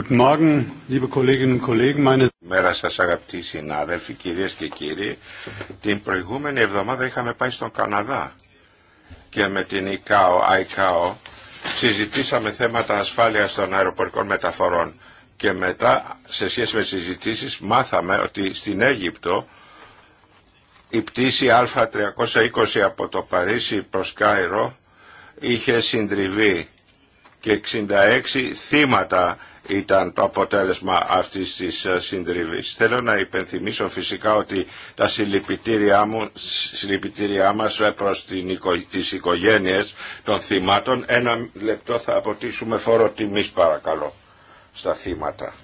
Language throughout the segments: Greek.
Guten Morgen, liebe Μέρα σας αγαπητοί συνάδελφοι, κυρίες και κύριοι. Την προηγούμενη εβδομάδα είχαμε πάει στον Καναδά και με την ICAO, ICAO συζητήσαμε θέματα ασφάλειας των αεροπορικών μεταφορών και μετά σε σχέση με συζητήσεις μάθαμε ότι στην Αίγυπτο η πτήση Α320 από το Παρίσι προς Κάιρο είχε συντριβεί και 66 θύματα ήταν το αποτέλεσμα αυτής της ε, συντριβής. Θέλω να υπενθυμίσω φυσικά ότι τα συλληπιτήριά, μου, συλληπιτήριά μας ε, προς την οικο, τις των θυμάτων. Ένα λεπτό θα αποτίσουμε φόρο τιμής παρακαλώ στα θύματα.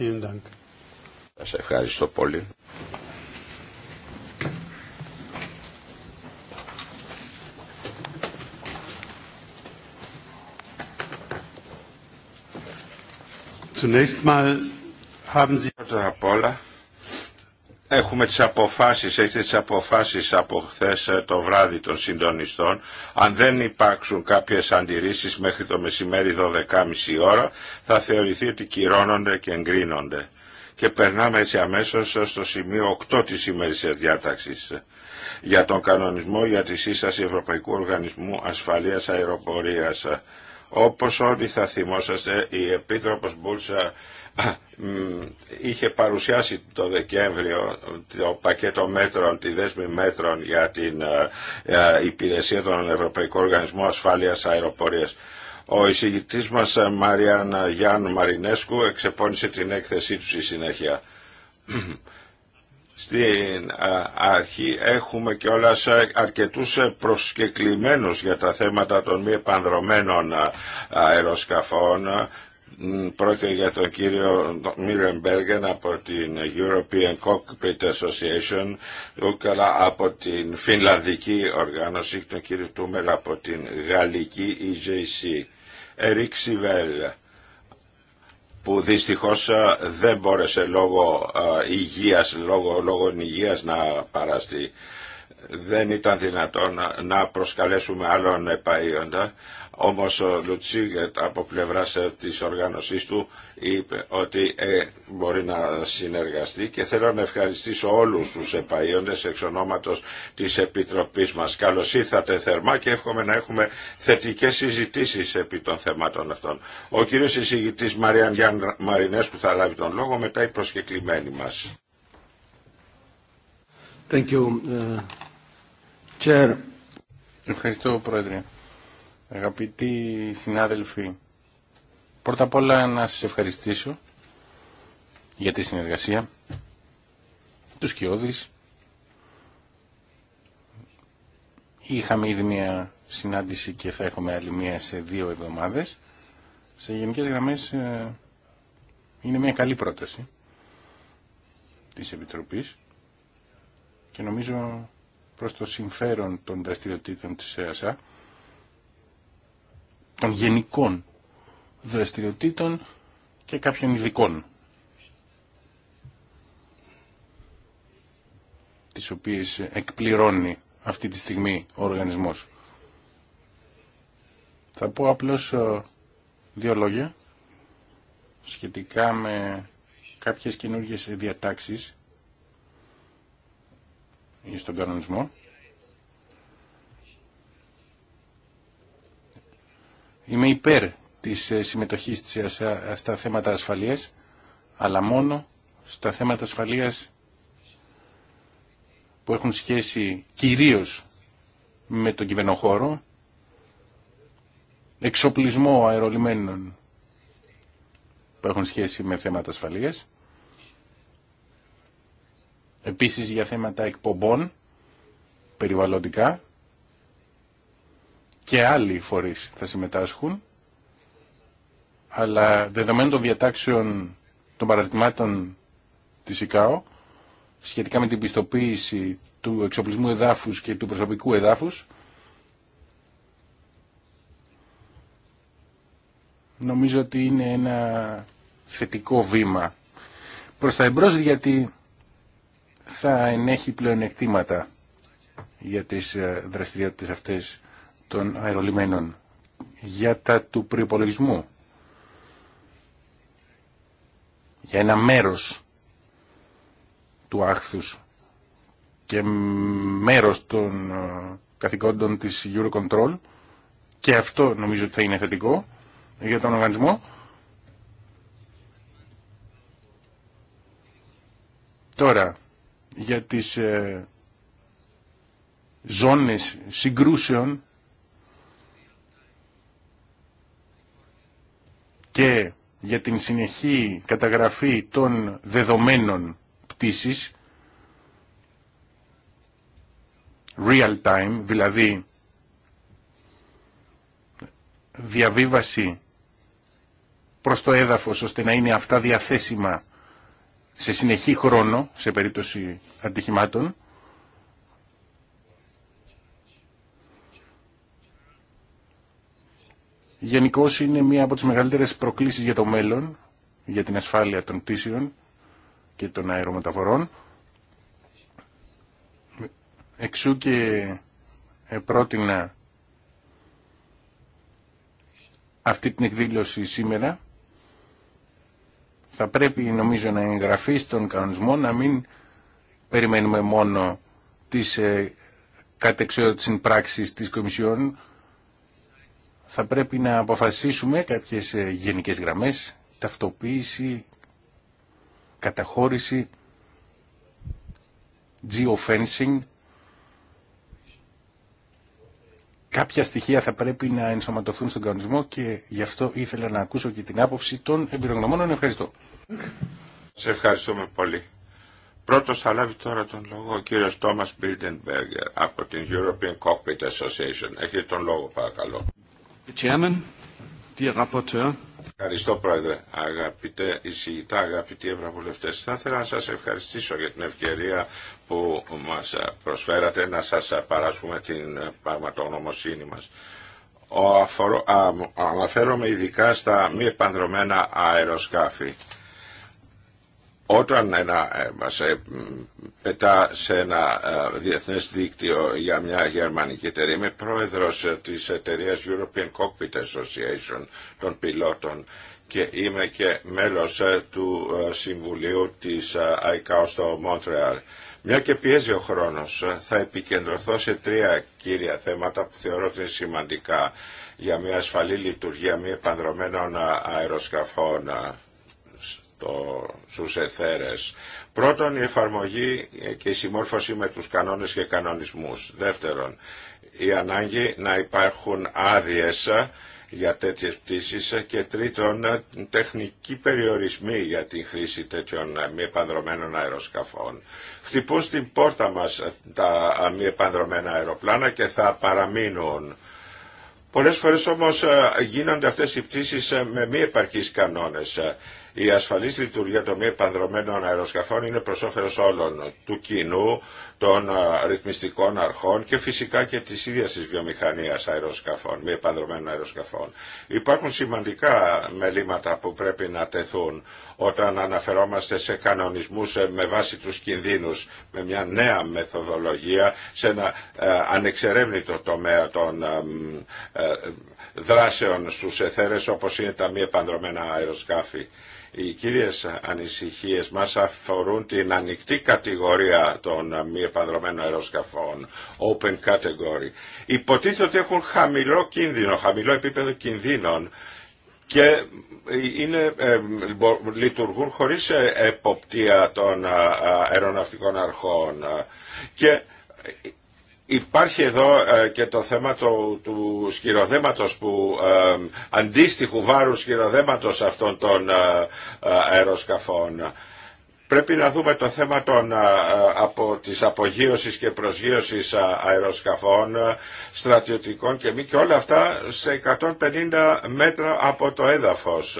Vielen Dank. Σας ευχαριστώ πολύ. Zunächst mal haben Sie... Πρώτα Herr όλα Έχουμε τις αποφάσεις, έχετε τις αποφάσεις από χθε ε, το βράδυ των συντονιστών. Αν δεν υπάρξουν κάποιες αντιρρήσεις μέχρι το μεσημέρι 12.30 ώρα, θα θεωρηθεί ότι κυρώνονται και εγκρίνονται. Και περνάμε έτσι αμέσως στο σημείο 8 της ημερησίας διάταξης για τον κανονισμό για τη σύσταση Ευρωπαϊκού Οργανισμού Ασφαλείας Αεροπορίας. Όπως όλοι θα θυμόσαστε, η Επίτροπος Μπούλσα είχε παρουσιάσει το Δεκέμβριο το πακέτο μέτρων, τη δέσμη μέτρων για την ε, ε, υπηρεσία των Ευρωπαϊκών Οργανισμών Ασφάλειας Αεροπορίας. Ο εισηγητής μας ε, Μαριαν Γιάννου Μαρινέσκου εξεπώνησε την έκθεσή του στη συνέχεια. Στην αρχή έχουμε και όλα αρκετούς προσκεκλημένους για τα θέματα των μη επανδρομένων αεροσκαφών Πρόκειται για τον κύριο Μπέργεν από την European Cockpit Association, Ούκαλα από την Φινλανδική Οργάνωση και τον κύριο Τούμελ από την Γαλλική EJC. Ερικ Σιβέλ που δυστυχώς ε, δεν μπόρεσε λόγω ε, υγείας, λόγω, λόγω υγείας να παραστεί. Δεν ήταν δυνατόν να προσκαλέσουμε άλλον επαΐοντα όμως ο Λουτσίγετ από πλευράς ε, της οργάνωσής του είπε ότι ε, μπορεί να συνεργαστεί και θέλω να ευχαριστήσω όλους τους επαΐοντες εξ ονόματος της Επιτροπής μας. Καλώς ήρθατε θερμά και εύχομαι να έχουμε θετικές συζητήσεις επί των θεμάτων αυτών. Ο κύριος εισηγητής Μαριάν Γιάν Μαρινές που θα λάβει τον λόγο μετά η προσκεκλημένη μας. Thank you, ε, Chair. Ευχαριστώ, Πρόεδρε. Αγαπητοί συνάδελφοι, πρώτα απ' όλα να σας ευχαριστήσω για τη συνεργασία, του Σκιώδης. Είχαμε ήδη μια συνάντηση και θα έχουμε άλλη μία σε δύο εβδομάδες. Σε γενικές γραμμές ε, είναι μια καλή πρόταση της Επιτροπής και νομίζω προς το συμφέρον των δραστηριοτήτων της ΕΑΣΑ των γενικών δραστηριοτήτων και κάποιων ειδικών τις οποίες εκπληρώνει αυτή τη στιγμή ο οργανισμός. Θα πω απλώς ε, δύο λόγια σχετικά με κάποιες καινούργιες διατάξεις στον κανονισμό Είμαι υπέρ της ε, συμμετοχής της ε, στα θέματα ασφαλείας, αλλά μόνο στα θέματα ασφαλείας που έχουν σχέση κυρίως με τον κυβερνοχώρο, εξοπλισμό αερολιμένων που έχουν σχέση με θέματα ασφαλείας, επίσης για θέματα εκπομπών περιβαλλοντικά, και άλλοι φορείς θα συμμετάσχουν, αλλά δεδομένου των διατάξεων των παραρτημάτων της ΙΚΑΟ, σχετικά με την πιστοποίηση του εξοπλισμού εδάφους και του προσωπικού εδάφους, νομίζω ότι είναι ένα θετικό βήμα προς τα εμπρός γιατί θα ενέχει πλεονεκτήματα για τις ε, δραστηριότητες αυτές των αερολιμένων, για τα του προϋπολογισμού, για ένα μέρος του άχθους και μέρος των ε, καθηκόντων της Eurocontrol και αυτό νομίζω ότι θα είναι θετικό για τον οργανισμό. Τώρα, για τις ε, ζώνες συγκρούσεων και για την συνεχή καταγραφή των δεδομένων πτήσης, real time, δηλαδή διαβίβαση προς το έδαφος ώστε να είναι αυτά διαθέσιμα σε συνεχή χρόνο, σε περίπτωση ατυχημάτων, Γενικώ είναι μία από τις μεγαλύτερες προκλήσεις για το μέλλον, για την ασφάλεια των πτήσεων και των αερομεταφορών. Εξού και πρότεινα αυτή την εκδήλωση σήμερα. Θα πρέπει νομίζω να εγγραφεί στον κανονισμό, να μην περιμένουμε μόνο τις ε, κατεξόδοτης πράξεις της Κομισιόν, θα πρέπει να αποφασίσουμε κάποιες ε, γενικές γραμμές, ταυτοποίηση, καταχώρηση, geofencing. Κάποια στοιχεία θα πρέπει να ενσωματωθούν στον κανονισμό και γι' αυτό ήθελα να ακούσω και την άποψη των εμπειρογνωμόνων. Ευχαριστώ. Σε ευχαριστούμε πολύ. Πρώτος θα λάβει τώρα τον λόγο ο κύριος Τόμας Μπίλτενμπέργκερ από την European Cockpit Association. Έχετε τον λόγο παρακαλώ. Ευχαριστώ Πρόεδρε. Αγαπητέ εισηγητά, αγαπητοί ευρωβουλευτές, θα ήθελα να σας ευχαριστήσω για την ευκαιρία που μας προσφέρατε να σας παράσχουμε την πραγματογνωμοσύνη μας. αναφέρομαι ειδικά στα μη επανδρομένα αεροσκάφη όταν ένα, ε, ε, πετά σε ένα ε, διεθνές δίκτυο για μια γερμανική εταιρεία, είμαι πρόεδρος της εταιρείας European Cockpit Association των πιλότων και είμαι και μέλος του Συμβουλίου της ICAO στο Μόντρεαλ. Μια και πιέζει ο χρόνος, θα επικεντρωθώ σε τρία κύρια θέματα που θεωρώ ότι είναι σημαντικά για μια ασφαλή λειτουργία μη επανδρομένων αεροσκαφών το, στους εθέρες. Πρώτον, η εφαρμογή και η συμμόρφωση με τους κανόνες και κανονισμούς. Δεύτερον, η ανάγκη να υπάρχουν άδειες για τέτοιες πτήσεις και τρίτον τεχνική περιορισμοί για την χρήση τέτοιων μη επανδρομένων αεροσκαφών. Χτυπούν στην πόρτα μας τα μη επανδρομένα αεροπλάνα και θα παραμείνουν. Πολλές φορές όμως ε, γίνονται αυτές οι πτήσεις ε, με μη επαρκείς κανόνες η ασφαλής λειτουργία των μη επανδρομένων αεροσκαφών είναι προ όφελο όλων, του κοινού, των ρυθμιστικών αρχών και φυσικά και τη ίδιας της βιομηχανίας αεροσκαφών, μη επανδρομένων αεροσκαφών. Υπάρχουν σημαντικά μελήματα που πρέπει να τεθούν όταν αναφερόμαστε σε κανονισμούς ε, με βάση τους κινδύνου με μια νέα μεθοδολογία, σε ένα ε, ανεξερεύνητο τομέα των ε, δράσεων στου εθέρες όπω είναι τα μη επανδρομένα αεροσκάφη. Οι κύριες ανησυχίες μας αφορούν την ανοιχτή κατηγορία των μη επανδρομένων αεροσκαφών, open category. Υποτίθεται ότι έχουν χαμηλό κίνδυνο, χαμηλό επίπεδο κινδύνων και είναι, ε, λειτουργούν χωρίς ε, εποπτεία των ε, ε, αεροναυτικών αρχών. Και Υπάρχει εδώ ε, και το θέμα του, του σκυροδέματος που ε, αντίστοιχου βάρου σκυροδέματος αυτών των ε, αεροσκαφών. Πρέπει να δούμε το θέμα των, από, της απογείωσης και προσγείωσης αεροσκαφών, στρατιωτικών και μη και όλα αυτά σε 150 μέτρα από το έδαφος.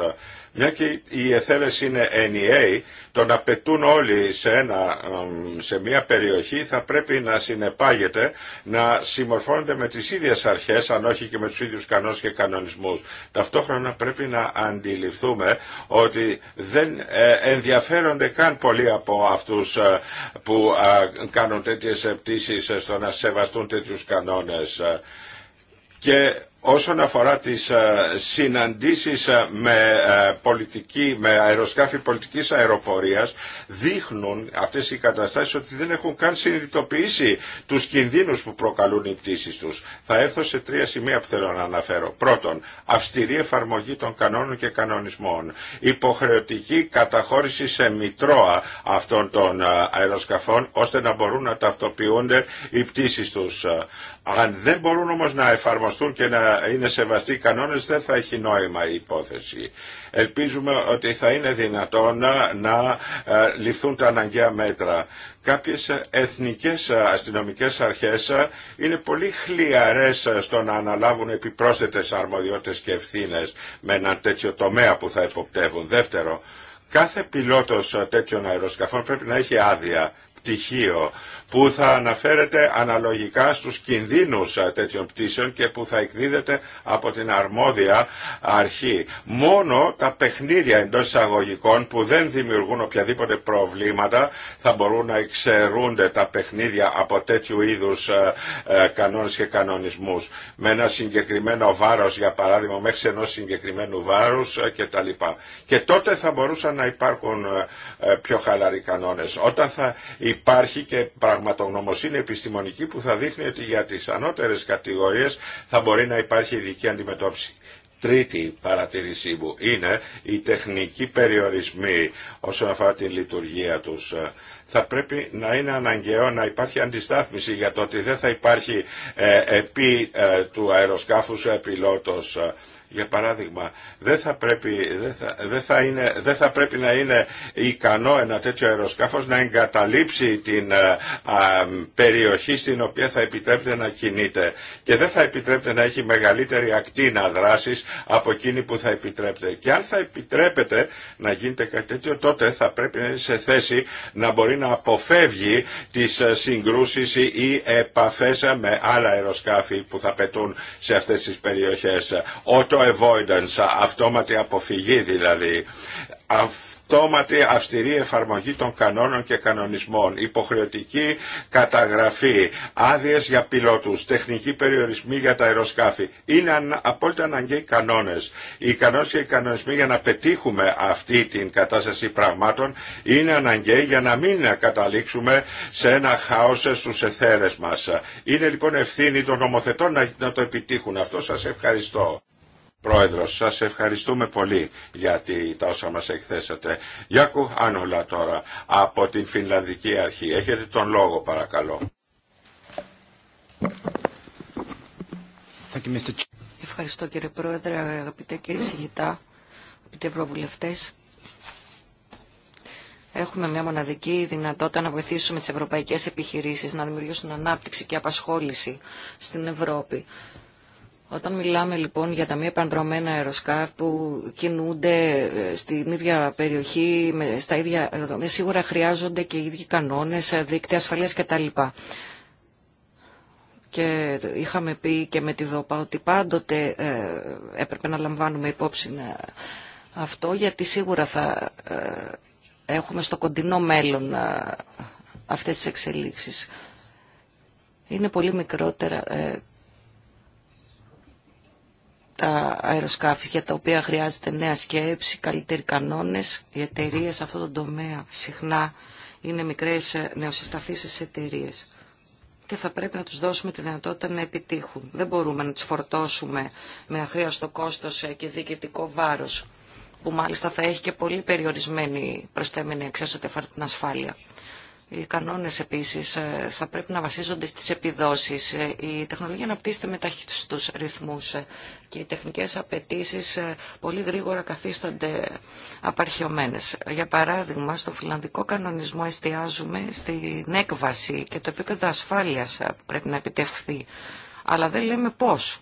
Μια και οι εθέλες είναι ενιαίοι, το να πετούν όλοι σε, ένα, σε μια περιοχή θα πρέπει να συνεπάγεται να συμμορφώνονται με τις ίδιες αρχές, αν όχι και με τους ίδιους κανόνες και κανονισμούς. Ταυτόχρονα πρέπει να αντιληφθούμε ότι δεν ε, ενδιαφέρονται καν πολλοί από αυτούς ε, που κάνουν τέτοιες πτήσεις ε, στο να σεβαστούν τέτοιους κανόνες. Και όσον αφορά τις ε, συναντήσεις ε, με, ε, πολιτική, με αεροσκάφη πολιτικής αεροπορίας δείχνουν αυτές οι καταστάσεις ότι δεν έχουν καν συνειδητοποιήσει τους κινδύνους που προκαλούν οι πτήσεις τους. Θα έρθω σε τρία σημεία που θέλω να αναφέρω. Πρώτον, αυστηρή εφαρμογή των κανόνων και κανονισμών. Υποχρεωτική καταχώρηση σε μητρώα αυτών των αεροσκαφών ώστε να μπορούν να ταυτοποιούνται οι πτήσεις τους. Αν δεν μπορούν όμως να εφαρμοστούν και να είναι σεβαστοί οι κανόνες δεν θα έχει νόημα η υπόθεση. Ελπίζουμε ότι θα είναι δυνατόν να, να ε, ληφθούν τα αναγκαία μέτρα. Κάποιες εθνικές αστυνομικές αρχές είναι πολύ χλιαρές στο να αναλάβουν επιπρόσθετες αρμοδιότητες και ευθύνες με ένα τέτοιο τομέα που θα υποπτεύουν. Δεύτερο, κάθε πιλότος τέτοιων αεροσκαφών πρέπει να έχει άδεια πτυχίο που θα αναφέρεται αναλογικά στους κινδύνους τέτοιων πτήσεων και που θα εκδίδεται από την αρμόδια αρχή. Μόνο τα παιχνίδια εντός εισαγωγικών που δεν δημιουργούν οποιαδήποτε προβλήματα θα μπορούν να εξαιρούνται τα παιχνίδια από τέτοιου είδους κανόνες και κανονισμούς. Με ένα συγκεκριμένο βάρος για παράδειγμα μέχρι ενός συγκεκριμένου βάρους κτλ. Και τότε θα μπορούσαν να υπάρχουν πιο χαλαροί κανόνες. Όταν θα υπάρχει και πραγματικά πραγματογνωμοσύνη επιστημονική που θα δείχνει ότι για τις ανώτερες κατηγορίες θα μπορεί να υπάρχει ειδική αντιμετώπιση. Τρίτη παρατηρήσή μου είναι η τεχνική περιορισμοί όσον αφορά τη λειτουργία τους. Θα πρέπει να είναι αναγκαίο να υπάρχει αντιστάθμιση για το ότι δεν θα υπάρχει ε, επί ε, του αεροσκάφους επιλότος. Για παράδειγμα, δεν θα πρέπει, δεν είναι, δεν θα πρέπει να είναι ικανό ένα τέτοιο αεροσκάφος να εγκαταλείψει την ε, περιοχή στην οποία θα επιτρέπεται να κινείται και δεν θα επιτρέπεται να έχει μεγαλύτερη ακτίνα δράσης από εκείνη που θα επιτρέπεται. Και αν θα επιτρέπεται να γίνεται κάτι τέτοιο, τότε θα πρέπει να είναι σε θέση να μπορεί να αποφεύγει τις ε, συγκρούσεις ή επαφές με άλλα αεροσκάφη που θα πετούν σε αυτές τις περιοχές avoidance, αυτόματη αποφυγή δηλαδή, αυτόματη αυστηρή εφαρμογή των κανόνων και κανονισμών, υποχρεωτική καταγραφή, άδειε για πιλότου, τεχνική περιορισμή για τα αεροσκάφη. Είναι απόλυτα αναγκαίοι κανόνε. Οι κανόνε και οι κανονισμοί για να πετύχουμε αυτή την κατάσταση πραγμάτων είναι αναγκαίοι για να μην καταλήξουμε σε ένα χάο στου εθέρε μα. Είναι λοιπόν ευθύνη των νομοθετών να το επιτύχουν. Αυτό σα ευχαριστώ. Πρόεδρος, σας ευχαριστούμε πολύ για τα όσα μας εκθέσατε. Γιάκου Ανούλα τώρα, από την Φινλανδική Αρχή. Έχετε τον λόγο παρακαλώ. Ευχαριστώ κύριε Πρόεδρε, αγαπητέ κύριε Σιγητά, αγαπητέ Ευρωβουλευτές. Έχουμε μια μοναδική δυνατότητα να βοηθήσουμε τις ευρωπαϊκές επιχειρήσεις να δημιουργήσουν ανάπτυξη και απασχόληση στην Ευρώπη. Όταν μιλάμε λοιπόν για τα μη επανδρομένα αεροσκάφη που κινούνται ε, στην ίδια περιοχή, στα ίδια, σίγουρα χρειάζονται και οι ίδιοι κανόνες, ε, δίκτυα ασφαλείας κτλ. Και είχαμε πει και με τη ΔΟΠΑ ότι πάντοτε ε, έπρεπε να λαμβάνουμε υπόψη αυτό, γιατί σίγουρα θα έχουμε στο κοντινό μέλλον αυτές τις εξελίξεις. Είναι πολύ μικρότερα τα αεροσκάφη για τα οποία χρειάζεται νέα σκέψη, καλύτεροι κανόνες. Οι εταιρείε σε αυτόν τον τομέα συχνά είναι μικρές ε, νεοσυσταθήσεις εταιρείε. Και θα πρέπει να τους δώσουμε τη δυνατότητα να επιτύχουν. Δεν μπορούμε να τις φορτώσουμε με αχρίαστο κόστος ε, και διοικητικό βάρος που μάλιστα θα έχει και πολύ περιορισμένη προσθέμενη εξέσωτη την ασφάλεια. Οι κανόνες επίσης ε, θα πρέπει να βασίζονται στις επιδόσεις. Ε, η τεχνολογία αναπτύσσεται με ταχύτητους ρυθμούς ε, και οι τεχνικές απαιτήσεις πολύ γρήγορα καθίστανται απαρχιωμένες. Για παράδειγμα, στο φιλανδικό κανονισμό εστιάζουμε στην έκβαση και το επίπεδο ασφάλειας που πρέπει να επιτευχθεί. Αλλά δεν λέμε πώς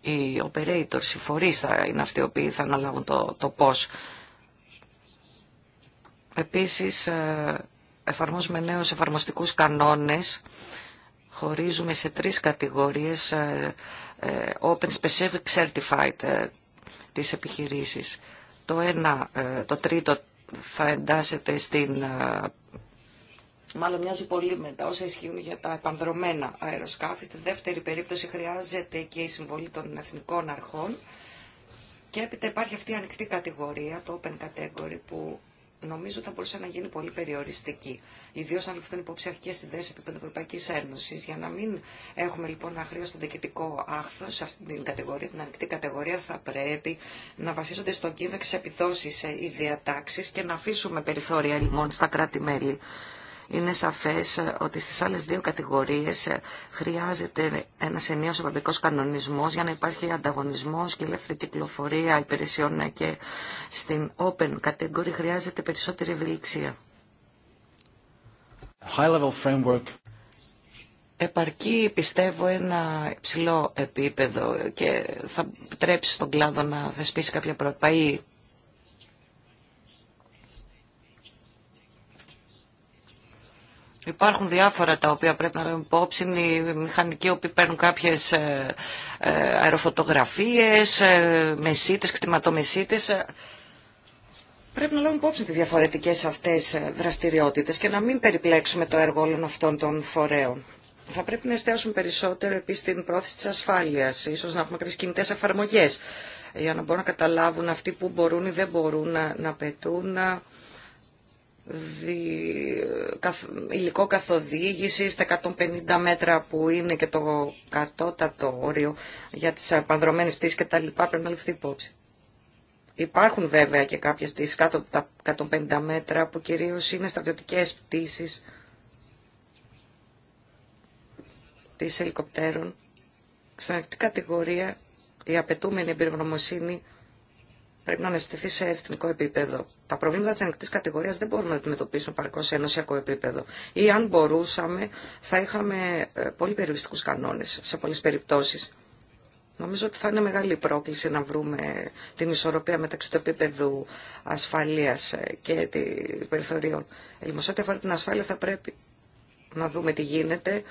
οι operators, οι φορείς θα είναι αυτοί οι οποίοι θα αναλάβουν το, το πώς. Επίσης, ε, εφαρμόζουμε νέους εφαρμοστικούς κανόνες. Χωρίζουμε σε τρεις κατηγορίες ε, ε, Open Specific Certified τις επιχειρήσεις. Το ένα, το τρίτο θα εντάσσεται στην... Μάλλον μοιάζει πολύ με τα όσα ισχύουν για τα επανδρομένα αεροσκάφη. Στη δεύτερη περίπτωση χρειάζεται και η συμβολή των εθνικών αρχών. Και έπειτα υπάρχει αυτή η ανοιχτή κατηγορία, το open category, που νομίζω θα μπορούσε να γίνει πολύ περιοριστική. Ιδίω αν ληφθούν υπόψη αρχικέ ιδέε επίπεδο Ευρωπαϊκή Ένωση. Για να μην έχουμε λοιπόν τον διοικητικό άχθο σε αυτή την κατηγορία, την ανοιχτή κατηγορία, θα πρέπει να βασίζονται στον κίνδυνο και σε επιδόσει ε, οι διατάξει και να αφήσουμε περιθώρια λοιπόν στα κράτη-μέλη είναι σαφές ότι στις άλλες δύο κατηγορίες χρειάζεται ένας ενίος ευρωπαϊκός κανονισμός για να υπάρχει ανταγωνισμός και ελεύθερη κυκλοφορία υπηρεσιών και στην open κατηγορία χρειάζεται περισσότερη ευελιξία. Επαρκεί πιστεύω ένα υψηλό επίπεδο και θα επιτρέψει στον κλάδο να θεσπίσει κάποια πρόταση. Υπάρχουν διάφορα τα οποία πρέπει να λάβουμε υπόψη. Οι μηχανικοί οποίοι παίρνουν κάποιε ε, αεροφωτογραφίε, ε, μεσίτε, κτηματομεσίτε. Πρέπει να λάβουμε υπόψη τι διαφορετικέ αυτέ ε, δραστηριότητε και να μην περιπλέξουμε το έργο όλων αυτών των φορέων. Θα πρέπει να εστιάσουμε περισσότερο επίση την πρόθεση τη ασφάλεια, ίσω να έχουμε κάποιε κινητέ εφαρμογέ για να μπορούν να καταλάβουν αυτοί που μπορούν ή δεν μπορούν να, να πετούν υλικό καθοδήγηση στα 150 μέτρα που είναι και το κατώτατο όριο για τις απανδρομένες πτήσεις και τα λοιπά πρέπει να ληφθεί υπόψη. Υπάρχουν βέβαια και κάποιες πτήσεις κάτω από τα 150 μέτρα που κυρίως είναι στρατιωτικές πτήσεις της ελικοπτέρων. Σε αυτή κατηγορία η απαιτούμενη εμπειρογνωμοσύνη πρέπει να αναζητηθεί σε εθνικό επίπεδο. Τα προβλήματα τη ανοιχτή κατηγορία δεν μπορούμε να αντιμετωπίσουμε παρκώ σε ενωσιακό επίπεδο. Ή αν μπορούσαμε, θα είχαμε ε, πολύ περιοριστικού κανόνε σε πολλέ περιπτώσει. Νομίζω ότι θα είναι μεγάλη πρόκληση να βρούμε ε, την ισορροπία μεταξύ του επίπεδου ασφαλεία ε, και περιθωρίων. Λοιπόν, σε ό,τι αφορά την ασφάλεια, θα πρέπει να δούμε τι γίνεται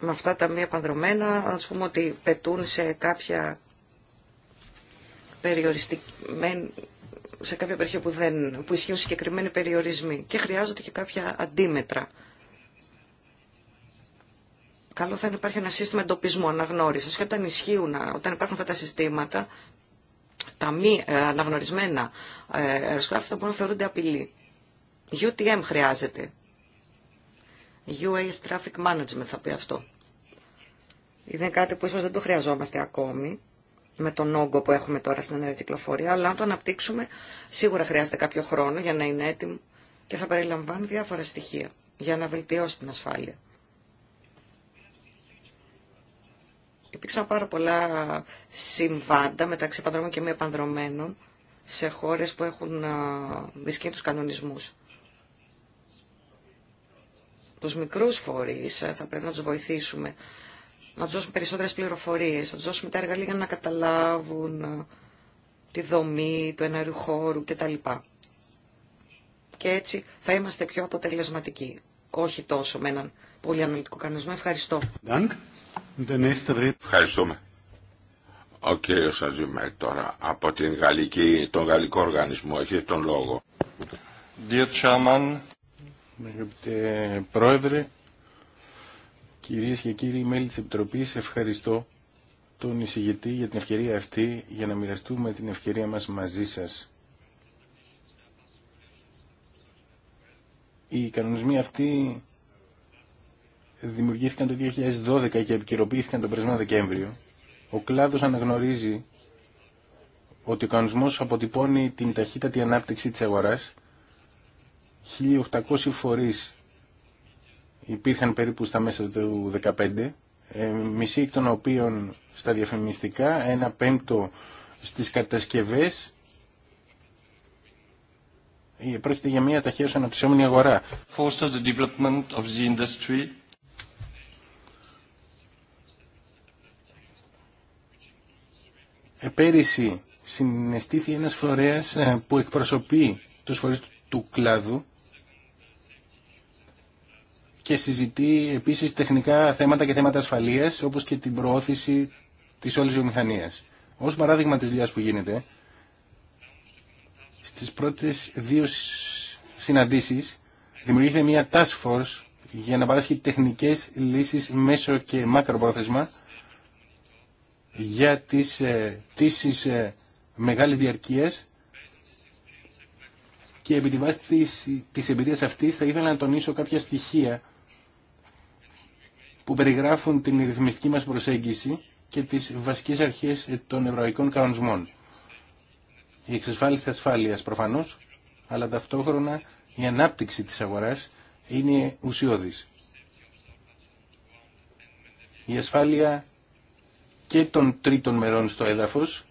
με αυτά τα μία επανδρομένα, πούμε ότι πετούν σε κάποια σε κάποια περιοχή που, δεν, που ισχύουν συγκεκριμένοι περιορισμοί και χρειάζονται και κάποια αντίμετρα. Καλό θα είναι υπάρχει ένα σύστημα εντοπισμού αναγνώρισης και όταν ισχύουν, όταν υπάρχουν αυτά τα συστήματα, τα μη ε, αναγνωρισμένα ε, αεροσκάφη θα μπορούν να θεωρούνται απειλή. UTM χρειάζεται. UAS Traffic Management θα πει αυτό. Είναι κάτι που ίσως δεν το χρειαζόμαστε ακόμη με τον όγκο που έχουμε τώρα στην ενεργοκυκλοφορία, αλλά αν το αναπτύξουμε σίγουρα χρειάζεται κάποιο χρόνο για να είναι έτοιμο και θα περιλαμβάνει διάφορα στοιχεία για να βελτιώσει την ασφάλεια. Υπήρξαν πάρα πολλά συμβάντα μεταξύ πανδρομών και μη επανδρομένων σε χώρες που έχουν δυσκύνει τους κανονισμούς. Τους μικρούς φορείς ε, θα πρέπει να τους βοηθήσουμε να του δώσουμε περισσότερε πληροφορίε, να του δώσουμε τα εργαλεία για να καταλάβουν ε, τη δομή του εναέριου χώρου κτλ. Και έτσι θα είμαστε πιο αποτελεσματικοί, όχι τόσο με έναν πολύ αναλυτικό κανονισμό. Ευχαριστώ. Ευχαριστούμε. Ο κύριος Αζημέρ τώρα από τον Γαλλικό Οργανισμό έχει τον λόγο. Dear Πρόεδρε, Κυρίες και κύριοι μέλη της Επιτροπής, ευχαριστώ τον εισηγητή για την ευκαιρία αυτή για να μοιραστούμε την ευκαιρία μας μαζί σας. Οι κανονισμοί αυτοί δημιουργήθηκαν το 2012 και επικαιροποιήθηκαν τον περασμένο Δεκέμβριο. Ο κλάδος αναγνωρίζει ότι ο κανονισμός αποτυπώνει την ταχύτατη ανάπτυξη της αγοράς. 1.800 φορείς υπήρχαν περίπου στα μέσα του 2015, ε, μισή εκ των οποίων στα διαφημιστικά, ένα πέμπτο στις κατασκευές. Ε, πρόκειται για μια ταχαίως αναψιόμενη αγορά. the development of the industry. Ε, πέρυσι συναισθήθη ένας φορέας που εκπροσωπεί τους φορείς του κλάδου και συζητεί επίσης τεχνικά θέματα και θέματα ασφαλείας όπως και την προώθηση της όλης βιομηχανίας. Ως παράδειγμα της δουλειά που γίνεται, στις πρώτες δύο συναντήσεις δημιουργήθηκε μια task force για να παράσχει τεχνικές λύσεις μέσω και μακροπρόθεσμα για τις ε, πτήσεις ε, μεγάλης διαρκείας και επί τη βάση της, της εμπειρίας αυτής θα ήθελα να τονίσω κάποια στοιχεία που περιγράφουν την ρυθμιστική μας προσέγγιση και τις βασικές αρχές των ευρωπαϊκών κανονισμών. Η εξασφάλιση της ασφάλειας προφανώς, αλλά ταυτόχρονα η ανάπτυξη της αγοράς είναι ουσιώδης. Η ασφάλεια και των τρίτων μερών στο έδαφος,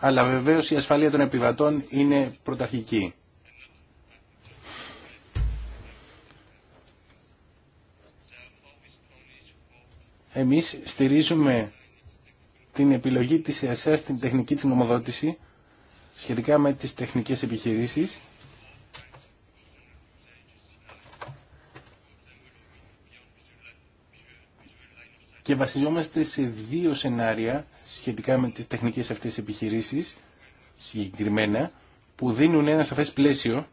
αλλά βεβαίως η ασφάλεια των επιβατών είναι πρωταρχική. Εμείς στηρίζουμε την επιλογή της ΕΑΣΑ στην τεχνική της νομοδότηση σχετικά με τις τεχνικές επιχειρήσεις. Και βασιζόμαστε σε δύο σενάρια σχετικά με τις τεχνικές αυτές επιχειρήσεις συγκεκριμένα που δίνουν ένα σαφές πλαίσιο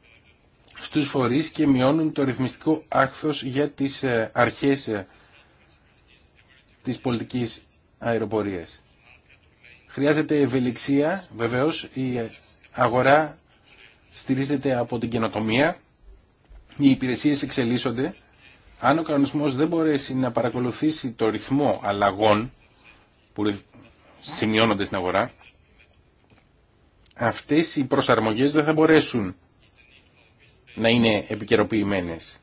στους φορείς και μειώνουν το ρυθμιστικό άχθος για τις ε, αρχές ε, της πολιτικής αεροπορίας. Χρειάζεται ευελιξία, βεβαίως, η αγορά στηρίζεται από την καινοτομία, οι υπηρεσίες εξελίσσονται. Αν ο κανονισμός δεν μπορέσει να παρακολουθήσει το ρυθμό αλλαγών που σημειώνονται στην αγορά, αυτές οι προσαρμογές δεν θα μπορέσουν να είναι επικαιροποιημένες.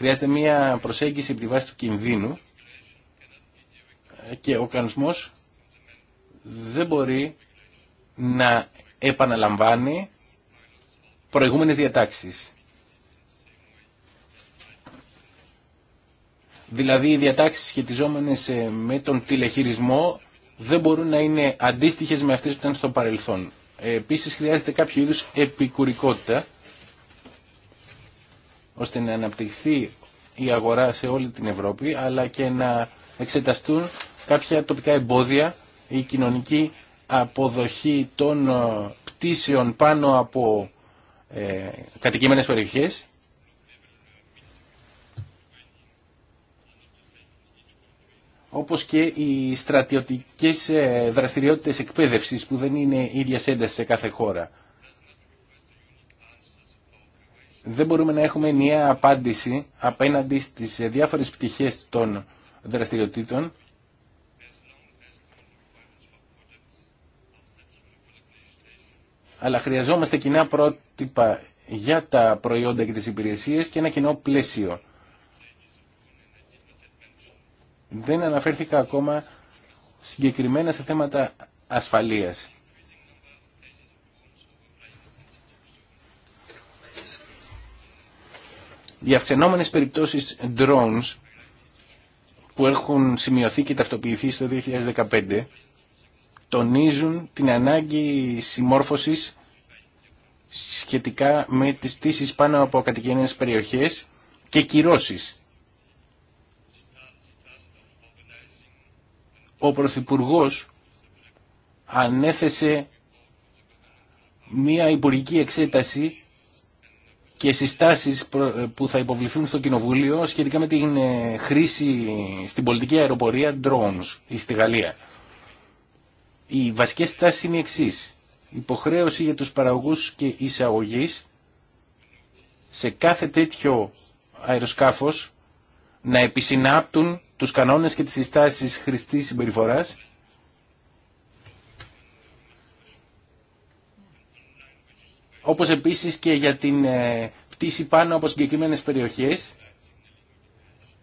Χρειάζεται μια προσέγγιση από βάση του κινδύνου και ο κανονισμός δεν μπορεί να επαναλαμβάνει προηγούμενες διατάξεις. Δηλαδή οι διατάξεις σχετιζόμενες ε, με τον τηλεχειρισμό δεν μπορούν να είναι αντίστοιχες με αυτές που ήταν στο παρελθόν. Ε, επίσης χρειάζεται κάποιο είδους επικουρικότητα ώστε να αναπτυχθεί η αγορά σε όλη την Ευρώπη αλλά και να εξεταστούν κάποια τοπικά εμπόδια η κοινωνική αποδοχή των ε, πτήσεων πάνω από ε, κατοικημένες περιοχές όπως και οι στρατιωτικές ε, δραστηριότητες εκπαίδευσης που δεν είναι ίδια ένταση σε κάθε χώρα. δεν μπορούμε να έχουμε ενιαία απάντηση απέναντι στις διάφορες πτυχές των δραστηριοτήτων αλλά χρειαζόμαστε κοινά πρότυπα για τα προϊόντα και τις υπηρεσίες και ένα κοινό πλαίσιο. Δεν αναφέρθηκα ακόμα συγκεκριμένα σε θέματα ασφαλείας. Οι αυξανόμενες περιπτώσεις drones που έχουν σημειωθεί και ταυτοποιηθεί στο 2015 τονίζουν την ανάγκη συμμόρφωσης σχετικά με τις πτήσεις πάνω από κατοικημένες περιοχές και κυρώσεις. Ο Πρωθυπουργό ανέθεσε μία υπουργική εξέταση και συστάσεις που θα υποβληθούν στο Κοινοβούλιο σχετικά με την ε, χρήση στην πολιτική αεροπορία drones στη Γαλλία. Οι βασικέ τάσει είναι οι εξής. Υποχρέωση για τους παραγωγούς και εισαγωγή σε κάθε τέτοιο αεροσκάφος να επισυνάπτουν τους κανόνες και τις συστάσεις χρηστής συμπεριφορά. όπως επίσης και για την ε, πτήση πάνω από συγκεκριμένε περιοχές.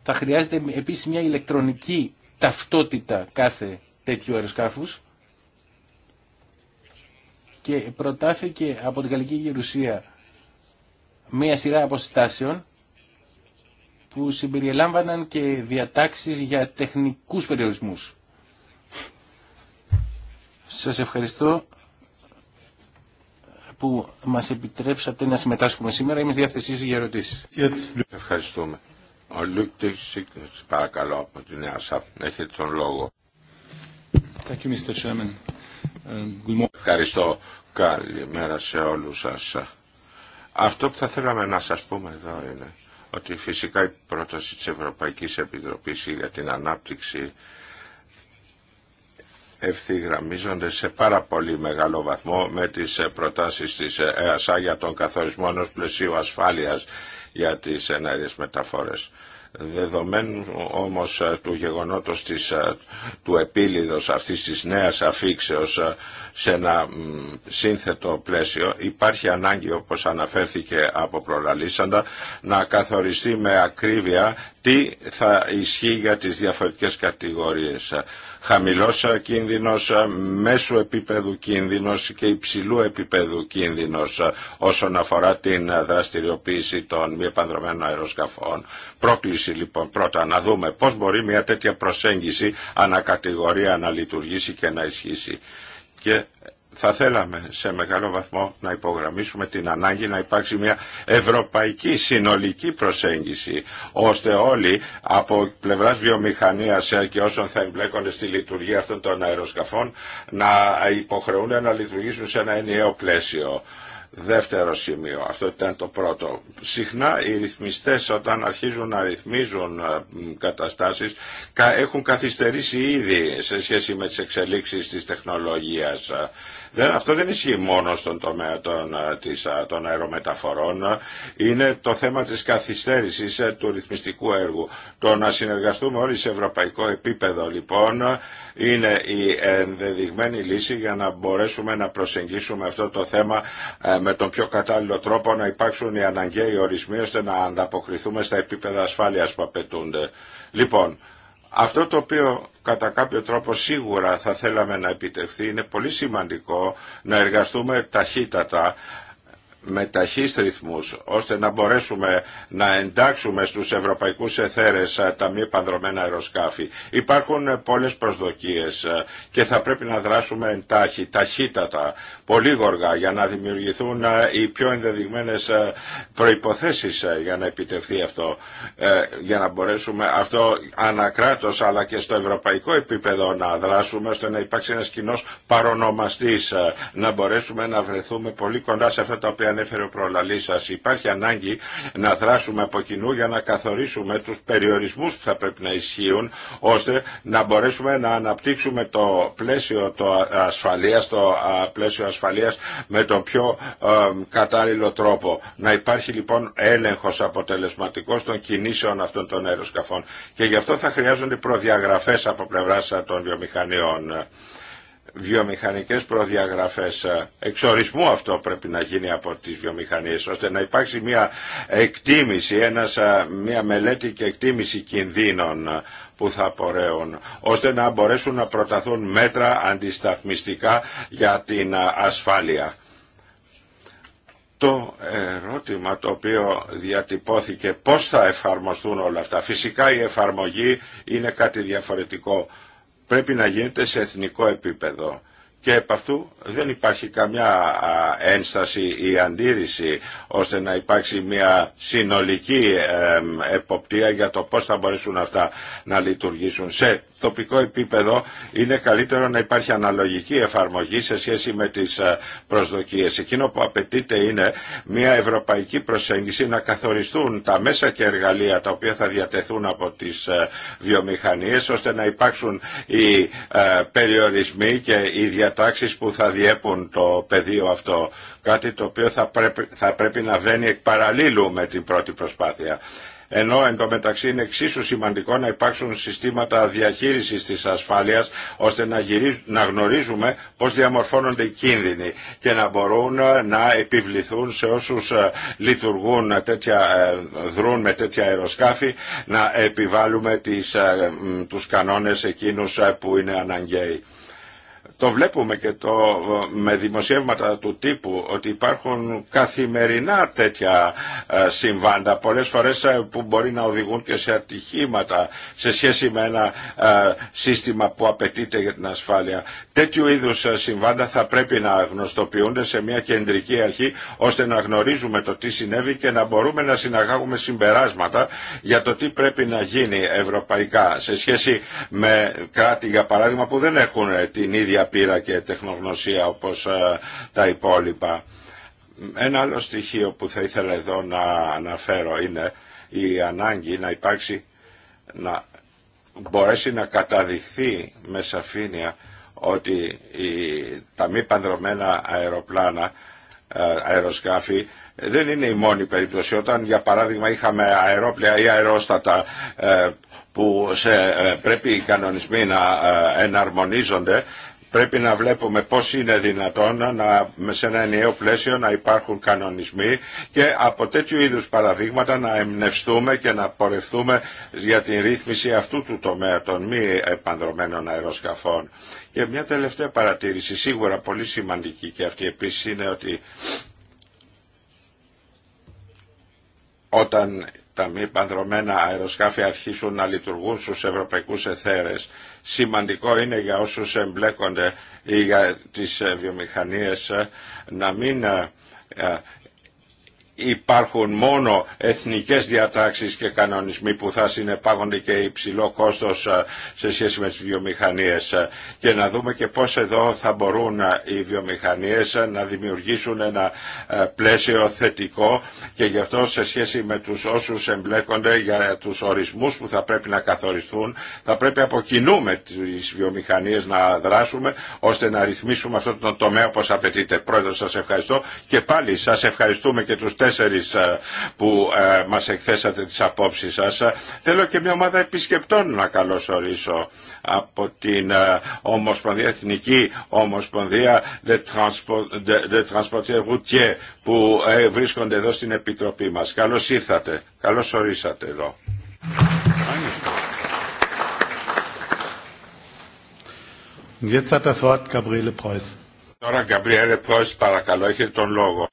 Θα χρειάζεται επίσης μια ηλεκτρονική ταυτότητα κάθε τέτοιου αεροσκάφους και προτάθηκε από την Γαλλική Γερουσία μια σειρά αποστάσεων που συμπεριελάμβαναν και διατάξεις για τεχνικούς περιορισμούς. Σας ευχαριστώ που μας επιτρέψατε να συμμετάσχουμε σήμερα. Είμαι στη διάθεσή σας για ερωτήσεις. Ευχαριστούμε. Ο Λουκ παρακαλώ, από την ΕΑΣΑ. Έχετε τον λόγο. Um, Ευχαριστώ. Καλημέρα σε όλους σας. Αυτό που θα θέλαμε να σας πούμε εδώ είναι ότι φυσικά η πρόταση της Ευρωπαϊκής Επιτροπής για την ανάπτυξη ευθυγραμμίζονται σε πάρα πολύ μεγάλο βαθμό με τις προτάσεις της ΕΑΣΑ για τον καθορισμό ενός πλαισίου ασφάλειας για τις ενέργειες μεταφόρες. Δεδομένου όμως του γεγονότος της, του επίλυδος αυτής της νέας αφήξεως σε ένα σύνθετο πλαίσιο. Υπάρχει ανάγκη, όπως αναφέρθηκε από προλαλήσαντα, να καθοριστεί με ακρίβεια τι θα ισχύει για τις διαφορετικές κατηγορίες. Χαμηλός κίνδυνος, μέσου επίπεδου κίνδυνος και υψηλού επίπεδου κίνδυνος όσον αφορά την δραστηριοποίηση των μη επανδρομένων αεροσκαφών. Πρόκληση λοιπόν πρώτα να δούμε πώς μπορεί μια τέτοια προσέγγιση ανακατηγορία να λειτουργήσει και να ισχύσει και θα θέλαμε σε μεγάλο βαθμό να υπογραμμίσουμε την ανάγκη να υπάρξει μια ευρωπαϊκή συνολική προσέγγιση ώστε όλοι από πλευράς βιομηχανίας και όσων θα εμπλέκονται στη λειτουργία αυτών των αεροσκαφών να υποχρεούν να λειτουργήσουν σε ένα ενιαίο πλαίσιο. Δεύτερο σημείο, αυτό ήταν το πρώτο. Συχνά οι ρυθμιστές όταν αρχίζουν να ρυθμίζουν ε, καταστάσεις έχουν καθυστερήσει ήδη σε σχέση με τις εξελίξεις της τεχνολογίας. Δεν, αυτό δεν ισχύει μόνο στον τομέα των, ε, της, ε, των αερομεταφορών. Είναι το θέμα της καθυστέρησης ε, του ρυθμιστικού έργου. Το να συνεργαστούμε όλοι σε ευρωπαϊκό επίπεδο λοιπόν είναι η ενδεδειγμένη λύση για να μπορέσουμε να προσεγγίσουμε αυτό το θέμα με τον πιο κατάλληλο τρόπο να υπάρξουν οι αναγκαίοι ορισμοί ώστε να ανταποκριθούμε στα επίπεδα ασφάλειας που απαιτούνται. Λοιπόν, αυτό το οποίο κατά κάποιο τρόπο σίγουρα θα θέλαμε να επιτευχθεί είναι πολύ σημαντικό να εργαστούμε ταχύτατα με ταχύς ρυθμούς, ώστε να μπορέσουμε να εντάξουμε στους ευρωπαϊκούς εθέρες τα μη πανδρομένα αεροσκάφη. Υπάρχουν ε, πολλές προσδοκίες ε, και θα πρέπει να δράσουμε εντάχει, ταχύτατα, πολύ γοργά, για να δημιουργηθούν ε, οι πιο ενδεδειγμένες προϋποθέσεις για να επιτευχθεί αυτό, για να μπορέσουμε αυτό ανακράτως αλλά και στο ευρωπαϊκό επίπεδο να δράσουμε, ώστε να υπάρξει ένας κοινός παρονομαστής, να μπορέσουμε να βρεθούμε πολύ κοντά σε αυτά τα οποία ανέφερε ο προλαλής Υπάρχει ανάγκη να δράσουμε από κοινού για να καθορίσουμε τους περιορισμούς που θα πρέπει να ισχύουν ώστε να μπορέσουμε να αναπτύξουμε το πλαίσιο το ασφαλείας, το πλαίσιο ασφαλείας με τον πιο κατάλληλο τρόπο. Να υπάρχει λοιπόν έλεγχος αποτελεσματικός των κινήσεων αυτών των αεροσκαφών και γι' αυτό θα χρειάζονται προδιαγραφές από πλευράς των βιομηχανιών βιομηχανικές προδιαγραφές ε, εξορισμού αυτό πρέπει να γίνει από τις βιομηχανίες ώστε να υπάρξει μια εκτίμηση, ένας, ε, μια μελέτη και εκτίμηση κινδύνων ε, που θα απορρέουν, ώστε να μπορέσουν να προταθούν μέτρα αντισταθμιστικά για την ασφάλεια. Το ερώτημα το οποίο διατυπώθηκε πώς θα εφαρμοστούν όλα αυτά. Φυσικά η εφαρμογή είναι κάτι διαφορετικό πρέπει να γίνεται σε εθνικό επίπεδο και επ' αυτού δεν υπάρχει καμιά ένσταση ή αντίρρηση ώστε να υπάρξει μια συνολική εποπτεία για το πώς θα μπορέσουν αυτά να λειτουργήσουν. Σε τοπικό επίπεδο είναι καλύτερο να υπάρχει αναλογική εφαρμογή σε σχέση με τις ε, προσδοκίες. Εκείνο που απαιτείται είναι μια ευρωπαϊκή προσέγγιση να καθοριστούν τα μέσα και εργαλεία τα οποία θα διατεθούν από τις ε, βιομηχανίες ώστε να υπάρξουν οι ε, περιορισμοί και οι διατηρήσει διατάξεις που θα διέπουν το πεδίο αυτό. Κάτι το οποίο θα πρέπει, θα πρέπει να βαίνει εκ παραλίλου με την πρώτη προσπάθεια ενώ εν τω μεταξύ είναι εξίσου σημαντικό να υπάρξουν συστήματα διαχείρισης της ασφάλειας ώστε να, γνωρίζουμε πώς διαμορφώνονται οι κίνδυνοι και να μπορούν ε, να επιβληθούν σε όσους ε, λειτουργούν τέτοια, ε, δρούν με τέτοια αεροσκάφη να επιβάλλουμε τις, τους κανόνες εκείνους που είναι αναγκαίοι. Το βλέπουμε και το, με δημοσιεύματα του τύπου ότι υπάρχουν καθημερινά τέτοια ε, συμβάντα, πολλές φορές ε, που μπορεί να οδηγούν και σε ατυχήματα σε σχέση με ένα ε, σύστημα που απαιτείται για την ασφάλεια. Τέτοιου είδους συμβάντα θα πρέπει να γνωστοποιούνται σε μια κεντρική αρχή ώστε να γνωρίζουμε το τι συνέβη και να μπορούμε να συναγάγουμε συμπεράσματα για το τι πρέπει να γίνει ευρωπαϊκά σε σχέση με κράτη για παράδειγμα που δεν έχουν την ίδια πείρα και τεχνογνωσία όπως ε, τα υπόλοιπα. Ένα άλλο στοιχείο που θα ήθελα εδώ να αναφέρω είναι η ανάγκη να υπάρξει, να μπορέσει να καταδειχθεί με σαφήνεια ότι τα μη πανδρομένα αεροπλάνα, ε, αεροσκάφη, δεν είναι η μόνη περίπτωση. Όταν για παράδειγμα είχαμε αερόπλια ή αερόστατα ε, που σε, πρέπει οι κανονισμοί να εναρμονίζονται πρέπει να βλέπουμε πώς είναι δυνατόν να, σε ένα ενιαίο πλαίσιο να υπάρχουν κανονισμοί και από τέτοιου είδους παραδείγματα να εμπνευστούμε και να πορευθούμε για την ρύθμιση αυτού του τομέα των μη επανδρομένων αεροσκαφών. Και μια τελευταία παρατήρηση, σίγουρα πολύ σημαντική και αυτή επίσης είναι ότι όταν τα μη επανδρομένα αεροσκάφη αρχίσουν να λειτουργούν στους ευρωπαϊκούς εθέρες σημαντικό είναι για όσους εμπλέκονται ή για τις ε, βιομηχανίες ε, να μην ε, υπάρχουν μόνο εθνικές διατάξεις και κανονισμοί που θα συνεπάγονται και υψηλό κόστος ε, σε σχέση με τις βιομηχανίες ε, και να δούμε και πώς εδώ θα μπορούν ε, οι βιομηχανίες να δημιουργήσουν ένα πλαίσιο θετικό και γι' αυτό σε σχέση με τους όσους εμπλέκονται για τους ορισμούς που θα πρέπει να καθοριστούν θα πρέπει από κοινού με τις βιομηχανίες να δράσουμε ώστε να ρυθμίσουμε αυτό το τομέα όπως απαιτείται. Πρόεδρος σας ευχαριστώ και πάλι σας ευχαριστούμε και τους τέσσερις ε, που ε, μας εκθέσατε τις απόψεις σας. Θέλω και μια ομάδα επισκεπτών να καλωσορίσω από την ε, Ομοσπονδία, Εθνική Ομοσπονδία de, Transport, de, που βρίσκονται εδώ στην Επιτροπή μας. Καλώς ήρθατε, καλώς ορίσατε εδώ. Jetzt hat Τώρα, Γκαμπριέλε Πρόεδρε, παρακαλώ, έχετε τον λόγο.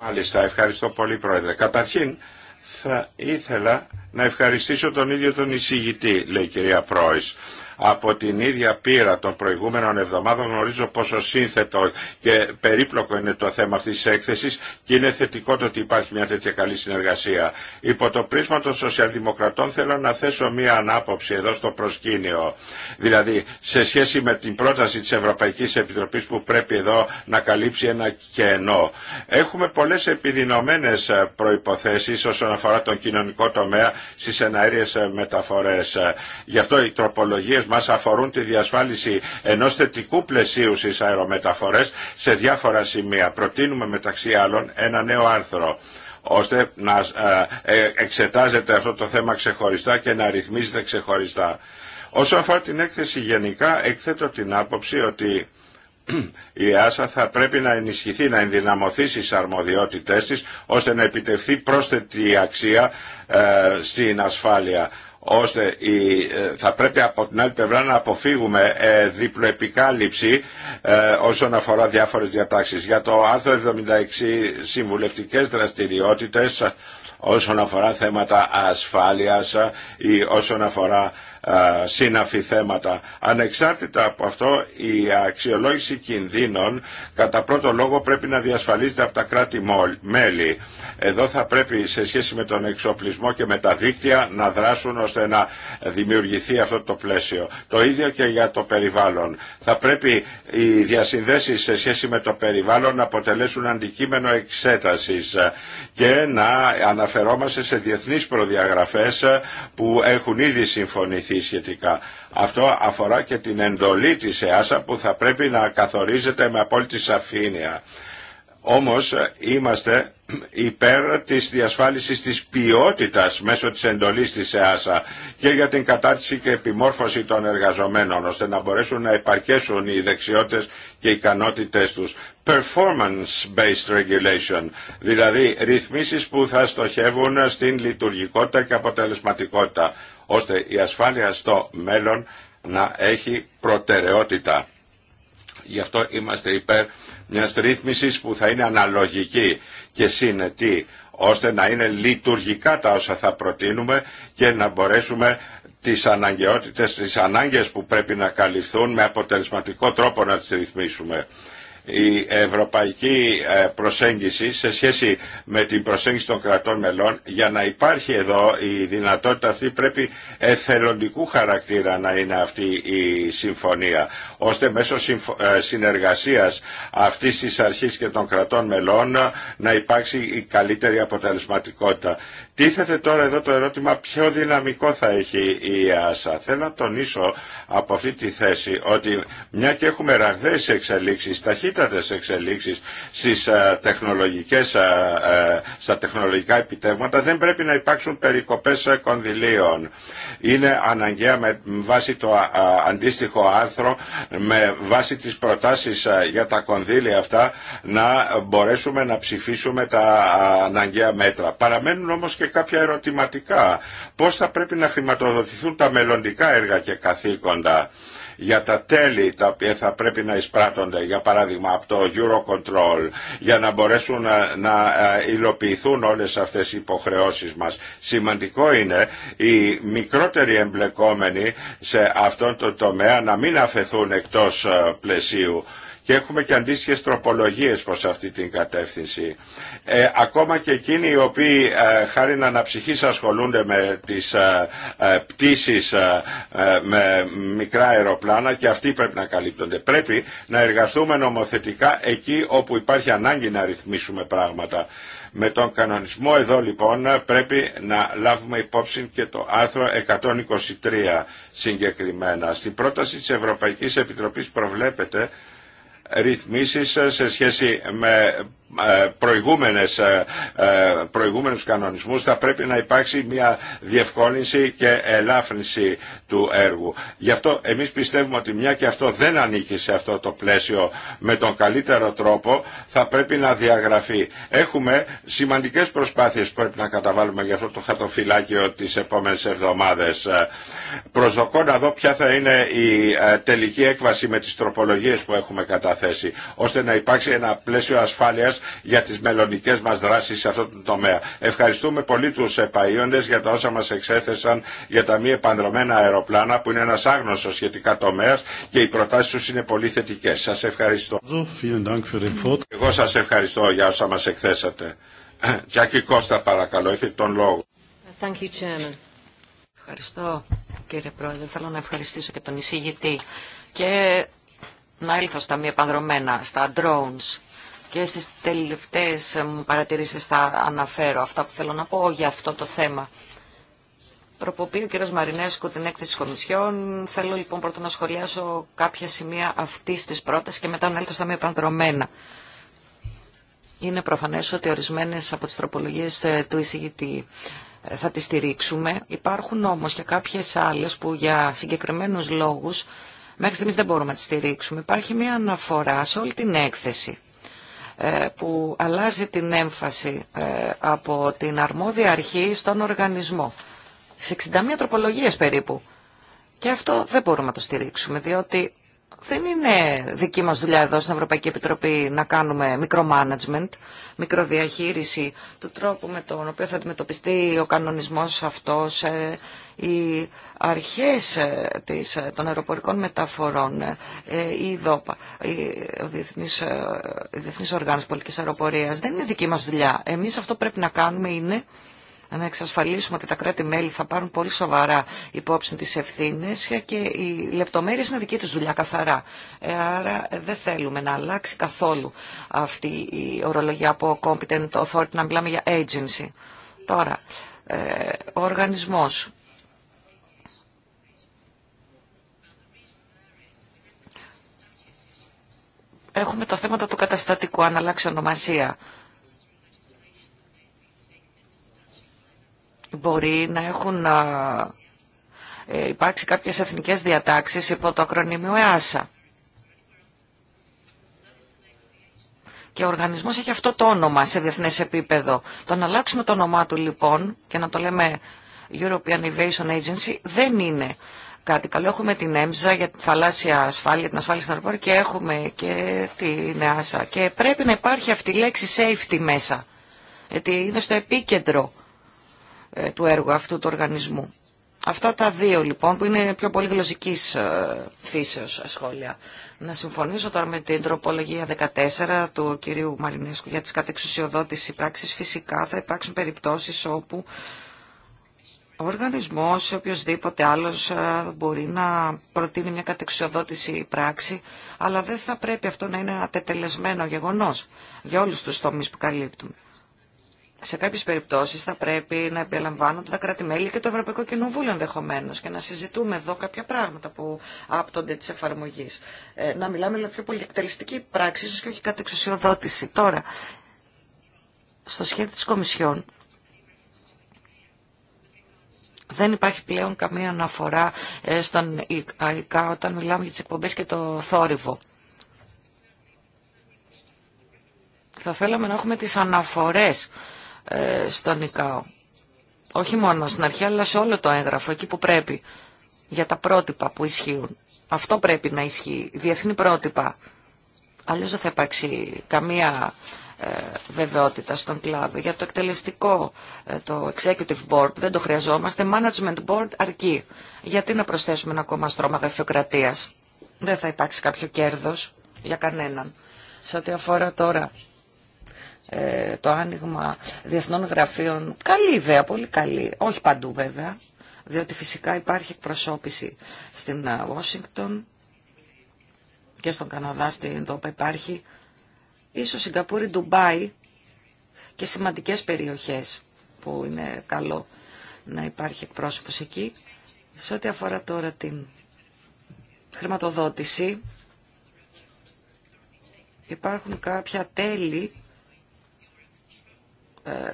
Μάλιστα, ευχαριστώ πολύ Πρόεδρε. Καταρχήν θα ήθελα να ευχαριστήσω τον ίδιο τον εισηγητή, λέει η κυρία Πρόης από την ίδια πείρα των προηγούμενων εβδομάδων γνωρίζω πόσο σύνθετο και περίπλοκο είναι το θέμα αυτής της έκθεσης και είναι θετικό το ότι υπάρχει μια τέτοια καλή συνεργασία. Υπό το πρίσμα των σοσιαλδημοκρατών θέλω να θέσω μια ανάποψη εδώ στο προσκήνιο. Δηλαδή σε σχέση με την πρόταση της Ευρωπαϊκής Επιτροπής που πρέπει εδώ να καλύψει ένα κενό. Έχουμε πολλές επιδεινωμένες προϋποθέσεις όσον αφορά τον κοινωνικό τομέα στις εναέριες μεταφορές. Γι' αυτό οι τροπολογίες μας αφορούν τη διασφάλιση ενός θετικού πλαισίου στις αερομεταφορές σε διάφορα σημεία. Προτείνουμε μεταξύ άλλων ένα νέο άρθρο ώστε να ε, ε, εξετάζεται αυτό το θέμα ξεχωριστά και να ρυθμίζεται ξεχωριστά. Όσον αφορά την έκθεση γενικά, εκθέτω την άποψη ότι η ΕΑΣΑ θα πρέπει να ενισχυθεί, να ενδυναμωθεί στις αρμοδιότητές της, ώστε να επιτευχθεί πρόσθετη αξία ε, στην ασφάλεια ώστε ε, θα πρέπει από την άλλη πλευρά να αποφύγουμε ε, διπλοεπικάλυψη ε, όσον αφορά διάφορες διατάξεις. Για το άρθρο 76 συμβουλευτικές δραστηριότητες όσον αφορά θέματα ασφάλειας ή όσον αφορά σύναφη θέματα. Ανεξάρτητα από αυτό η αξιολόγηση κινδύνων κατά πρώτο λόγο πρέπει να διασφαλίζεται από τα κράτη-μέλη. Εδώ θα πρέπει σε σχέση με τον εξοπλισμό και με τα δίκτυα να δράσουν ώστε να δημιουργηθεί αυτό το πλαίσιο. Το ίδιο και για το περιβάλλον. Θα πρέπει οι διασυνδέσεις σε σχέση με το περιβάλλον να αποτελέσουν αντικείμενο εξέτασης και να αναφερόμαστε σε διεθνείς προδιαγραφές που έχουν ήδη συμφωνηθεί σχετικά. Αυτό αφορά και την εντολή της ΕΑΣΑ που θα πρέπει να καθορίζεται με απόλυτη σαφήνεια. Όμως είμαστε υπέρ της διασφάλισης της ποιότητας μέσω της εντολής της ΕΑΣΑ και για την κατάρτιση και επιμόρφωση των εργαζομένων ώστε να μπορέσουν να υπαρκέσουν οι δεξιότητες και οι ικανότητες τους. Performance-based regulation, δηλαδή ρυθμίσεις που θα στοχεύουν στην λειτουργικότητα και αποτελεσματικότητα ώστε η ασφάλεια στο μέλλον να έχει προτεραιότητα. Γι' αυτό είμαστε υπέρ μιας ρύθμισης που θα είναι αναλογική και συνετή, ώστε να είναι λειτουργικά τα όσα θα προτείνουμε και να μπορέσουμε τις αναγκαιότητες, τις ανάγκες που πρέπει να καλυφθούν με αποτελεσματικό τρόπο να τις ρυθμίσουμε η ευρωπαϊκή ε, προσέγγιση σε σχέση με την προσέγγιση των κρατών μελών για να υπάρχει εδώ η δυνατότητα αυτή πρέπει εθελοντικού χαρακτήρα να είναι αυτή η συμφωνία ώστε μέσω ε, συνεργασίας αυτής της αρχής και των κρατών μελών να υπάρξει η καλύτερη αποτελεσματικότητα. Τίθεται τώρα εδώ το ερώτημα ποιο δυναμικό θα έχει η ΑΣΑ; Θέλω να τονίσω από αυτή τη θέση ότι μια και έχουμε ραγδαίες εξελίξεις, ταχύτατες εξελίξεις στις ε, τεχνολογικές, ε, ε, στα τεχνολογικά επιτεύγματα δεν πρέπει να υπάρξουν περικοπές κονδυλίων. Είναι αναγκαία με βάση το αντίστοιχο άρθρο, με βάση τις προτάσεις για τα κονδύλια αυτά να μπορέσουμε να ψηφίσουμε τα αναγκαία μέτρα. Παραμένουν όμως και κάποια ερωτηματικά. Πώς θα πρέπει να χρηματοδοτηθούν τα μελλοντικά έργα και καθήκοντα για τα τέλη τα οποία θα πρέπει να εισπράττονται, για παράδειγμα αυτό το Eurocontrol, για να μπορέσουν να, να υλοποιηθούν όλες αυτές οι υποχρεώσεις μας. Σημαντικό είναι οι μικρότεροι εμπλεκόμενοι σε αυτόν τον τομέα να μην αφαιθούν εκτός πλαισίου και έχουμε και αντίστοιχε τροπολογίε προ αυτή την κατεύθυνση. Ε, ακόμα και εκείνοι οι οποίοι ε, χάρη να αναψυχή ασχολούνται με τι ε, ε, ε, με μικρά αεροπλάνα και αυτοί πρέπει να καλύπτονται. Πρέπει να εργαστούμε νομοθετικά εκεί όπου υπάρχει ανάγκη να ρυθμίσουμε πράγματα. Με τον κανονισμό εδώ λοιπόν πρέπει να λάβουμε υπόψη και το άρθρο 123 συγκεκριμένα. Στην πρόταση της Ευρωπαϊκής Επιτροπής προβλέπεται ρυθμίσεις ε, σε σχέση με ε, προηγούμενες, ε, ε, προηγούμενους κανονισμούς θα πρέπει να υπάρξει μια διευκόλυνση και ελάφρυνση του έργου. Γι' αυτό εμείς πιστεύουμε ότι μια και αυτό δεν ανήκει σε αυτό το πλαίσιο με τον καλύτερο τρόπο θα πρέπει να διαγραφεί. Έχουμε σημαντικές προσπάθειες που πρέπει να καταβάλουμε για αυτό το χατοφυλάκιο τις επόμενες εβδομάδες. Προσδοκώ να δω ποια θα είναι η τελική έκβαση με τις τροπολογίες που έχουμε καταθέσει ώστε να υπάρξει ένα πλαίσιο ασφάλειας για τις μελλοντικέ μας δράσεις σε αυτό το τομέα. Ευχαριστούμε πολύ τους επαΐοντες για τα όσα μας εξέθεσαν για τα μη επανδρομένα αεροπλάνα που είναι ένας άγνωστος σχετικά τομέας και οι προτάσεις τους είναι πολύ θετικές. Σας ευχαριστώ. Εγώ σας ευχαριστώ για όσα μας εκθέσατε. Τζάκη Κώστα παρακαλώ, έχετε τον λόγο. Thank you, Ευχαριστώ κύριε Πρόεδρε. Θέλω να ευχαριστήσω και τον εισηγητή. Και να έλθω στα μη επανδρομένα, στα drones και στις τελευταίες ε, μου παρατηρήσεις θα αναφέρω αυτά που θέλω να πω για αυτό το θέμα. Προποποιεί ο κ. Μαρινέσκο την έκθεση κομισιών. Θέλω λοιπόν πρώτα να σχολιάσω κάποια σημεία αυτή τη πρόταση και μετά να έλθω στα μία επανδρομένα. Είναι προφανές ότι ορισμένες από τις τροπολογίες ε, του εισηγητή ε, θα τις στηρίξουμε. Υπάρχουν όμως και κάποιες άλλες που για συγκεκριμένους λόγους μέχρι στιγμής δεν μπορούμε να τις στηρίξουμε. Υπάρχει μια αναφορά σε όλη την έκθεση ε, που αλλάζει την έμφαση ε, από την αρμόδια αρχή στον οργανισμό. Σε 61 τροπολογίες περίπου. Και αυτό δεν μπορούμε να το στηρίξουμε, διότι δεν είναι δική μας δουλειά εδώ στην Ευρωπαϊκή Επιτροπή να κάνουμε μικρομάνατζμεντ, μικροδιαχείριση του τρόπου με τον οποίο θα αντιμετωπιστεί ο κανονισμός αυτός, ε, οι αρχές ε, της, ε, των αεροπορικών μεταφορών, η ΔΟΠΑ, ο Διεθνής, η Διεθνής Οργάνωση Πολιτικής Αεροπορίας. Δεν είναι δική μας δουλειά. Εμείς αυτό πρέπει να κάνουμε είναι να εξασφαλίσουμε ότι τα κράτη-μέλη θα πάρουν πολύ σοβαρά υπόψη τις ευθύνες και οι λεπτομέρειες είναι δική τους δουλειά καθαρά. Ε, άρα ε, δεν θέλουμε να αλλάξει καθόλου αυτή η ορολογία από competent authority να μιλάμε για agency. Τώρα, ε, ο οργανισμός έχουμε τα θέματα του καταστατικού, αν αλλάξει ονομασία. μπορεί να έχουν ε, υπάρξει κάποιες εθνικές διατάξεις υπό το ακρονίμιο ΕΑΣΑ. Και ο οργανισμός έχει αυτό το όνομα σε διεθνές επίπεδο. Το να αλλάξουμε το όνομά του λοιπόν και να το λέμε European Aviation Agency δεν είναι κάτι καλό. Έχουμε την ΕΜΖΑ για την θαλάσσια ασφάλεια, την ασφάλεια στην αεροπορία και έχουμε και την ΕΑΣΑ. Και πρέπει να υπάρχει αυτή η λέξη safety μέσα. Γιατί είναι στο επίκεντρο ε, του έργου αυτού του οργανισμού. Αυτά τα δύο λοιπόν που είναι πιο πολύ γλωσσικής ε, φύσεως σχόλια. Να συμφωνήσω τώρα με την τροπολογία 14 του κυρίου Μαρινέσκου για τις κατεξουσιοδότηση πράξεις. Φυσικά θα υπάρξουν περιπτώσεις όπου ο οργανισμός ή οποιοδήποτε άλλος ε, μπορεί να προτείνει μια κατεξουσιοδότηση πράξη, αλλά δεν θα πρέπει αυτό να είναι ένα τετελεσμένο γεγονός για όλους τους τομείς που καλύπτουν σε κάποιες περιπτώσεις θα πρέπει να επιλαμβάνονται τα κράτη-μέλη και το Ευρωπαϊκό Κοινοβούλιο ενδεχομένω και να συζητούμε εδώ κάποια πράγματα που άπτονται τη εφαρμογή. Ε, να μιλάμε για πιο πολυεκτελιστική πράξη, ίσω και όχι κάτι εξουσιοδότηση. Τώρα, στο σχέδιο της Κομισιόν, δεν υπάρχει πλέον καμία αναφορά ε, στον ΙΚΑ όταν μιλάμε για τις εκπομπές και το θόρυβο. Θα θέλαμε να έχουμε τις αναφορές ε, στον ΙΚΑΟ. Όχι μόνο στην αρχή, αλλά σε όλο το έγγραφο, εκεί που πρέπει, για τα πρότυπα που ισχύουν. Αυτό πρέπει να ισχύει, διεθνή πρότυπα. Αλλιώς δεν θα υπάρξει καμία ε, βεβαιότητα στον κλάδο. Για το εκτελεστικό, ε, το executive board, δεν το χρειαζόμαστε. Management board αρκεί. Γιατί να προσθέσουμε ένα ακόμα στρώμα γραφειοκρατίας. Δεν θα υπάρξει κάποιο κέρδος για κανέναν. Σε ό,τι αφορά τώρα ε, το άνοιγμα διεθνών γραφείων. Καλή ιδέα, πολύ καλή. Όχι παντού βέβαια, διότι φυσικά υπάρχει εκπροσώπηση στην ε, Ουάσιγκτον και στον Καναδά, στην ΔΟΠΑ υπάρχει. Ίσως Συγκαπούρη, Ντουμπάι και σημαντικές περιοχές που είναι καλό να υπάρχει εκπρόσωπος εκεί. Σε ό,τι αφορά τώρα την χρηματοδότηση, υπάρχουν κάποια τέλη ε,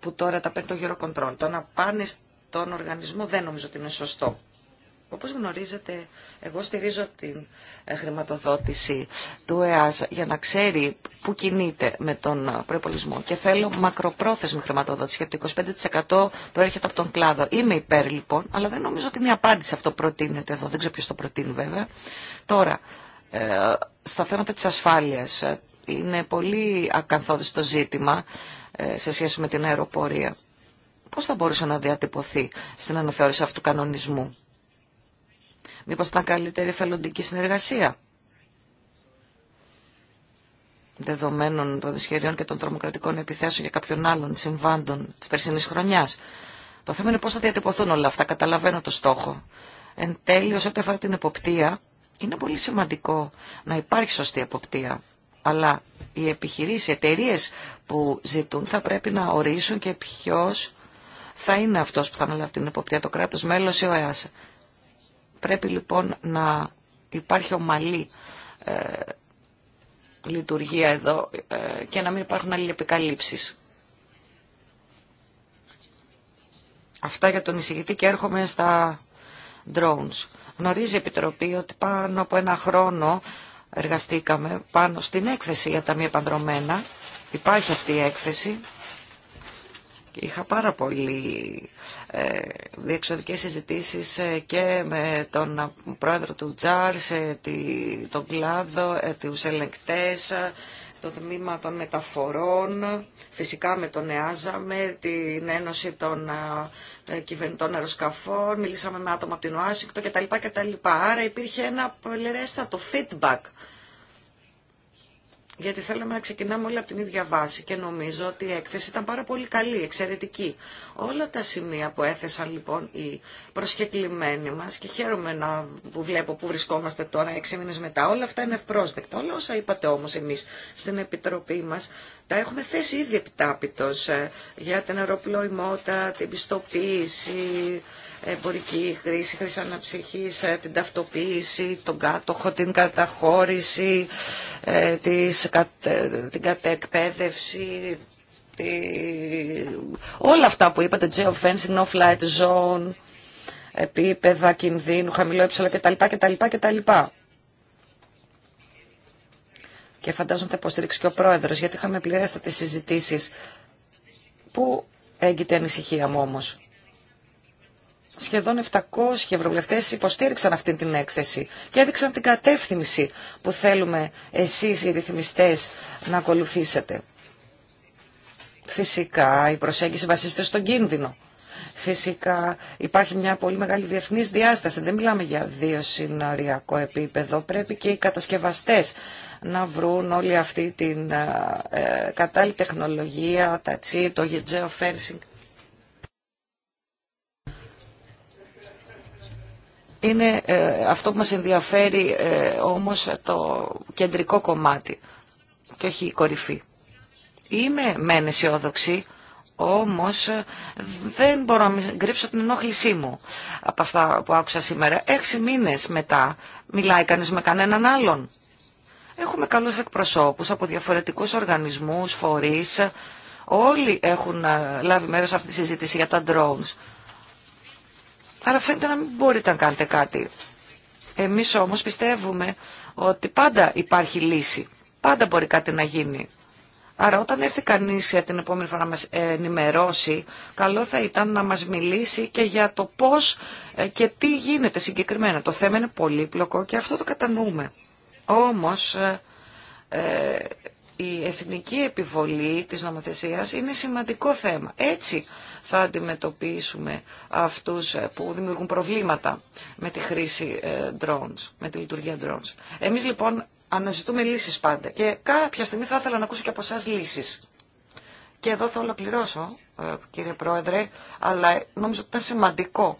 που τώρα τα παίρνει το Eurocontrol. Το να πάνε στον οργανισμό δεν νομίζω ότι είναι σωστό. Όπως γνωρίζετε, εγώ στηρίζω την ε, χρηματοδότηση του ΕΑΣ για να ξέρει πού κινείται με τον ε, προπολισμό. και θέλω μακροπρόθεσμη χρηματοδότηση γιατί το 25% προέρχεται από τον κλάδο. Είμαι υπέρ λοιπόν, αλλά δεν νομίζω ότι μια απάντηση αυτό προτείνεται εδώ. Δεν ξέρω ποιος το προτείνει βέβαια. Τώρα, στα θέματα της ασφάλειας είναι πολύ ακαθόδηστο ζήτημα. Ε, σε σχέση με την αεροπορία. Πώς θα μπορούσε να διατυπωθεί στην αναθεώρηση αυτού του κανονισμού. Μήπως ήταν καλύτερη εθελοντική συνεργασία δεδομένων των δυσχεριών και των τρομοκρατικών επιθέσεων για κάποιον άλλον συμβάντων της περσινής χρονιάς. Το θέμα είναι πώς θα διατυπωθούν όλα αυτά. Καταλαβαίνω το στόχο. Εν τέλει, όσο αφορά την εποπτεία, είναι πολύ σημαντικό να υπάρχει σωστή εποπτεία. Αλλά οι επιχειρήσεις, οι εταιρείε που ζητούν θα πρέπει να ορίσουν και ποιο θα είναι αυτός που θα αναλάβει την εποπτεία το κράτος μέλος ή ο ΕΑΣΑ. Πρέπει λοιπόν να υπάρχει ομαλή ε, λειτουργία εδώ ε, και να μην υπάρχουν άλλοι επικαλύψεις. Αυτά για τον εισηγητή και έρχομαι στα drones. Γνωρίζει η Επιτροπή ότι πάνω από ένα χρόνο εργαστήκαμε πάνω στην έκθεση για τα μη επανδρομένα. Υπάρχει αυτή η έκθεση. Είχα πάρα πολύ ε, διεξοδικές συζητήσεις ε, και με τον πρόεδρο του Τζάρ, τον κλάδο, ε, τους ελεγκτές, ε, το τμήμα των μεταφορών, φυσικά με τον έαζαμε την Ένωση των ε, ε, Κυβερνητών Αεροσκαφών, μιλήσαμε με άτομα από την Ουάσιγκτο κτλ. κτλ. Άρα υπήρχε ένα πολυερέστατο feedback γιατί θέλαμε να ξεκινάμε όλα από την ίδια βάση και νομίζω ότι η έκθεση ήταν πάρα πολύ καλή, εξαιρετική. Όλα τα σημεία που έθεσαν λοιπόν οι προσκεκλημένοι μας και χαίρομαι να, που βλέπω που βρισκόμαστε τώρα έξι μήνες μετά, όλα αυτά είναι ευπρόσδεκτα. Όλα όσα είπατε όμως εμείς στην Επιτροπή μας τα έχουμε θέσει ήδη επιτάπητος ε, για την αεροπλοημότητα, την πιστοποίηση, εμπορική χρήση, χρήση αναψυχής, ε, την ταυτοποίηση, τον κάτοχο, την καταχώρηση, ε, ε, την κατεκπαίδευση, όλα αυτά που είπατε, geofencing, no-flight zone, επίπεδα κινδύνου, χαμηλό έψαλο κτλ. κτλ, κτλ. Και φαντάζομαι θα υποστηρίξει και ο πρόεδρος, γιατί είχαμε πληρέστατες συζητήσεις που έγκυται ανησυχία μου όμως σχεδόν 700 ευρωβουλευτέ υποστήριξαν αυτή την έκθεση και έδειξαν την κατεύθυνση που θέλουμε εσείς οι ρυθμιστές να ακολουθήσετε. Φυσικά η προσέγγιση βασίζεται στον κίνδυνο. Φυσικά υπάρχει μια πολύ μεγάλη διεθνής διάσταση. Δεν μιλάμε για δύο συνοριακό επίπεδο. Πρέπει και οι κατασκευαστές να βρουν όλη αυτή την ε, ε, κατάλληλη τεχνολογία, τα τσί, το geofencing Είναι ε, αυτό που μας ενδιαφέρει ε, όμως το κεντρικό κομμάτι και όχι η κορυφή. Είμαι μεν αισιόδοξη, όμως ε, δεν μπορώ να γκρύψω την ενόχλησή μου από αυτά που άκουσα σήμερα. Έξι μήνες μετά μιλάει κανείς με κανέναν άλλον. Έχουμε καλούς εκπροσώπους από διαφορετικούς οργανισμούς, φορείς. Όλοι έχουν λάβει μέρος σε αυτή τη συζήτηση για τα drones. Άρα φαίνεται να μην μπορείτε να κάνετε κάτι. Εμείς όμως πιστεύουμε ότι πάντα υπάρχει λύση. Πάντα μπορεί κάτι να γίνει. Άρα όταν έρθει κανείς την επόμενη φορά να μας ενημερώσει, καλό θα ήταν να μας μιλήσει και για το πώς ε, και τι γίνεται συγκεκριμένα. Το θέμα είναι πολύπλοκο και αυτό το κατανοούμε. Όμως ε, ε, η εθνική επιβολή της νομοθεσίας είναι σημαντικό θέμα. Έτσι θα αντιμετωπίσουμε αυτούς που δημιουργούν προβλήματα με τη χρήση ε, drones, με τη λειτουργία drones. Εμείς λοιπόν αναζητούμε λύσεις πάντα και κάποια στιγμή θα ήθελα να ακούσω και από εσά λύσεις. Και εδώ θα ολοκληρώσω ε, κύριε Πρόεδρε, αλλά νομίζω ότι ήταν σημαντικό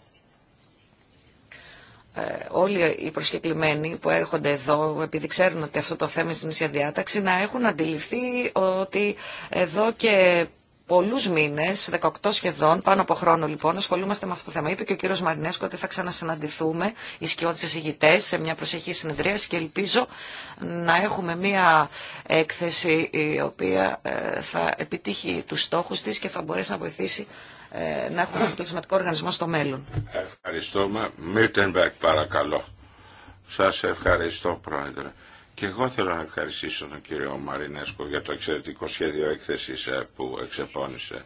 ε, όλοι οι προσκεκλημένοι που έρχονται εδώ, επειδή ξέρουν ότι αυτό το θέμα είναι στην διάταξη, να έχουν αντιληφθεί ότι εδώ και πολλούς μήνες, 18 σχεδόν, πάνω από χρόνο λοιπόν, ασχολούμαστε με αυτό το θέμα. Είπε και ο κύριος Μαρινέσκο ότι θα ξανασυναντηθούμε οι σκιώδεις ηγητές σε μια προσεχή συνεδρία και ελπίζω να έχουμε μια έκθεση η οποία ε, θα επιτύχει τους στόχους της και θα μπορέσει να βοηθήσει ε, να έχουμε ένα αποτελεσματικό οργανισμό στο μέλλον. Ευχαριστώ. Μίτενμπεκ παρακαλώ. Σα ευχαριστώ Πρόεδρε. Και εγώ θέλω να ευχαριστήσω τον κύριο Μαρινέσκο για το εξαιρετικό σχέδιο έκθεση ε, που εξεπώνησε.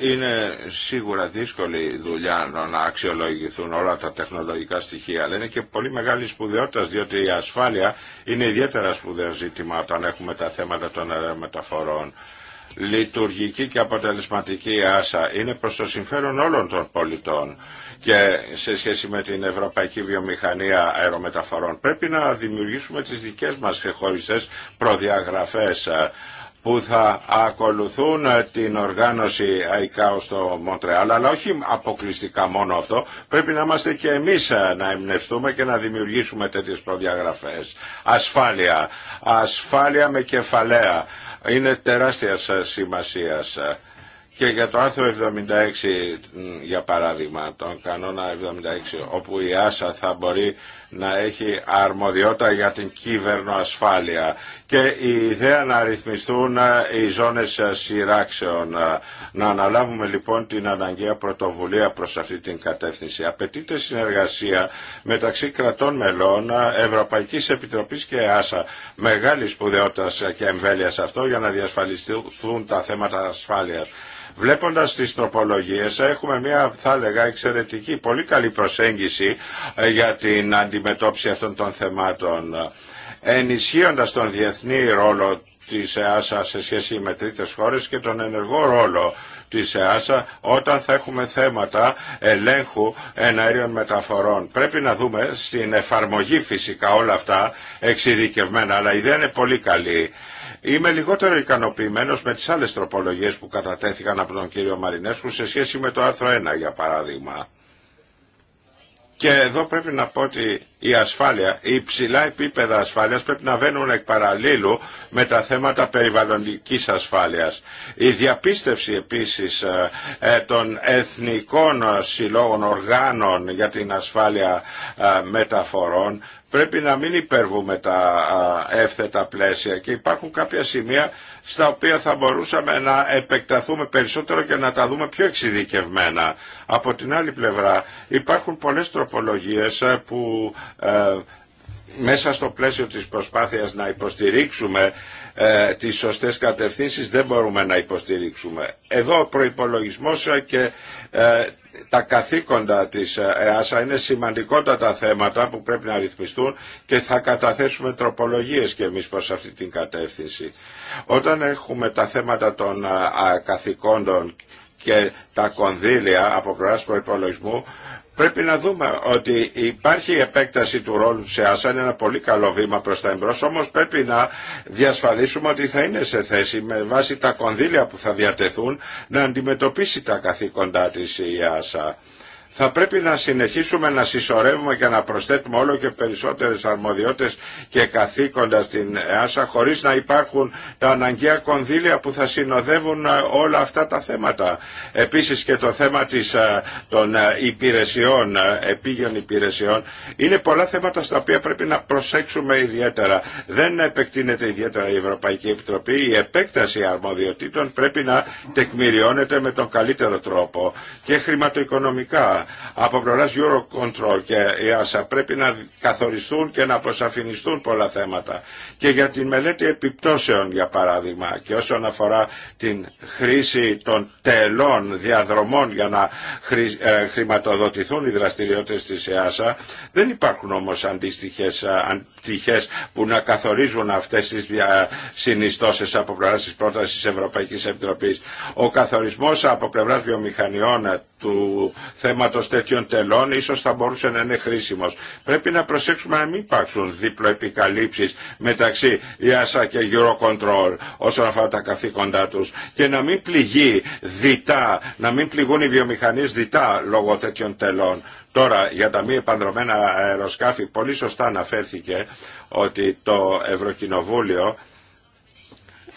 Είναι σίγουρα δύσκολη δουλειά να αξιολογηθούν όλα τα τεχνολογικά στοιχεία, αλλά είναι και πολύ μεγάλη σπουδαιότητα, διότι η ασφάλεια είναι ιδιαίτερα σπουδαίο ζήτημα όταν έχουμε τα θέματα των ε, μεταφορών λειτουργική και αποτελεσματική άσα είναι προς το συμφέρον όλων των πολιτών και σε σχέση με την ευρωπαϊκή βιομηχανία αερομεταφορών. Πρέπει να δημιουργήσουμε τις δικές μας χωριστές προδιαγραφές ε, που θα ακολουθούν ε, την οργάνωση ΑΙΚΑΟ στο Μοντρεάλ, αλλά όχι αποκλειστικά μόνο αυτό. Πρέπει να είμαστε και εμείς ε, να εμπνευστούμε και να δημιουργήσουμε τέτοιες προδιαγραφές. Ασφάλεια. Ασφάλεια με κεφαλαία είναι τεράστια σημασία ε. Και για το άρθρο 76, για παράδειγμα, τον κανόνα 76, όπου η ΆΣΑ θα μπορεί να έχει αρμοδιότητα για την κυβερνοασφάλεια και η ιδέα να ρυθμιστούν ε, οι ζώνες ε, σειράξεων. Ε. Να αναλάβουμε λοιπόν την αναγκαία πρωτοβουλία προς αυτή την κατεύθυνση. Απαιτείται συνεργασία μεταξύ κρατών μελών, Ευρωπαϊκής Επιτροπής και ΕΑΣΑ. Μεγάλη σπουδαιότητα και εμβέλεια σε αυτό για να διασφαλιστούν τα θέματα ασφάλειας. Βλέποντας τις τροπολογίες έχουμε μια θα έλεγα εξαιρετική, πολύ καλή προσέγγιση για την αντιμετώπιση αυτών των θεμάτων ενισχύοντας τον διεθνή ρόλο της ΕΑΣΑ σε σχέση με τρίτες χώρες και τον ενεργό ρόλο της ΕΑΣΑ όταν θα έχουμε θέματα ελέγχου εναέριων μεταφορών. Πρέπει να δούμε στην εφαρμογή φυσικά όλα αυτά εξειδικευμένα, αλλά η ιδέα είναι πολύ καλή. Είμαι λιγότερο ικανοποιημένος με τις άλλες τροπολογίες που κατατέθηκαν από τον κύριο Μαρινέσκου σε σχέση με το άρθρο 1 για παράδειγμα. Και εδώ πρέπει να πω ότι η ασφάλεια, οι υψηλά επίπεδα ασφάλειας πρέπει να βαίνουν εκ παραλίλου με τα θέματα περιβαλλοντικής ασφάλειας. Η διαπίστευση επίσης ε, ε, των εθνικών συλλόγων οργάνων για την ασφάλεια ε, μεταφορών πρέπει να μην υπερβούμε τα εύθετα πλαίσια και υπάρχουν κάποια σημεία στα οποία θα μπορούσαμε να επεκταθούμε περισσότερο και να τα δούμε πιο εξειδικευμένα. Από την άλλη πλευρά υπάρχουν πολλές τροπολογίες ε, που ε, μέσα στο πλαίσιο της προσπάθειας να υποστηρίξουμε ε, τις σωστές κατευθύνσεις δεν μπορούμε να υποστηρίξουμε. Εδώ ο προϋπολογισμός ε, και τα καθήκοντα της ε, ΕΑΣΑ είναι σημαντικότατα θέματα που πρέπει να ρυθμιστούν και θα καταθέσουμε τροπολογίες και εμείς προς αυτή την κατεύθυνση. Όταν έχουμε τα θέματα των ε, καθηκόντων και τα κονδύλια από πλευρά Πρέπει να δούμε ότι υπάρχει η επέκταση του ρόλου σε άσα είναι ένα πολύ καλό βήμα προς τα εμπρός, όμως πρέπει να διασφαλίσουμε ότι θα είναι σε θέση με βάση τα κονδύλια που θα διατεθούν να αντιμετωπίσει τα καθήκοντά της η θα πρέπει να συνεχίσουμε να συσσωρεύουμε και να προσθέτουμε όλο και περισσότερες αρμοδιότητες και καθήκοντα στην ΕΑΣΑ χωρίς να υπάρχουν τα αναγκαία κονδύλια που θα συνοδεύουν ε, όλα αυτά τα θέματα. Επίσης και το θέμα της, ε, των ε, υπηρεσιών, επίγειων υπηρεσιών. Είναι πολλά θέματα στα οποία πρέπει να προσέξουμε ιδιαίτερα. Δεν επεκτείνεται ιδιαίτερα η Ευρωπαϊκή Επιτροπή. Η επέκταση αρμοδιοτήτων πρέπει να τεκμηριώνεται με τον καλύτερο τρόπο και χρηματοοικονομικά από πλευράς Eurocontrol και EASA πρέπει να καθοριστούν και να αποσαφινιστούν πολλά θέματα. Και για την μελέτη επιπτώσεων για παράδειγμα και όσον αφορά την χρήση των τελών διαδρομών για να ε, χρηματοδοτηθούν οι δραστηριότητε τη ΕΑΣΑ δεν υπάρχουν όμως αντίστοιχες ε, πτυχές που να καθορίζουν αυτές τις συνιστώσεις από πλευρά της πρότασης Ευρωπαϊκής Επιτροπής. Ο καθορισμός από πλευράς βιομηχανιών ε, του θέματος τέτοιων τελών ίσως θα μπορούσε να είναι χρήσιμος. Πρέπει να προσέξουμε να μην υπάρξουν δίπλο επικαλύψεις μεταξύ ΙΑΣΑ και Eurocontrol όσον αφορά τα καθήκοντά τους και να μην πληγεί διτά, να μην πληγούν οι βιομηχανίες διτά λόγω τέτοιων τελών. Τώρα για τα μη επανδρομένα αεροσκάφη πολύ σωστά αναφέρθηκε ότι το Ευρωκοινοβούλιο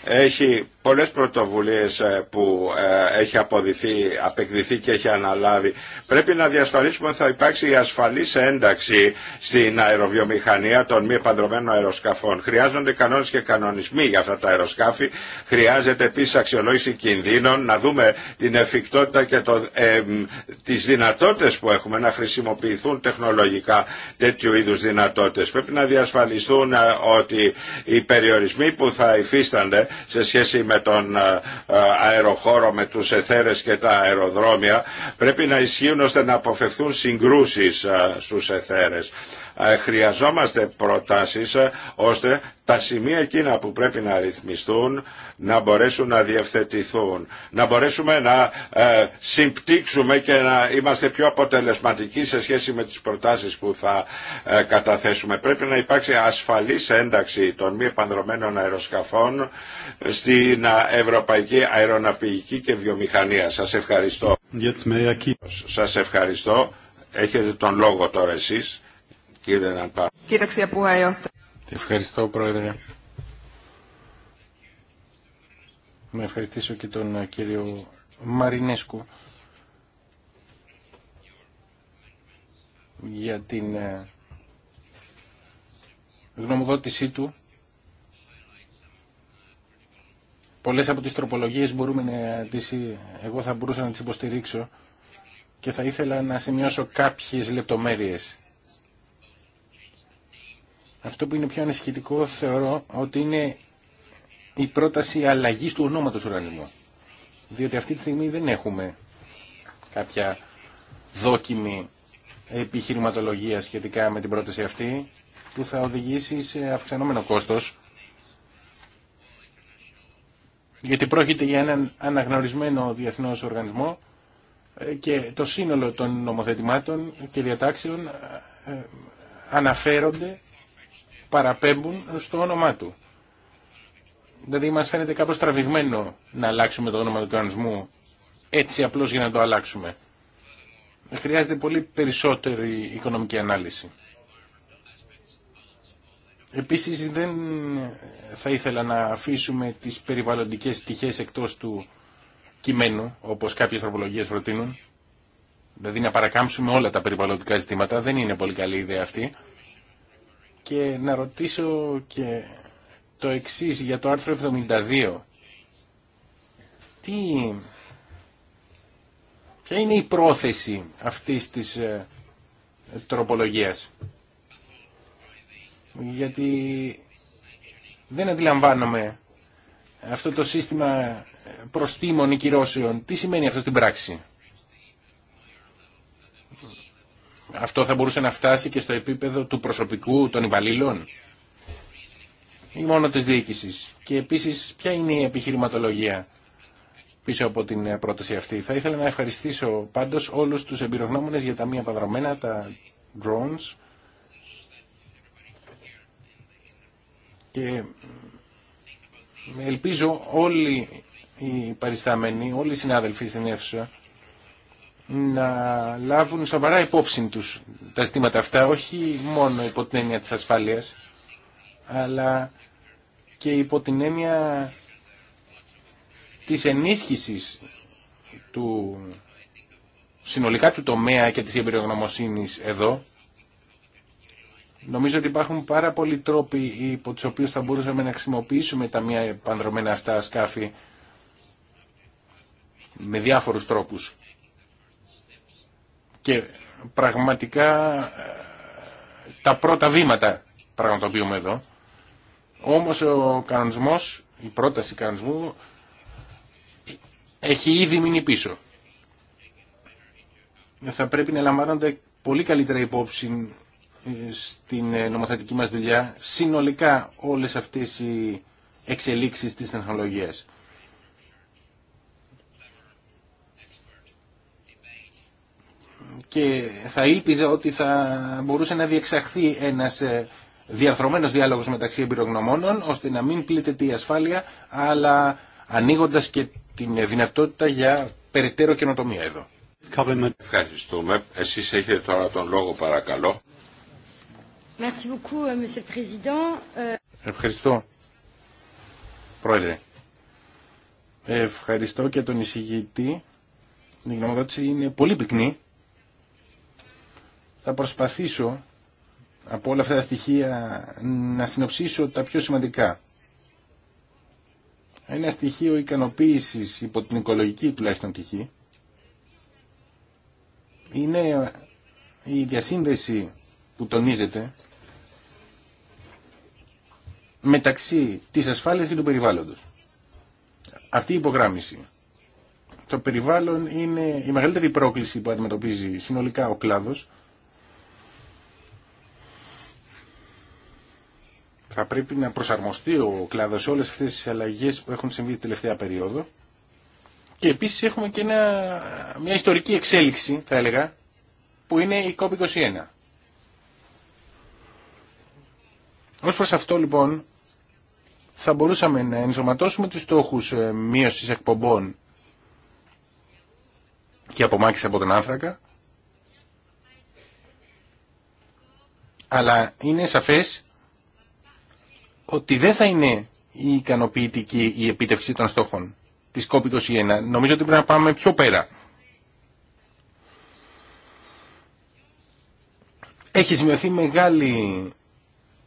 έχει πολλές πρωτοβουλίες ε, που ε, έχει αποδηθεί, απεκδηθεί και έχει αναλάβει. Πρέπει να διασφαλίσουμε ότι θα υπάρξει η ασφαλής ένταξη στην αεροβιομηχανία των μη επανδρομένων αεροσκαφών. Χρειάζονται κανόνες και κανονισμοί για αυτά τα αεροσκάφη. Χρειάζεται επίσης αξιολόγηση κινδύνων, να δούμε την εφικτότητα και το, ε, τις δυνατότητες που έχουμε να χρησιμοποιηθούν τεχνολογικά τέτοιου είδους δυνατότητες. Πρέπει να διασφαλιστούν ε, ότι οι περιορισμοί που θα υφίστανται σε σχέση με τον ε, ε, αεροχώρο, με τους εθέρες και τα αεροδρόμια πρέπει να ισχύουν ώστε να αποφευθούν συγκρούσεις ε, στους εθέρες. Ε, χρειαζόμαστε προτάσεις ε, ώστε τα σημεία εκείνα που πρέπει να ρυθμιστούν να μπορέσουν να διευθετηθούν, να μπορέσουμε να ε, συμπτύξουμε και να είμαστε πιο αποτελεσματικοί σε σχέση με τις προτάσεις που θα καταθέσουμε. Πρέπει να υπάρξει ασφαλής ένταξη των μη επανδρομένων αεροσκαφών στην ευρωπαϊκή αεροναυπηγική και βιομηχανία. Σας ευχαριστώ. Σας ευχαριστώ. Έχετε τον λόγο τώρα εσείς. Ευχαριστώ Πρόεδρε. Να ευχαριστήσω και τον ε, κύριο Μαρινέσκου για την ε, γνωμοδότησή του. Πολλές από τις τροπολογίες μπορούμε να τις, εγώ θα μπορούσα να τις υποστηρίξω και θα ήθελα να σημειώσω κάποιες λεπτομέρειες αυτό που είναι πιο ανησυχητικό θεωρώ ότι είναι η πρόταση αλλαγής του ονόματος οργανισμού. Διότι αυτή τη στιγμή δεν έχουμε κάποια δόκιμη επιχειρηματολογία σχετικά με την πρόταση αυτή που θα οδηγήσει σε αυξανόμενο κόστος γιατί πρόκειται για έναν αναγνωρισμένο διεθνώς οργανισμό ε, και το σύνολο των νομοθετημάτων και διατάξεων ε, ε, αναφέρονται παραπέμπουν στο όνομά του. Δηλαδή μας φαίνεται κάπως τραβηγμένο να αλλάξουμε το όνομα του κανονισμού έτσι απλώς για να το αλλάξουμε. Χρειάζεται πολύ περισσότερη οικονομική ανάλυση. Επίσης δεν θα ήθελα να αφήσουμε τις περιβαλλοντικές πτυχές εκτός του κειμένου, όπως κάποιες τροπολογίες προτείνουν. Δηλαδή να παρακάμψουμε όλα τα περιβαλλοντικά ζητήματα, δεν είναι πολύ καλή ιδέα αυτή και να ρωτήσω και το εξής για το άρθρο 72. Τι, ποια είναι η πρόθεση αυτής της ε, τροπολογίας. Γιατί δεν αντιλαμβάνομαι αυτό το σύστημα προστήμων ή κυρώσεων. Τι σημαίνει αυτό στην πράξη. αυτό θα μπορούσε να φτάσει και στο επίπεδο του προσωπικού των υπαλλήλων ή μόνο της διοίκησης. Και επίσης ποια είναι η επιχειρηματολογία πίσω από την ε, πρόταση αυτή. Θα ήθελα να ευχαριστήσω πάντως όλους τους εμπειρογνώμονες για τα μία παδρομένα, τα drones και ελπίζω όλοι οι παριστάμενοι, όλοι οι συνάδελφοι στην αίθουσα να λάβουν σοβαρά υπόψη τους τα ζητήματα αυτά, όχι μόνο υπό την έννοια της ασφάλειας, αλλά και υπό την έννοια της ενίσχυσης του συνολικά του τομέα και της εμπειρογνωμοσύνης εδώ. Νομίζω ότι υπάρχουν πάρα πολλοί τρόποι υπό τους οποίους θα μπορούσαμε να χρησιμοποιήσουμε τα μία επανδρομένα αυτά σκάφη με διάφορους τρόπους και πραγματικά ε, τα πρώτα βήματα πραγματοποιούμε εδώ. Όμως ο κανονισμός, η πρόταση κανονισμού έχει ήδη μείνει πίσω. Θα πρέπει να λαμβάνονται πολύ καλύτερα υπόψη ε, στην ε, νομοθετική μας δουλειά συνολικά όλες αυτές οι εξελίξεις της τεχνολογίας. και θα ήλπιζα ότι θα μπορούσε να διεξαχθεί ένας ε, διαρθρωμένος διάλογος μεταξύ εμπειρογνωμόνων ώστε να μην πλήττεται η ασφάλεια αλλά ανοίγοντας και την δυνατότητα για περαιτέρω καινοτομία εδώ. Ευχαριστούμε. Εσείς έχετε τώρα τον λόγο παρακαλώ. Euh, euh, Ευχαριστώ. Πρόεδρε. Ευχαριστώ και τον εισηγητή. Η γνωμοδότηση είναι πολύ πυκνή θα προσπαθήσω από όλα αυτά τα στοιχεία να συνοψίσω τα πιο σημαντικά. Ένα στοιχείο ικανοποίησης υπό την οικολογική τουλάχιστον πτυχή είναι η διασύνδεση που τονίζεται μεταξύ της ασφάλειας και του περιβάλλοντος. Αυτή η υπογράμμιση. Το περιβάλλον είναι η μεγαλύτερη πρόκληση που αντιμετωπίζει συνολικά ο κλάδος θα πρέπει να προσαρμοστεί ο κλάδος σε όλες αυτές τις αλλαγές που έχουν συμβεί την τελευταία περίοδο. Και επίσης έχουμε και μια ιστορική εξέλιξη, θα έλεγα, που είναι η COP21. Ως προς αυτό λοιπόν θα μπορούσαμε να ενσωματώσουμε τους στόχους ε, μείωσης εκπομπών και απομάκρυνση από τον άνθρακα, αλλά είναι σαφές ότι δεν θα είναι η ικανοποιητική η επίτευξη των στόχων της COP21. Νομίζω ότι πρέπει να πάμε πιο πέρα. Έχει σημειωθεί μεγάλη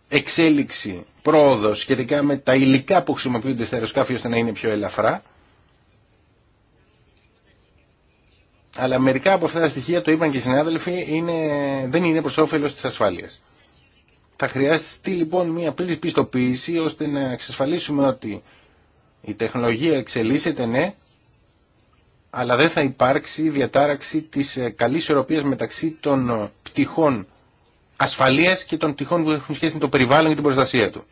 εξέλιξη, πρόοδος σχετικά με τα υλικά που χρησιμοποιούνται στα αεροσκάφη ώστε να είναι πιο ελαφρά. Αλλά μερικά από αυτά τα στοιχεία, το είπαν και οι συνάδελφοι, είναι, δεν είναι προς όφελος της ασφάλειας. Θα χρειαστεί λοιπόν μια πλήρη πιστοποίηση ώστε να εξασφαλίσουμε ότι η τεχνολογία εξελίσσεται ναι, αλλά δεν θα υπάρξει διατάραξη της ε, καλής ισορροπίας μεταξύ των ε, πτυχών ασφαλείας και των πτυχών που έχουν σχέση με το περιβάλλον και την προστασία του.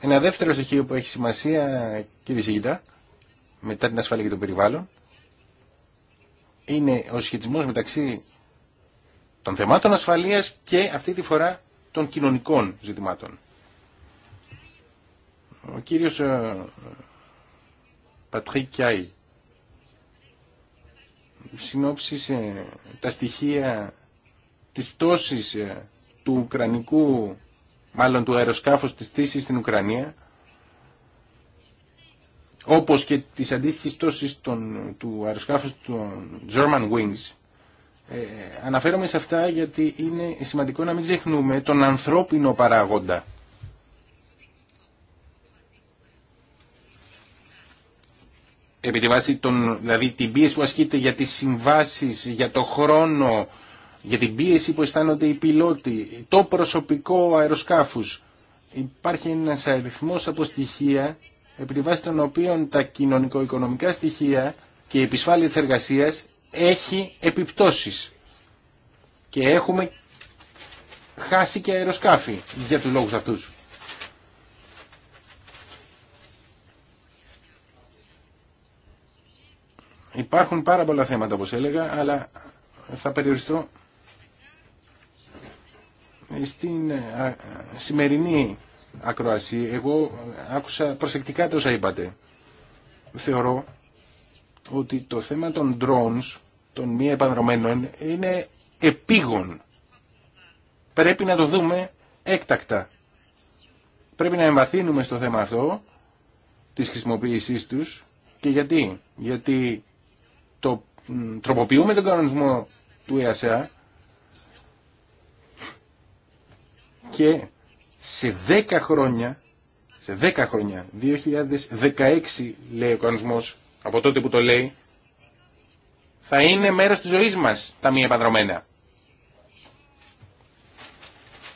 Ένα δεύτερο στοιχείο που έχει σημασία, κύριε Σίγητα, μετά την ασφάλεια και το περιβάλλον, είναι ο σχετισμός μεταξύ των θεμάτων ασφαλείας και αυτή τη φορά των κοινωνικών ζητημάτων. Ο κύριος ε, Πατρίκ Κιάη, ε, τα στοιχεία της πτώσης ε, του ουκρανικού, μάλλον του αεροσκάφους της θύσης στην Ουκρανία, όπως και της αντίστοιχης πτώσης του αεροσκάφους των German Wings, ε, αναφέρομαι σε αυτά γιατί είναι σημαντικό να μην ξεχνούμε τον ανθρώπινο παράγοντα. Επί τη βάση δηλαδή την πίεση που ασκείται για τις συμβάσεις, για το χρόνο, για την πίεση που αισθάνονται οι πιλότοι, το προσωπικό αεροσκάφους. Υπάρχει ένας αριθμός από στοιχεία, επί τη βάση των οποίων τα κοινωνικο-οικονομικά στοιχεία και η επισφάλεια της εργασίας έχει επιπτώσεις και έχουμε χάσει και αεροσκάφη για τους λόγους αυτούς. Υπάρχουν πάρα πολλά θέματα όπως έλεγα, αλλά θα περιοριστώ στην ε, σημερινή ακροασία. Εγώ άκουσα προσεκτικά τόσα είπατε. Θεωρώ ότι το θέμα των drones, των μη επανδρομένων, είναι επίγον. Πρέπει να το δούμε έκτακτα. Πρέπει να εμβαθύνουμε στο θέμα αυτό της χρησιμοποίησής τους και γιατί. Γιατί το, τροποποιούμε τον κανονισμό του ΕΑΣΑ και σε 10 χρόνια, σε 10 χρόνια, 2016 λέει ο κανονισμός από τότε που το λέει, θα είναι μέρος της ζωής μας τα μη επανδρομένα.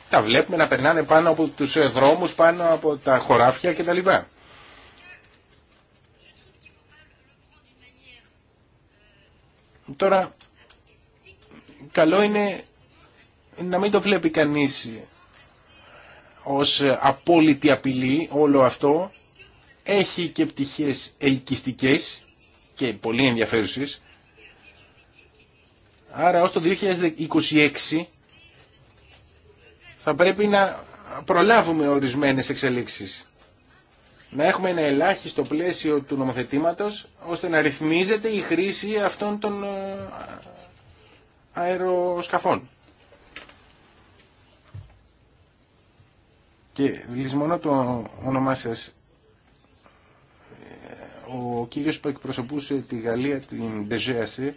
Τα βλέπουμε να περνάνε πάνω από τους ε, δρόμους, πάνω από τα χωράφια κτλ. Τώρα, καλό είναι να μην το βλέπει κανείς ε, ως ε, απόλυτη απειλή όλο αυτό, έχει και πτυχές ελκυστικές και πολύ ενδιαφέρουσες. Άρα ως το 2026 θα πρέπει να προλάβουμε ορισμένες εξελίξεις. Να έχουμε ένα ελάχιστο πλαίσιο του νομοθετήματος ώστε να ρυθμίζεται η χρήση αυτών των ε, αεροσκαφών. Και λησμονώ το όνομά σας ο κύριος που εκπροσωπούσε τη Γαλλία, την Ντεζέασε,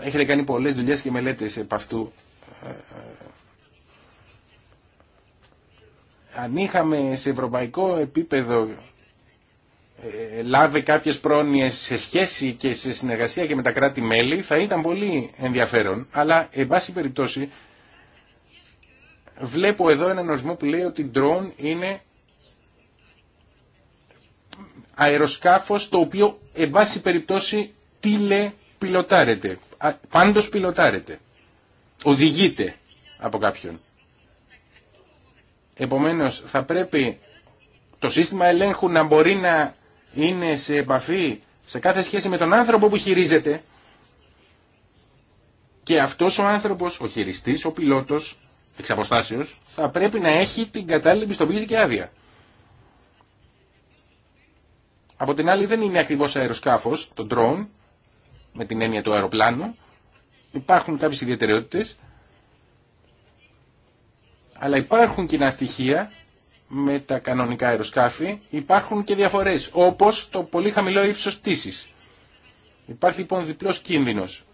έχετε κάνει πολλές δουλειές και μελέτες επ' αυτού. Αν είχαμε σε ευρωπαϊκό επίπεδο ε, λάβει κάποιες πρόνοιες σε σχέση και σε συνεργασία και με τα κράτη-μέλη θα ήταν πολύ ενδιαφέρον. Αλλά, εν πάση περιπτώσει, βλέπω εδώ έναν ορισμό που λέει ότι drone είναι αεροσκάφος το οποίο εν πάση περιπτώσει τηλεπιλωτάρεται. Πάντως πιλωτάρεται. Οδηγείται από κάποιον. Επομένως θα πρέπει το σύστημα ελέγχου να μπορεί να είναι σε επαφή σε κάθε σχέση με τον άνθρωπο που χειρίζεται και αυτός ο άνθρωπος, ο χειριστής, ο πιλότος, εξ θα πρέπει να έχει την κατάλληλη πιστοποίηση και άδεια. Από την άλλη δεν είναι ακριβώς αεροσκάφος, το drone, με την έννοια του αεροπλάνου. Υπάρχουν κάποιες ιδιαιτερότητες, αλλά υπάρχουν κοινά στοιχεία με τα κανονικά αεροσκάφη. Υπάρχουν και διαφορές, όπως το πολύ χαμηλό ύψος πτήσης. Υπάρχει λοιπόν διπλός κίνδυνος.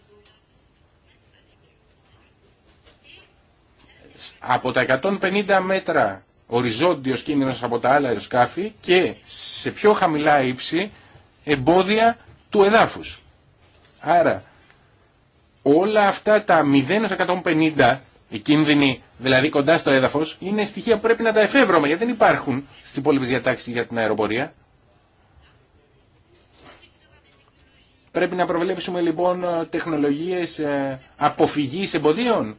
Από τα 150 μέτρα οριζόντιος κίνδυνος από τα άλλα αεροσκάφη και σε πιο χαμηλά ύψη εμπόδια του εδάφους. Άρα όλα αυτά τα 0-150 οι κίνδυνοι δηλαδή κοντά στο έδαφος είναι στοιχεία που πρέπει να τα εφεύρουμε γιατί δεν υπάρχουν στις υπόλοιπες διατάξεις για την αεροπορία. Πρέπει να προβλέψουμε λοιπόν τεχνολογίες ε, αποφυγής εμποδίων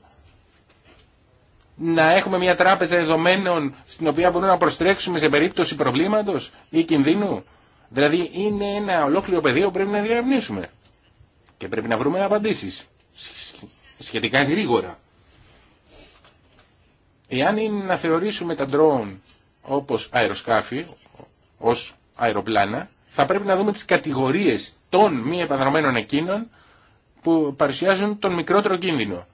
να έχουμε μια τράπεζα δεδομένων στην οποία μπορούμε να προστρέξουμε σε περίπτωση προβλήματος ή κινδύνου. Δηλαδή είναι ένα ολόκληρο πεδίο που πρέπει να διερευνήσουμε και πρέπει να βρούμε απαντήσεις σχετικά γρήγορα. Εάν είναι να θεωρήσουμε τα drone όπως αεροσκάφη, ως αεροπλάνα, θα πρέπει να δούμε τις κατηγορίες των μη επανδρομένων εκείνων που παρουσιάζουν τον μικρότερο κίνδυνο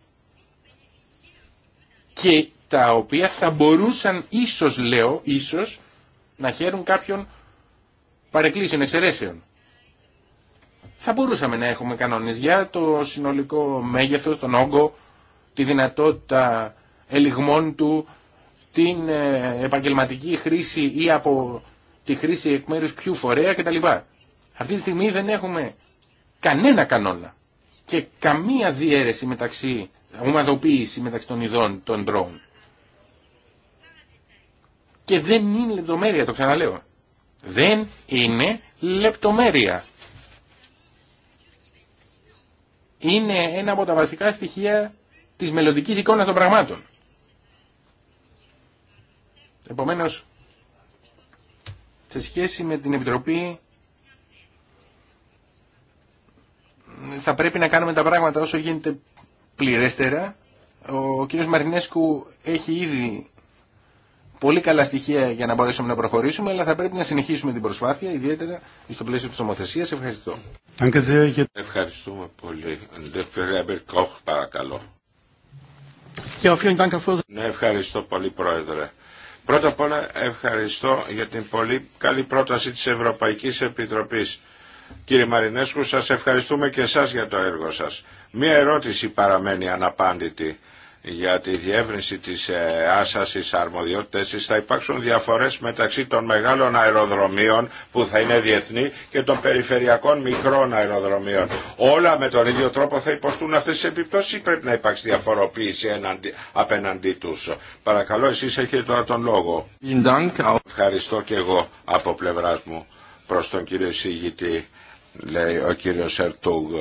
και τα οποία θα μπορούσαν ίσως, λέω, ίσως, να χαίρουν κάποιον παρεκκλήσεων, εξαιρέσεων. Θα μπορούσαμε να έχουμε κανόνες για το συνολικό μέγεθος, τον όγκο, τη δυνατότητα ελιγμών του, την ε, επαγγελματική χρήση ή από τη χρήση εκ μέρου ποιου φορέα κτλ. Αυτή τη στιγμή δεν έχουμε κανένα κανόνα και καμία διαίρεση μεταξύ ομαδοποίηση μεταξύ των ειδών των ντρόουν. Και δεν είναι λεπτομέρεια, το ξαναλέω. Δεν είναι λεπτομέρεια. Είναι ένα από τα βασικά στοιχεία της μελλοντική εικόνας των πραγμάτων. Επομένως, σε σχέση με την Επιτροπή θα πρέπει να κάνουμε τα πράγματα όσο γίνεται πληρέστερα. Ο κύριος Μαρινέσκου έχει ήδη πολύ καλά στοιχεία για να μπορέσουμε να προχωρήσουμε, αλλά θα πρέπει να συνεχίσουμε την προσπάθεια, ιδιαίτερα στο πλαίσιο της ομοθεσίας. Ευχαριστώ. Ευχαριστούμε πολύ. παρακαλώ. Ναι, ευχαριστώ πολύ, Πρόεδρε. Πρώτα απ' όλα ευχαριστώ για την πολύ καλή πρόταση της Ευρωπαϊκής Επιτροπής. Κύριε Μαρινέσκου, σας ευχαριστούμε και εσάς για το έργο σας. Μία ερώτηση παραμένει αναπάντητη για τη διεύρυνση της ε, άσασης αρμοδιότητες της θα υπάρξουν διαφορές μεταξύ των μεγάλων αεροδρομίων που θα είναι διεθνή και των περιφερειακών μικρών αεροδρομίων. Όλα με τον ίδιο τρόπο θα υποστούν αυτές τις επιπτώσεις ή πρέπει να υπάρξει διαφοροποίηση απέναντί τους. Παρακαλώ εσείς έχετε τώρα τον λόγο. Ευχαριστώ και εγώ από πλευράς μου προς τον κύριο εισηγητή λέει ο κύριος Ερτούγ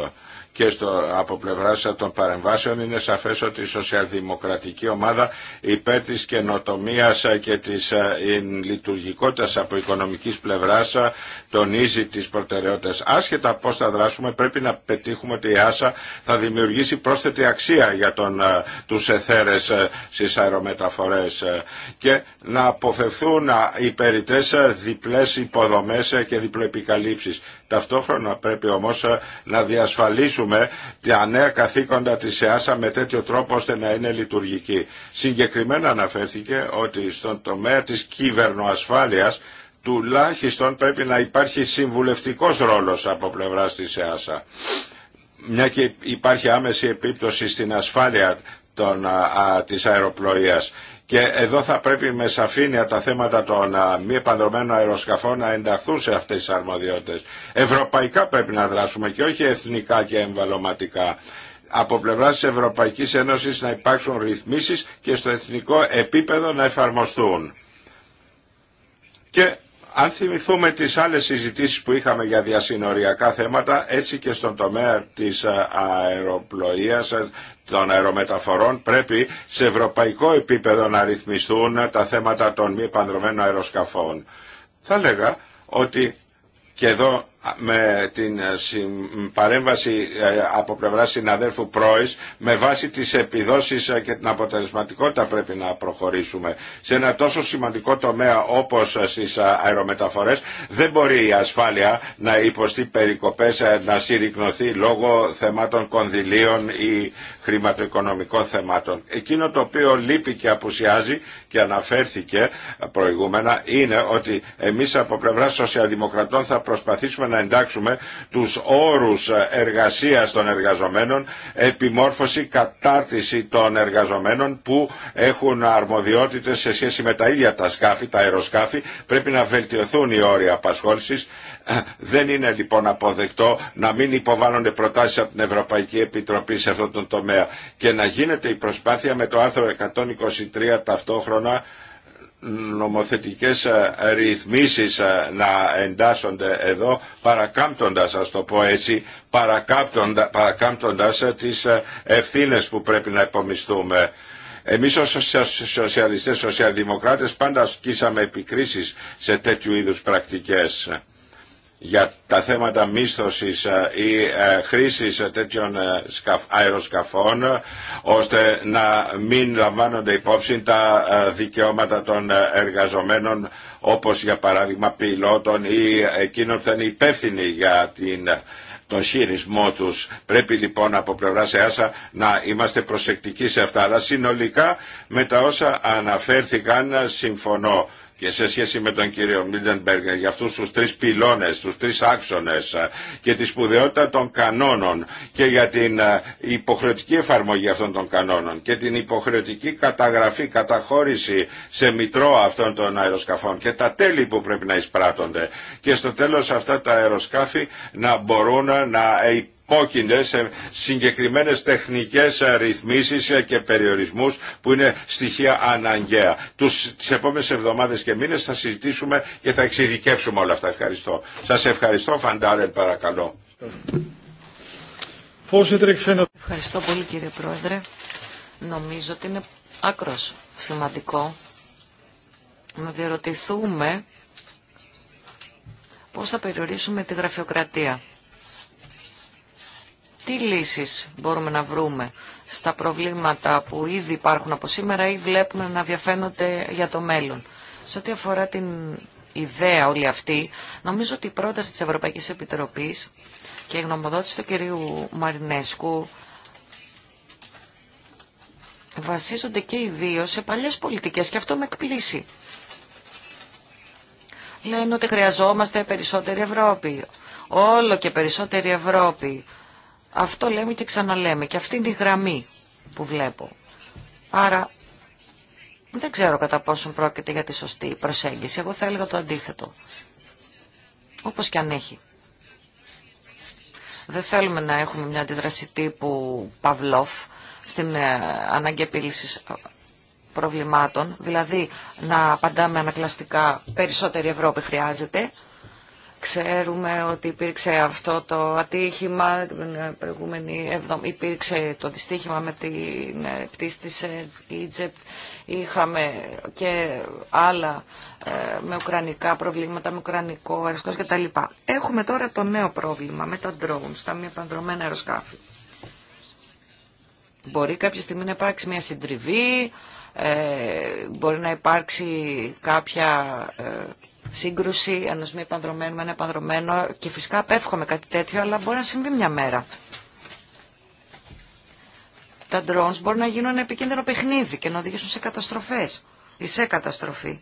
και από πλευρά των παρεμβάσεων είναι σαφές ότι η σοσιαλδημοκρατική ομάδα υπέρ της καινοτομίας και της ε, λειτουργικότητας από οικονομικής πλευράς ε, τονίζει τις προτεραιότητες. Άσχετα πώς θα δράσουμε πρέπει να πετύχουμε ότι η ΆΣΑ θα δημιουργήσει πρόσθετη αξία για του ε, τους εθέρες στις αερομεταφορές και να αποφευθούν οι περιττές διπλές υποδομές και διπλοεπικαλύψεις. Ταυτόχρονα πρέπει όμως ε, να διασφαλίσουμε τα νέα καθήκοντα της ΕΑΣΑ με τέτοιο τρόπο ώστε να είναι λειτουργική. Συγκεκριμένα αναφέρθηκε ότι στον τομέα της κυβερνοασφάλειας τουλάχιστον πρέπει να υπάρχει συμβουλευτικός ρόλος από πλευράς της ΕΑΣΑ. Μια και υπάρχει άμεση επίπτωση στην ασφάλεια των, α, της και εδώ θα πρέπει με σαφήνεια τα θέματα των μη επανδρομένων αεροσκαφών να ενταχθούν σε αυτές τις αρμοδιότητες. Ευρωπαϊκά πρέπει να δράσουμε και όχι εθνικά και εμβαλωματικά. Από πλευρά τη Ευρωπαϊκή Ένωση να υπάρξουν ρυθμίσει και στο εθνικό επίπεδο να εφαρμοστούν. Και αν θυμηθούμε τις άλλες συζητήσεις που είχαμε για διασυνοριακά θέματα, έτσι και στον τομέα της ε, αεροπλοείας, ε, των αερομεταφορών πρέπει σε ευρωπαϊκό επίπεδο να ρυθμιστούν τα θέματα των μη πανδρομένων αεροσκαφών. Θα λέγα ότι και εδώ με την ε, παρέμβαση ε, από πλευρά συναδέλφου Πρόης με βάση τις επιδόσεις ε, και την αποτελεσματικότητα πρέπει να προχωρήσουμε. Σε ένα τόσο σημαντικό τομέα όπως στις αερομεταφορές δεν μπορεί η ασφάλεια να υποστεί περικοπές, να συρρυκνωθεί λόγω θεμάτων κονδυλίων ή χρηματοοικονομικών θεμάτων. Εκείνο το οποίο λείπει και απουσιάζει και αναφέρθηκε προηγούμενα είναι ότι εμείς από πλευρά σοσιαλδημοκρατών θα προσπαθήσουμε να εντάξουμε τους όρους εργασίας των εργαζομένων, επιμόρφωση, κατάρτιση των εργαζομένων που έχουν αρμοδιότητες σε σχέση με τα ίδια τα σκάφη, τα αεροσκάφη. Πρέπει να βελτιωθούν οι όροι απασχόλησης. Δεν είναι λοιπόν αποδεκτό να μην υποβάλλονται προτάσεις από την Ευρωπαϊκή Επιτροπή σε αυτόν τον τομέα και να γίνεται η προσπάθεια με το άρθρο 123 ταυτόχρονα νομοθετικές ε, ρυθμίσεις ε, να εντάσσονται εδώ παρακάμπτοντας, ας το πω έτσι, παρακάμπτοντα, παρακάμπτοντας ε, τις ευθύνες που πρέπει να υπομισθούμε. Εμείς ως σοσιαλιστές, σοσιαλδημοκράτες πάντα ασκήσαμε επικρίσεις σε τέτοιου είδους πρακτικές για τα θέματα μίσθωσης ε, ή ε, χρήσης ε, τέτοιων αεροσκαφών ώστε να μην λαμβάνονται υπόψη τα δικαιώματα των εργαζομένων όπως για παράδειγμα πιλότων ή εκείνων που θα είναι υπεύθυνοι για τον χειρισμό τους. Πρέπει λοιπόν από πλευρά ΕΑΣΑ να είμαστε προσεκτικοί σε αυτά. Αλλά συνολικά με τα όσα αναφέρθηκαν συμφωνώ και σε σχέση με τον κύριο Μίλτενμπεργκ για αυτούς τους τρεις πυλώνες, τους τρεις άξονες ε, και τη σπουδαιότητα των κανόνων και για την ε, υποχρεωτική εφαρμογή αυτών των κανόνων και την υποχρεωτική καταγραφή, καταχώρηση σε μητρό αυτών των αεροσκαφών και τα τέλη που πρέπει να εισπράττονται και στο τέλος αυτά τα αεροσκάφη να μπορούν να σε συγκεκριμένες τεχνικές ρυθμίσεις και περιορισμούς που είναι στοιχεία αναγκαία. Τους, τις επόμενες εβδομάδες και μήνες θα συζητήσουμε και θα εξειδικεύσουμε όλα αυτά. Ευχαριστώ. Σας ευχαριστώ Φαντάρελ παρακαλώ. Ευχαριστώ πολύ κύριε Πρόεδρε. Νομίζω ότι είναι άκρος σημαντικό να διαρωτηθούμε πώς θα περιορίσουμε τη γραφειοκρατία τι λύσεις μπορούμε να βρούμε στα προβλήματα που ήδη υπάρχουν από σήμερα ή βλέπουμε να διαφαίνονται για το μέλλον. Σε ό,τι αφορά την ιδέα όλη αυτή, νομίζω ότι η πρόταση της Ευρωπαϊκής Επιτροπής και η γνωμοδότηση του κυρίου Μαρινέσκου βασίζονται και οι δύο σε παλιές πολιτικές και αυτό με εκπλήσει. Λένε ότι χρειαζόμαστε περισσότερη Ευρώπη. Όλο και περισσότερη Ευρώπη. Αυτό λέμε και ξαναλέμε και αυτή είναι η γραμμή που βλέπω. Άρα δεν ξέρω κατά πόσον πρόκειται για τη σωστή προσέγγιση. Εγώ θα έλεγα το αντίθετο. Όπως και αν έχει. Δεν θέλουμε να έχουμε μια αντίδραση που Παυλόφ στην ε, ανάγκη επίλυση προβλημάτων, δηλαδή να απαντάμε ανακλαστικά περισσότερη Ευρώπη χρειάζεται, Ξέρουμε ότι υπήρξε αυτό το ατύχημα, την προηγούμενη εβδομή υπήρξε το δυστύχημα με την ε, πτήση της ε, Egypt. Είχαμε και άλλα ε, με ουκρανικά προβλήματα, με ουκρανικό αεροσκάφος κτλ. Έχουμε τώρα το νέο πρόβλημα με τα drones, τα μη επανδρομένα αεροσκάφη. Μπορεί κάποια στιγμή να υπάρξει μια συντριβή, μπορεί να υπάρξει κάποια σύγκρουση ενό μη επανδρομένου με ένα επανδρομένο και φυσικά απέφχομαι κάτι τέτοιο, αλλά μπορεί να συμβεί μια μέρα. Τα drones μπορεί να γίνουν ένα επικίνδυνο παιχνίδι και να οδηγήσουν σε καταστροφές ή σε καταστροφή.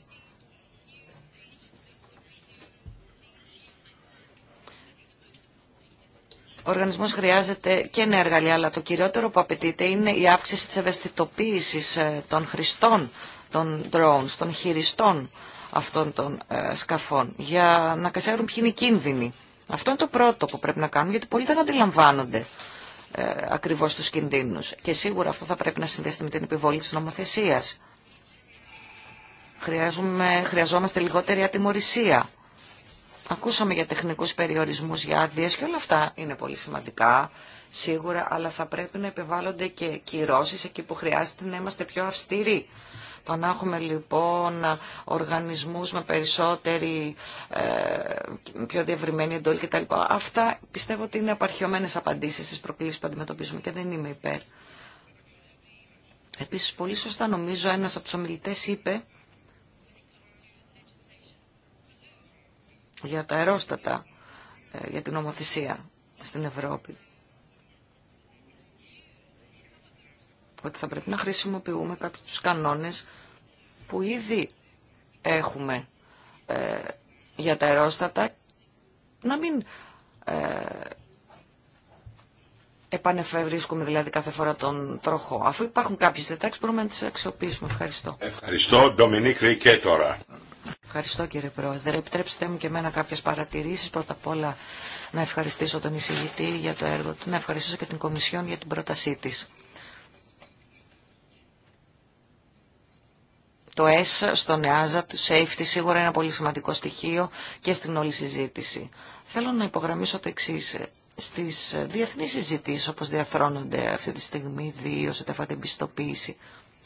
Ο οργανισμό χρειάζεται και νέα εργαλεία, αλλά το κυριότερο που απαιτείται είναι η αύξηση τη ευαισθητοποίηση ε, των χρηστών των drones, των χειριστών αυτών των ε, σκαφών, για να ξέρουν ποιοι είναι οι κίνδυνοι. Αυτό είναι το πρώτο που πρέπει να κάνουμε γιατί πολλοί δεν αντιλαμβάνονται ε, ακριβώς τους κινδύνους. Και σίγουρα αυτό θα πρέπει να συνδέσει με την επιβολή της νομοθεσίας. χρειαζόμαστε λιγότερη ατιμορρησία. Ακούσαμε για τεχνικούς περιορισμούς, για άδειε και όλα αυτά είναι πολύ σημαντικά σίγουρα, αλλά θα πρέπει να επιβάλλονται και κυρώσεις εκεί που χρειάζεται να είμαστε πιο αυστηροί το να έχουμε λοιπόν οργανισμούς με περισσότερη, ε, πιο διευρυμένη εντολή κτλ. Αυτά πιστεύω ότι είναι απαρχιωμένες απαντήσεις στις προκλήσεις που αντιμετωπίζουμε και δεν είμαι υπέρ. Επίσης πολύ σωστά νομίζω ένας από τους ομιλητές είπε για τα αερόστατα, ε, για την ομοθεσία στην Ευρώπη. ότι θα πρέπει να χρησιμοποιούμε κάποιους κανόνες που ήδη έχουμε ε, για τα αερόστατα, να μην ε, επανεφευρίσκουμε δηλαδή κάθε φορά τον τροχό. Αφού υπάρχουν κάποιες διατάξεις μπορούμε να τις αξιοποιήσουμε. Ευχαριστώ. Ευχαριστώ. Ντομινίκ και τώρα. Ευχαριστώ κύριε Πρόεδρε. Επιτρέψτε μου και εμένα κάποιες παρατηρήσεις. Πρώτα απ' όλα να ευχαριστήσω τον εισηγητή για το έργο του, να ευχαριστήσω και την Κομισιόν για την πρότασή της. Το S στον ΕΑΖΑ, το safety, σίγουρα είναι ένα πολύ σημαντικό στοιχείο και στην όλη συζήτηση. Θέλω να υπογραμμίσω το εξή. Στι διεθνεί συζητήσει, όπω διαθρώνονται αυτή τη στιγμή, ιδίω όταν αφορά την πιστοποίηση,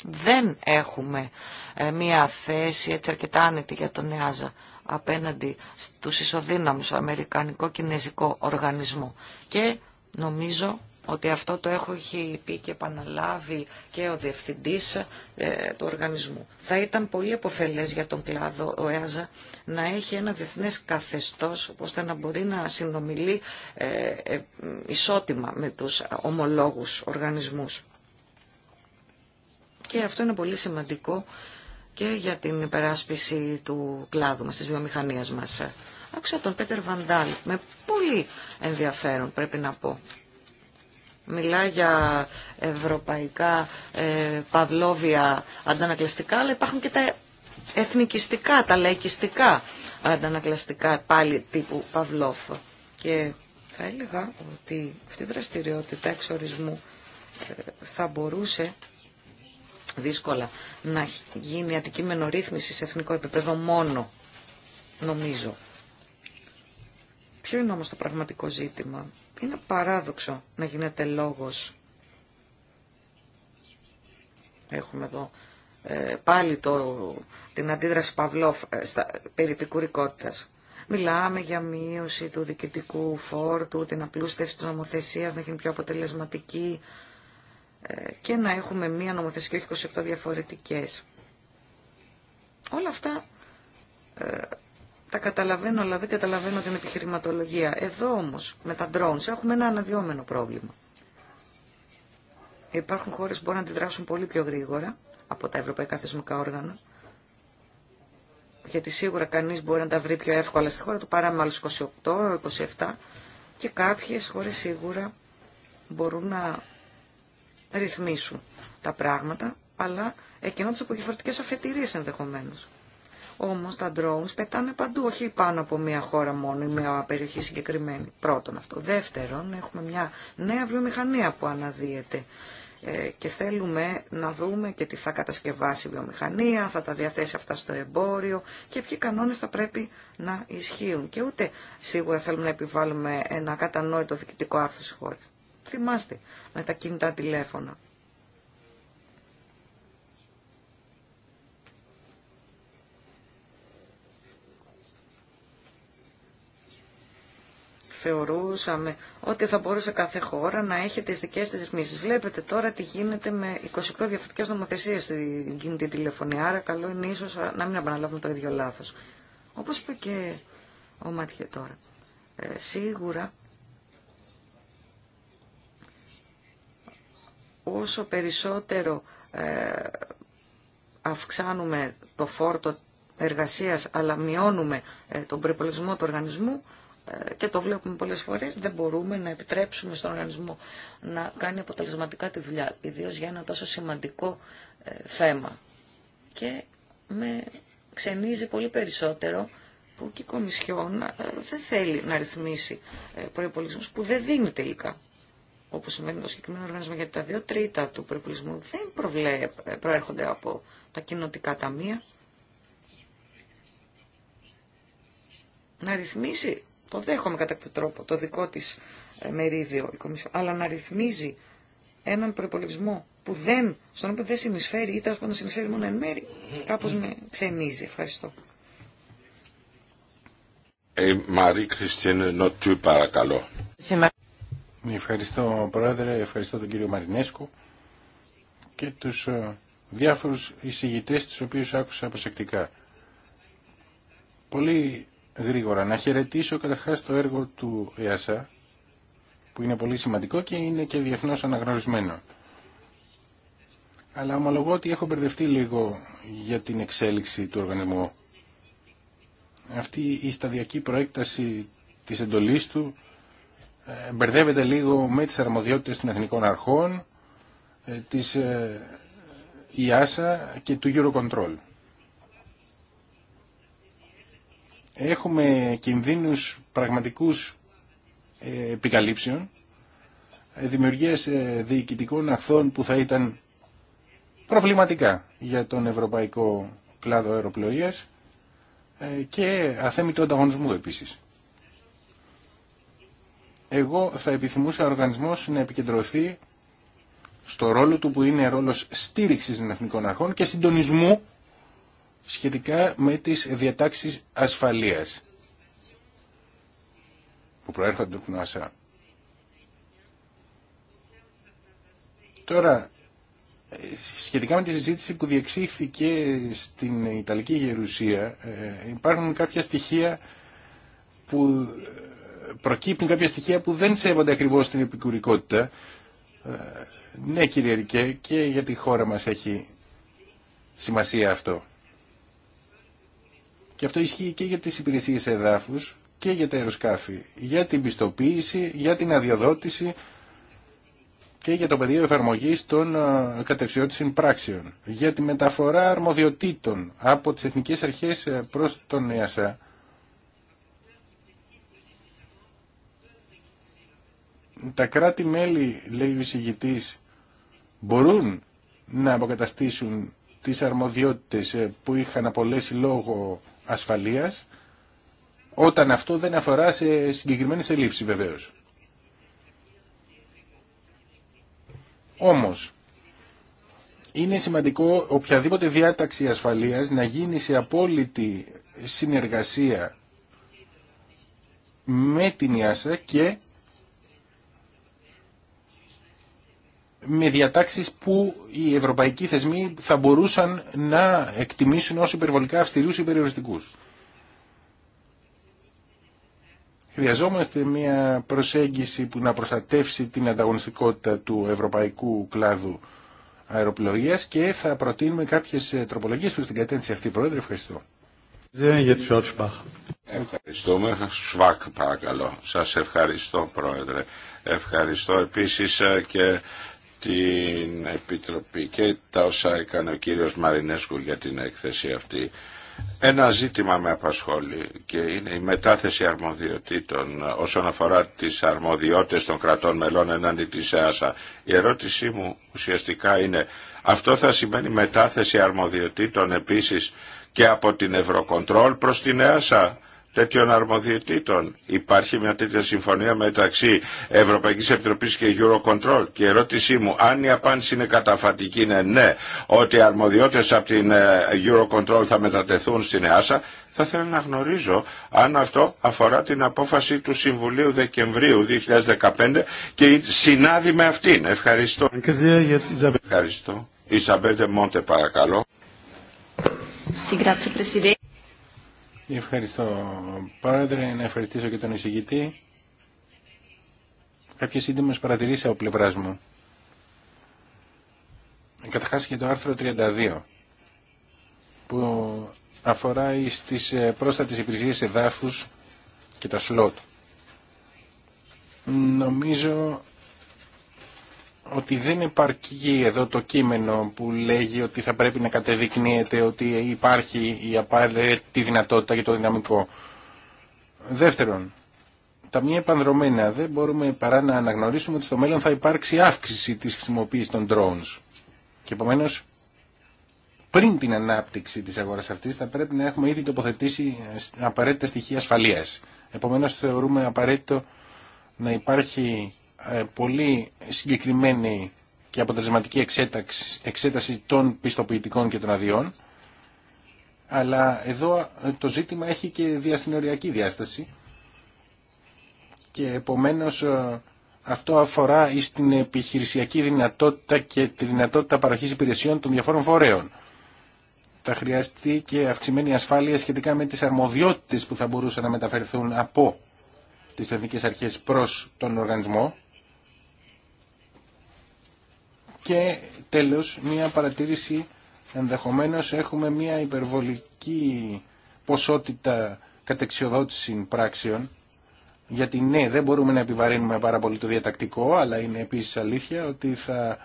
δεν έχουμε ε, μία θέση έτσι αρκετά άνετη για τον ΕΑΖΑ απέναντι στους ισοδύναμους αμερικανικό-κινέζικο οργανισμό. Και νομίζω ότι αυτό το έχω πει και επαναλάβει και ο διευθυντής ε, του οργανισμού. Θα ήταν πολύ επωφελές για τον κλάδο ο ΕΑΖΑ να έχει ένα διεθνές καθεστώς ώστε να μπορεί να συνομιλεί ε, ε, ισότιμα με τους ομολόγους οργανισμούς. Και αυτό είναι πολύ σημαντικό και για την υπεράσπιση του κλάδου μας, της βιομηχανίας μας. Άκουσα τον Πέτερ Βαντάλ με πολύ ενδιαφέρον πρέπει να πω μιλά για ευρωπαϊκά ε, παυλόβια αντανακλαστικά, αλλά υπάρχουν και τα εθνικιστικά, τα λαϊκιστικά αντανακλαστικά πάλι τύπου Παυλόφ. Και θα έλεγα ότι αυτή η δραστηριότητα εξορισμού ε, θα μπορούσε δύσκολα να γίνει αντικείμενο ρύθμιση σε εθνικό επίπεδο μόνο, νομίζω. Ποιο είναι όμως το πραγματικό ζήτημα. Είναι παράδοξο να γίνεται λόγος. Έχουμε εδώ ε, πάλι το, την αντίδραση Παυλόφ ε, στα, περί Μιλάμε για μείωση του διοικητικού φόρτου, την απλούστευση της νομοθεσία να γίνει πιο αποτελεσματική ε, και να έχουμε μία νομοθεσία και όχι 28 διαφορετικές. Όλα αυτά ε, τα καταλαβαίνω, αλλά δεν καταλαβαίνω την επιχειρηματολογία. Εδώ όμως, με τα drones, έχουμε ένα αναδυόμενο πρόβλημα. Υπάρχουν χώρες που μπορούν να αντιδράσουν πολύ πιο γρήγορα από τα ευρωπαϊκά θεσμικά όργανα. Γιατί σίγουρα κανείς μπορεί να τα βρει πιο εύκολα στη χώρα του παρά με 28, 27. Και κάποιες χώρες σίγουρα μπορούν να ρυθμίσουν τα πράγματα, αλλά εκκαινώντας από διαφορετικέ αφετηρίες ενδεχομένως. Όμως τα drones πετάνε παντού, όχι πάνω από μια χώρα μόνο ή μια περιοχή συγκεκριμένη. Πρώτον αυτό. Δεύτερον, έχουμε μια νέα βιομηχανία που αναδύεται ε, και θέλουμε να δούμε και τι θα κατασκευάσει η βιομηχανία, θα τα διαθέσει αυτά στο εμπόριο και ποιοι κανόνες θα πρέπει να ισχύουν. Και ούτε σίγουρα θέλουμε να επιβάλλουμε ένα κατανόητο διοικητικό άρθρο στις χώρες. Θυμάστε με τα κινητά τηλέφωνα. θεωρούσαμε ότι θα μπορούσε κάθε χώρα να έχει τις δικές της ρυθμίσεις. Βλέπετε τώρα τι γίνεται με 28 διαφορετικές νομοθεσίες στην κινητή τηλεφωνία, άρα καλό είναι ίσως να μην επαναλάβουμε το ίδιο λάθος. Όπως είπε και ο Μάτιε τώρα, ε, σίγουρα όσο περισσότερο ε, αυξάνουμε το φόρτο εργασίας αλλά μειώνουμε ε, τον προπολογισμό του οργανισμού, ε, και το βλέπουμε πολλές φορές, δεν μπορούμε να επιτρέψουμε στον οργανισμό να κάνει αποτελεσματικά τη δουλειά, ιδίως για ένα τόσο σημαντικό ε, θέμα. Και με ξενίζει πολύ περισσότερο που και η Κομισιόν ε, δεν θέλει να ρυθμίσει προϋπολογισμούς που δεν δίνει τελικά όπως σημαίνει το συγκεκριμένο οργανισμό, γιατί τα δύο τρίτα του προϋπολογισμού δεν προέρχονται από τα κοινοτικά ταμεία. Να ρυθμίσει το δέχομαι κατά κάποιο τρόπο το δικό της ε, μερίδιο η Κομισιόν, αλλά να ρυθμίζει έναν προπολογισμό που δεν, στον οποίο δεν συνεισφέρει ή τέλο πάντων συνεισφέρει μόνο εν μέρη, κάπως με ξενίζει. Ευχαριστώ. Ε, Μαρή Κριστίν Νοτιού, παρακαλώ. Ευχαριστώ, Πρόεδρε, ευχαριστώ τον κύριο Μαρινέσκο και τους ε, διάφορους εισηγητές τους οποίους άκουσα προσεκτικά. Πολύ γρήγορα. Να χαιρετήσω καταρχάς το έργο του ΕΑΣΑ, που είναι πολύ σημαντικό και είναι και διεθνώς αναγνωρισμένο. Αλλά ομολογώ ότι έχω μπερδευτεί λίγο για την εξέλιξη του οργανισμού. Αυτή η σταδιακή προέκταση της εντολής του ε, μπερδεύεται λίγο με τις αρμοδιότητες των εθνικών αρχών, ε, της ε, ΙΑΣΑ και του Eurocontrol. έχουμε κινδύνους πραγματικούς ε, επικαλύψεων, ε, δημιουργίες ε, διοικητικών αχθών που θα ήταν προβληματικά για τον ευρωπαϊκό κλάδο αεροπλοείας και αθέμητο ανταγωνισμού επίσης. Εγώ θα επιθυμούσα ο οργανισμός να επικεντρωθεί στο ρόλο του που είναι ρόλος στήριξης των εθνικών αρχών και συντονισμού σχετικά με τις διατάξεις ασφαλείας που προέρχονται από την Τώρα, σχετικά με τη συζήτηση που διεξήχθηκε στην Ιταλική Γερουσία, ε, υπάρχουν κάποια στοιχεία που ε, προκύπτουν κάποια στοιχεία που δεν σέβονται ακριβώς την επικουρικότητα. Ε, ναι, κύριε Ρικέ, και για τη χώρα μας έχει σημασία αυτό. Και αυτό ισχύει και για τις υπηρεσίες εδάφους και για τα αεροσκάφη, για την πιστοποίηση, για την αδειοδότηση και για το πεδίο εφαρμογής των ε, κατευσιώτησης πράξεων, για τη μεταφορά αρμοδιοτήτων από τις εθνικές αρχές ε, προς τον ΕΑΣΑ, τα κράτη-μέλη, λέει ο εισηγητής, μπορούν να αποκαταστήσουν τις αρμοδιότητες ε, που είχαν απολέσει λόγω ασφαλείας, όταν αυτό δεν αφορά σε συγκεκριμένες ελλείψεις βεβαίως. Όμως, είναι σημαντικό οποιαδήποτε διάταξη ασφαλείας να γίνει σε απόλυτη συνεργασία με την ΙΑΣΑ και με διατάξεις που οι ευρωπαϊκοί θεσμοί θα μπορούσαν να εκτιμήσουν ως υπερβολικά αυστηρούς ή περιοριστικούς. Χρειαζόμαστε μια προσέγγιση που να προστατεύσει την ανταγωνιστικότητα του ευρωπαϊκού κλάδου αεροπλογίας και θα προτείνουμε κάποιες ε, τροπολογίες προς την κατένση αυτή. Πρόεδρε, ευχαριστώ. Ευχαριστούμε. Σβάκ παρακαλώ. Σας ευχαριστώ Πρόεδρε. Ευχαριστώ επίσης ε, και την Επιτροπή και τα όσα έκανε ο κύριος Μαρινέσκου για την έκθεση αυτή. Ένα ζήτημα με απασχόλει και είναι η μετάθεση αρμοδιοτήτων όσον αφορά τις αρμοδιότητες των κρατών μελών εναντί της ΕΑΣΑ. Η ερώτησή μου ουσιαστικά είναι αυτό θα σημαίνει μετάθεση αρμοδιοτήτων επίσης και από την Ευρωκοντρόλ προς την ΕΑΣΑ τέτοιων αρμοδιοτήτων. Υπάρχει μια τέτοια συμφωνία μεταξύ Ευρωπαϊκής Επιτροπής και Eurocontrol και η ερώτησή μου αν η απάντηση είναι καταφατική είναι ναι ότι οι αρμοδιότητες από την ε, Eurocontrol θα μετατεθούν στην ΕΑΣΑ θα θέλω να γνωρίζω αν αυτό αφορά την απόφαση του Συμβουλίου Δεκεμβρίου 2015 και συνάδει με αυτήν. Ευχαριστώ. Ευχαριστώ. παρακαλώ. Ευχαριστώ Πρόεδρε, να ευχαριστήσω και τον εισηγητή. Κάποιες σύντομες παρατηρήσεις από πλευρά μου. Καταρχάς και το άρθρο 32 που αφορά στις ε, πρόσθετες υπηρεσίες εδάφους και τα σλότ. Νομίζω ότι δεν υπάρχει εδώ το κείμενο που λέγει ότι θα πρέπει να κατεδεικνύεται ότι υπάρχει η απαραίτητη δυνατότητα για το δυναμικό. Δεύτερον, τα μία επανδρομένα δεν μπορούμε παρά να αναγνωρίσουμε ότι στο μέλλον θα υπάρξει αύξηση της χρησιμοποίησης των drones. Και επομένω, πριν την ανάπτυξη της αγοράς αυτής θα πρέπει να έχουμε ήδη τοποθετήσει απαραίτητα στοιχεία ασφαλείας. Επομένως θεωρούμε απαραίτητο να υπάρχει ε, πολύ συγκεκριμένη και αποτελεσματική εξέταση των πιστοποιητικών και των αδειών, αλλά εδώ ε, το ζήτημα έχει και διασυνοριακή διάσταση και επομένως ε, αυτό αφορά την επιχειρησιακή δυνατότητα και τη δυνατότητα παροχής υπηρεσιών των διαφόρων φορέων. Θα χρειαστεί και αυξημένη ασφάλεια σχετικά με τις αρμοδιότητες που θα μπορούσαν να μεταφερθούν από τις εθνικές αρχές προς τον οργανισμό και τέλος, μία παρατήρηση, ενδεχομένως έχουμε μία υπερβολική ποσότητα κατεξιοδότηση πράξεων, γιατί ναι, δεν μπορούμε να επιβαρύνουμε πάρα πολύ το διατακτικό, αλλά είναι επίσης αλήθεια ότι θα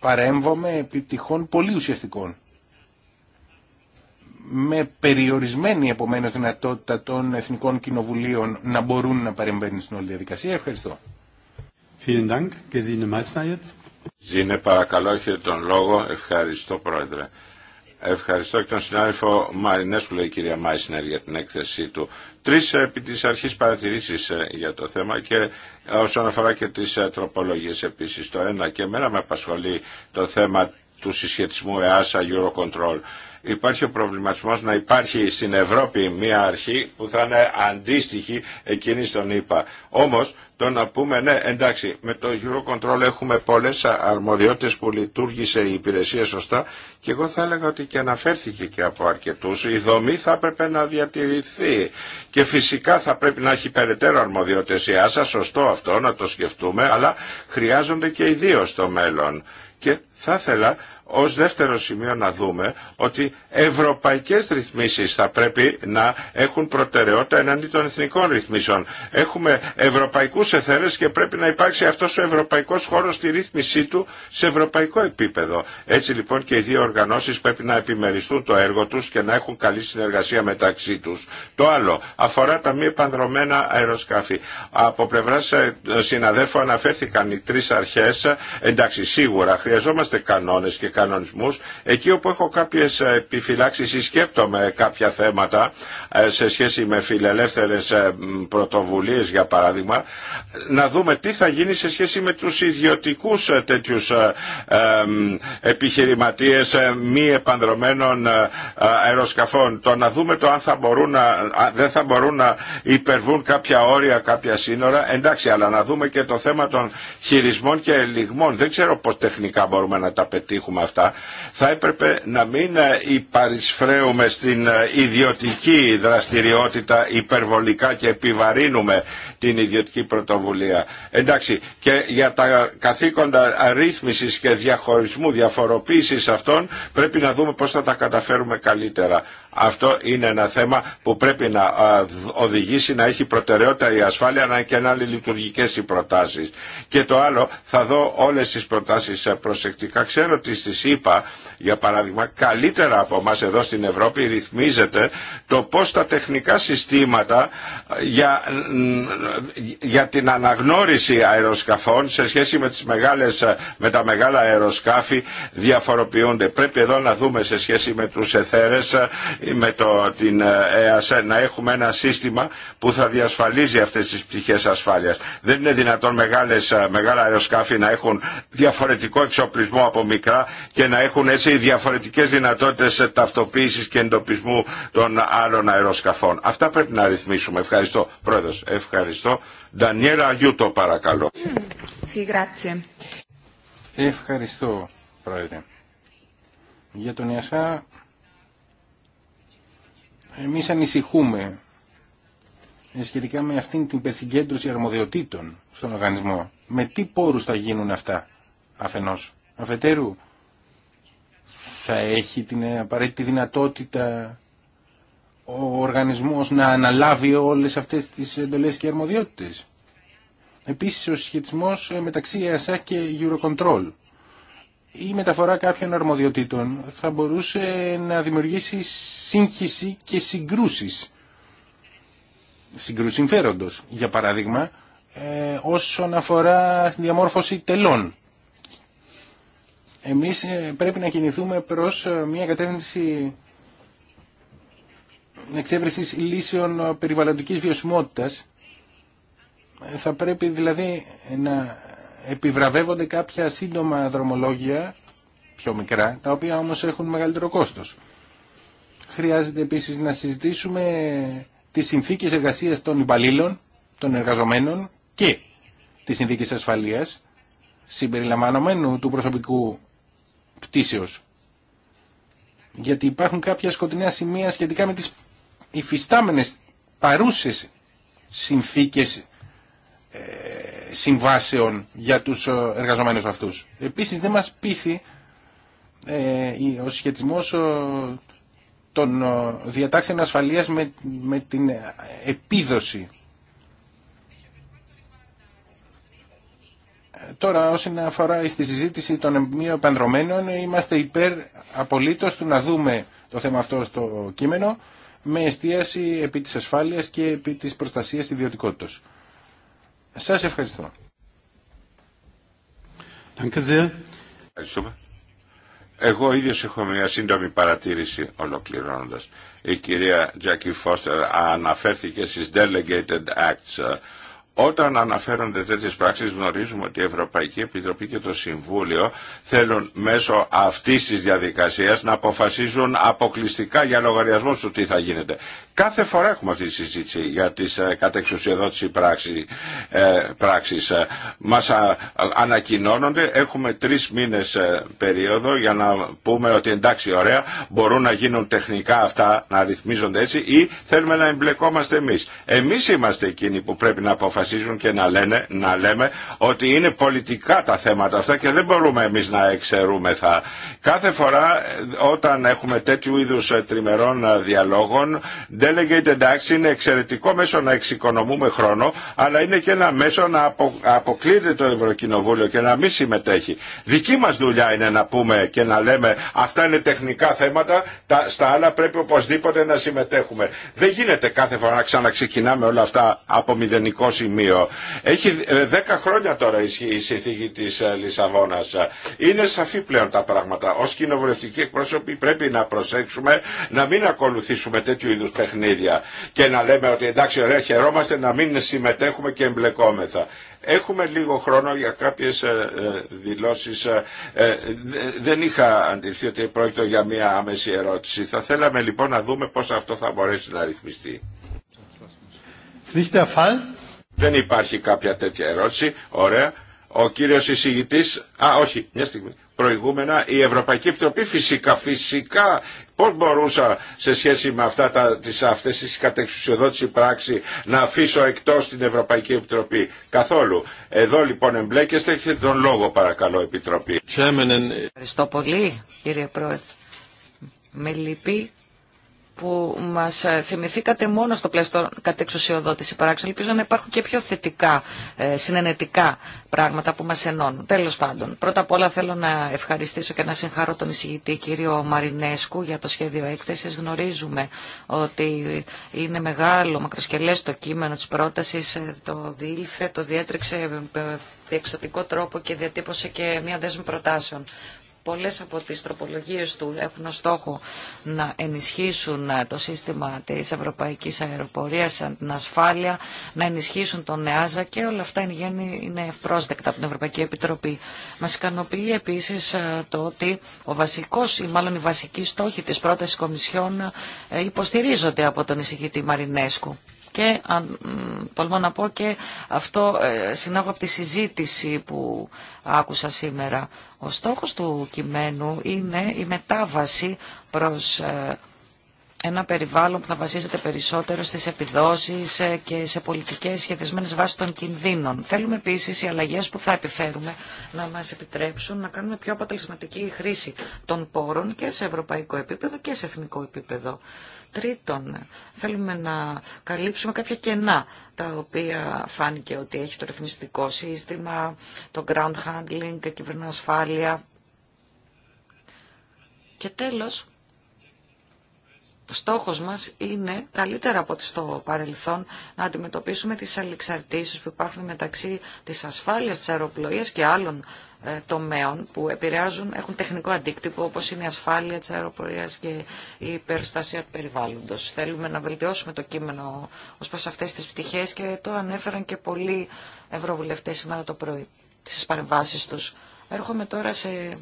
παρέμβομαι επί πολύ ουσιαστικών. Με περιορισμένη επομένως δυνατότητα των Εθνικών Κοινοβουλίων να μπορούν να παρεμβαίνουν στην όλη διαδικασία. Ευχαριστώ. Ζήνε παρακαλώ έχετε τον λόγο. Ευχαριστώ πρόεδρε. Ευχαριστώ και τον συνάδελφο Μαρινέσκου, λέει η κυρία Μάισνερ, για την έκθεσή του. Τρει ε, επί τη αρχή παρατηρήσει ε, για το θέμα και ε, όσον αφορά και τι τροπολογίε επίση. Το ένα και εμένα με απασχολεί το θέμα του συσχετισμού ΕΑΣΑ Eurocontrol. Υπάρχει ο προβληματισμό να υπάρχει στην Ευρώπη μια αρχή που θα είναι αντίστοιχη εκείνη στον ΗΠΑ. Όμω, το να πούμε ναι εντάξει με το Eurocontrol έχουμε πολλές αρμοδιότητες που λειτουργήσε η υπηρεσία σωστά και εγώ θα έλεγα ότι και αναφέρθηκε και από αρκετούς η δομή θα έπρεπε να διατηρηθεί και φυσικά θα πρέπει να έχει περαιτέρω αρμοδιότητες η ΆΣΑ σωστό αυτό να το σκεφτούμε αλλά χρειάζονται και οι δύο στο μέλλον και θα ήθελα ως δεύτερο σημείο να δούμε ότι ευρωπαϊκές ρυθμίσεις θα πρέπει να έχουν προτεραιότητα εναντί των εθνικών ρυθμίσεων. Έχουμε ευρωπαϊκούς εθέρες και πρέπει να υπάρξει αυτός ο ευρωπαϊκός χώρος στη ρύθμισή του σε ευρωπαϊκό επίπεδο. Έτσι λοιπόν και οι δύο οργανώσεις πρέπει να επιμεριστούν το έργο τους και να έχουν καλή συνεργασία μεταξύ τους. Το άλλο αφορά τα μη επανδρομένα αεροσκάφη. Από πλευρά ε, συναδέλφου αναφέρθηκαν οι τρεις αρχές. Ε, εντάξει σίγουρα χρειαζόμαστε κανόνες και Εκεί όπου έχω κάποιες επιφυλάξεις ή σκέπτομαι κάποια θέματα ε, σε σχέση με φιλελεύθερες ε, πρωτοβουλίες για παράδειγμα, να δούμε τι θα γίνει σε σχέση με τους ιδιωτικούς ε, τέτοιους επιχειρηματίες μη επανδρομένων αεροσκαφών. Το να δούμε το αν θα μπορούν να, δεν θα μπορούν να υπερβούν κάποια όρια, κάποια σύνορα. Εντάξει, αλλά να δούμε και το θέμα των χειρισμών και ελιγμών. Δεν ξέρω πώς τεχνικά μπορούμε να τα πετύχουμε αυτά, θα έπρεπε να μην ε, υπαρισφρέουμε στην ε, ιδιωτική δραστηριότητα υπερβολικά και επιβαρύνουμε την ιδιωτική πρωτοβουλία. Εντάξει, και για τα καθήκοντα ρύθμισης και διαχωρισμού, διαφοροποίησης αυτών πρέπει να δούμε πώς θα τα καταφέρουμε καλύτερα. Αυτό είναι ένα θέμα που πρέπει να οδηγήσει να έχει προτεραιότητα η ασφάλεια να και να είναι λειτουργικές οι προτάσεις. Και το άλλο θα δω όλες τις προτάσεις ε, προσεκτικά. Ξέρω ότι στις ΗΠΑ για παράδειγμα καλύτερα από εμά εδώ στην Ευρώπη ρυθμίζεται το πώς τα τεχνικά συστήματα ε, για για την αναγνώριση αεροσκαφών σε σχέση με, τις μεγάλες, ε, με τα μεγάλα αεροσκάφη διαφοροποιούνται. Πρέπει εδώ να δούμε σε σχέση με τους εθέρες ε, με το, την ε, ΕΑΣΕ να έχουμε ένα σύστημα που θα διασφαλίζει αυτές τις πτυχές ασφάλειας. Δεν είναι δυνατόν μεγάλες, μεγάλα αεροσκάφη να έχουν διαφορετικό εξοπλισμό από μικρά και να έχουν έτσι διαφορετικές δυνατότητες ταυτοποίησης και εντοπισμού των άλλων αεροσκαφών. Αυτά πρέπει να ρυθμίσουμε. Ευχαριστώ. Πρόεδρος, ευχαριστώ. Ευχαριστώ. Ντανιέλα Αγιούτο παρακαλώ. Ευχαριστώ πρόεδρε. Για τον Ιασά εμείς ανησυχούμε ε, σχετικά με αυτήν την περσυγκέντρωση αρμοδιοτήτων στον οργανισμό. Με τι πόρους θα γίνουν αυτά αφενός. Αφετέρου θα έχει την απαραίτητη δυνατότητα ο οργανισμός να αναλάβει όλες αυτές τις εντολές και αρμοδιότητες. Επίσης ο σχετισμός ε, μεταξύ ΕΑΣΑ και Eurocontrol. Η μεταφορά κάποιων αρμοδιοτήτων θα μπορούσε να δημιουργήσει σύγχυση και συγκρούσεις. Συγκρούσεις για παράδειγμα, ε, όσον αφορά τη διαμόρφωση τελών. Εμείς ε, πρέπει να κινηθούμε προς μια κατεύθυνση εξέβρεση λύσεων περιβαλλοντική βιωσιμότητα. Θα πρέπει δηλαδή να επιβραβεύονται κάποια σύντομα δρομολόγια, πιο μικρά, τα οποία όμως έχουν μεγαλύτερο κόστος. Χρειάζεται επίσης να συζητήσουμε τις συνθήκες εργασίας των υπαλλήλων, των εργαζομένων και τις συνθήκες ασφαλείας, συμπεριλαμβανομένου του προσωπικού πτήσεως. Γιατί υπάρχουν κάποια σκοτεινά σημεία σχετικά με τις υφιστάμενες παρούσες συνθήκες ε, συμβάσεων για τους ε, εργαζομένους αυτούς. Επίσης δεν μας πείθει ε, ο σχετισμός των διατάξεων ασφαλείας με την επίδοση. Τώρα όσον αφορά στη συζήτηση των μη επανδρομένων είμαστε υπέρ απολύτως του να δούμε το θέμα αυτό στο κείμενο με εστίαση επί της ασφάλειας και επί της προστασίας ιδιωτικότητας. Σας ευχαριστώ. Ευχαριστούμε. Εγώ ίδιο έχω μια σύντομη παρατήρηση ολοκληρώνοντας. Η κυρία Τζακί Φώστερ αναφέρθηκε στις Delegated Acts ε, όταν αναφέρονται τέτοιε πράξει γνωρίζουμε ότι η Ευρωπαϊκή Επιτροπή και το Συμβούλιο θέλουν μέσω αυτής της διαδικασίας να αποφασίζουν αποκλειστικά για λογαριασμό του τι θα γίνεται. Κάθε φορά έχουμε αυτή τη συζήτηση για τις ε, κατεξουσιοδότηση πράξη, ε, πράξης. Ε, μας ανακοινώνονται, έχουμε τρεις μήνες περίοδο για να πούμε ότι εντάξει ωραία, μπορούν να γίνουν τεχνικά αυτά, να ρυθμίζονται έτσι ή θέλουμε να εμπλεκόμαστε εμείς. Εμείς είμαστε εκείνοι που πρέπει να αποφασίζουν και να, λένε, να λέμε ότι είναι πολιτικά τα θέματα αυτά και δεν μπορούμε εμείς να εξαιρούμεθα. Κάθε φορά όταν έχουμε τέτοιου είδους τριμερών διαλόγων delegated εντάξει, είναι εξαιρετικό μέσο να εξοικονομούμε χρόνο, αλλά είναι και ένα μέσο να αποκλείεται το Ευρωκοινοβούλιο και να μην συμμετέχει. Δική μας δουλειά είναι να πούμε και να λέμε αυτά είναι τεχνικά θέματα, στα άλλα πρέπει οπωσδήποτε να συμμετέχουμε. Δεν γίνεται κάθε φορά να ξαναξεκινάμε όλα αυτά από μηδενικό σημείο. Έχει ε, δέκα χρόνια τώρα η συνθήκη της ε, Λισαβόνας. Είναι σαφή πλέον τα πράγματα. Ως κοινοβουλευτικοί εκπρόσωποι πρέπει να προσέξουμε να μην ακολουθήσουμε τέτοιου είδου παιχνίδια παιχνίδια και να λέμε ότι εντάξει ωραία χαιρόμαστε να μην συμμετέχουμε και εμπλεκόμεθα. Έχουμε λίγο χρόνο για κάποιες ε, ε, δηλώσεις. Ε, δεν είχα αντιληφθεί ότι πρόκειται για μία άμεση ερώτηση. Θα θέλαμε λοιπόν να δούμε πώς αυτό θα μπορέσει να ρυθμιστεί. Δεν υπάρχει κάποια τέτοια ερώτηση. Ωραία. Ο κύριος εισηγητής... Α, όχι, μια στιγμή. Προηγούμενα η Ευρωπαϊκή Επιτροπή φυσικά, φυσικά Πώς μπορούσα σε σχέση με αυτά τα, τις, αυτές τις κατεξουσιοδότηση πράξη να αφήσω εκτός την Ευρωπαϊκή Επιτροπή. Καθόλου. Εδώ λοιπόν εμπλέκεστε, έχετε τον λόγο παρακαλώ Επιτροπή. Ευχαριστώ πολύ κύριε Πρόεδρε. Με λυπεί που μας ε, θυμηθήκατε μόνο στο πλαίσιο των κατεξουσιοδότηση παράξεων. Ελπίζω να υπάρχουν και πιο θετικά, ε, συνενετικά πράγματα που μας ενώνουν. Τέλος πάντων, πρώτα απ' όλα θέλω να ευχαριστήσω και να συγχαρώ τον εισηγητή κύριο Μαρινέσκου για το σχέδιο έκθεσης. Γνωρίζουμε ότι είναι μεγάλο, μακροσκελές το κείμενο της πρότασης, ε, το διήλθε, το διέτρεξε διεξωτικό τρόπο και διατύπωσε και μια δέσμη προτάσεων Πολλές από τις τροπολογίες του έχουν στόχο να ενισχύσουν ε, το σύστημα της Ευρωπαϊκής Αεροπορίας, την ασφάλεια, να ενισχύσουν τον ΕΑΖΑ και όλα αυτά εν είναι ευπρόσδεκτα από την Ευρωπαϊκή Επιτροπή. Μας ικανοποιεί επίσης ε, το ότι ο βασικός ή μάλλον οι βασικοί στόχοι της πρότασης Κομισιόν ε, υποστηρίζονται από τον εισηγητή Μαρινέσκου και αν, τολμώ να πω και αυτό ε, συνάγω από τη συζήτηση που άκουσα σήμερα. Ο στόχος του κειμένου είναι η μετάβαση προς ε, ένα περιβάλλον που θα βασίζεται περισσότερο στις επιδόσεις ε, και σε πολιτικές σχεδιασμένες βάσει των κινδύνων. Θέλουμε επίσης οι αλλαγές που θα επιφέρουμε να μας επιτρέψουν να κάνουμε πιο αποτελεσματική χρήση των πόρων και σε ευρωπαϊκό επίπεδο και σε εθνικό επίπεδο. Τρίτον, θέλουμε να καλύψουμε κάποια κενά τα οποία φάνηκε ότι έχει το ρυθμιστικό σύστημα, το ground handling, η ασφάλεια. Και τέλος, στόχος μας είναι καλύτερα από ό,τι στο παρελθόν να αντιμετωπίσουμε τις αλληλεξαρτήσεις που υπάρχουν μεταξύ της ασφάλειας της αεροπλοείας και άλλων ε, τομέων που επηρεάζουν, έχουν τεχνικό αντίκτυπο, όπως είναι η ασφάλεια της αεροπορίας και η υπερστασία του περιβάλλοντος. Θέλουμε να βελτιώσουμε το κείμενο ως προς αυτές τις πτυχές και το ανέφεραν και πολλοί ευρωβουλευτές σήμερα το πρωί στις παρεμβάσεις τους. Έρχομαι τώρα σε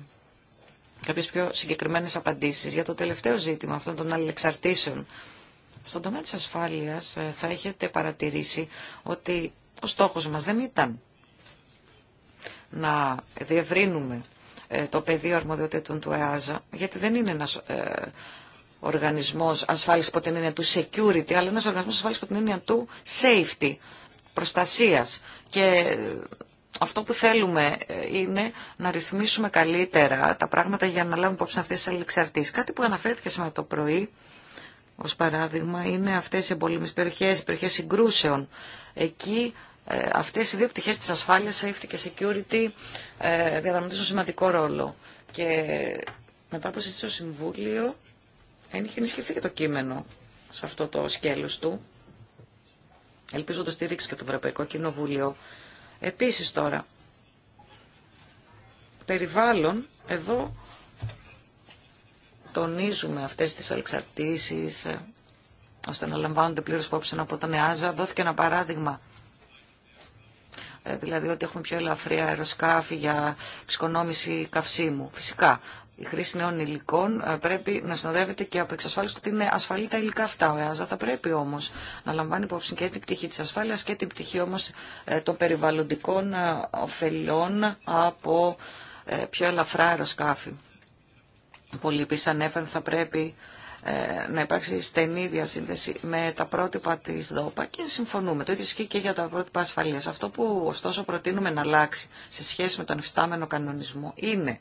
κάποιες πιο συγκεκριμένες απαντήσεις για το τελευταίο ζήτημα αυτών των αλληλεξαρτήσεων. Στον τομέα της ασφάλειας ε, θα έχετε παρατηρήσει ότι ο στόχος μας δεν ήταν να διευρύνουμε ε, το πεδίο αρμοδιοτήτων του ΕΑΖΑ, γιατί δεν είναι ένας ε, οργανισμός ασφάλισης από την έννοια του security, αλλά ένας οργανισμός ασφάλισης από την έννοια του safety, προστασίας. Και ε, αυτό που θέλουμε ε, είναι να ρυθμίσουμε καλύτερα τα πράγματα για να λάβουμε υπόψη αυτές τις αλληλεξαρτήσεις. Κάτι που αναφέρθηκε σήμερα το πρωί, ως παράδειγμα, είναι αυτές οι εμπολίμες περιοχές, οι περιοχές συγκρούσεων. Εκεί ε, αυτές οι δύο πτυχές της ασφάλειας, safety και security, ε, διαδραματίζουν σημαντικό ρόλο. Και μετά από συζήτηση στο Συμβούλιο, έχει ενισχυθεί και το κείμενο σε αυτό το σκέλος του. Ελπίζω το στήριξει και το Ευρωπαϊκό Κοινοβούλιο. Επίσης τώρα, περιβάλλον, εδώ τονίζουμε αυτές τις αλεξαρτήσεις, ε, ώστε να λαμβάνονται πλήρως υπόψη από τον ΕΑΖΑ. Δόθηκε ένα παράδειγμα δηλαδή ότι έχουμε πιο ελαφρύ αεροσκάφη για εξοικονόμηση καυσίμου. Φυσικά, η χρήση νέων υλικών ε, πρέπει να συνοδεύεται και από εξασφάλιση ότι είναι ασφαλή τα υλικά αυτά. Ο ΕΑΖΑ θα πρέπει όμω να λαμβάνει υπόψη και την πτυχή τη ασφάλεια και την πτυχή όμω ε, των περιβαλλοντικών ε, ωφελών από πιο ελαφρά αεροσκάφη. πολύ επίση ανέφεραν θα πρέπει ε, να υπάρξει στενή διασύνδεση με τα πρότυπα τη ΔΟΠΑ και συμφωνούμε. Το ίδιο ισχύει και για τα πρότυπα ασφαλεία. Αυτό που ωστόσο προτείνουμε να αλλάξει σε σχέση με τον εφιστάμενο κανονισμό είναι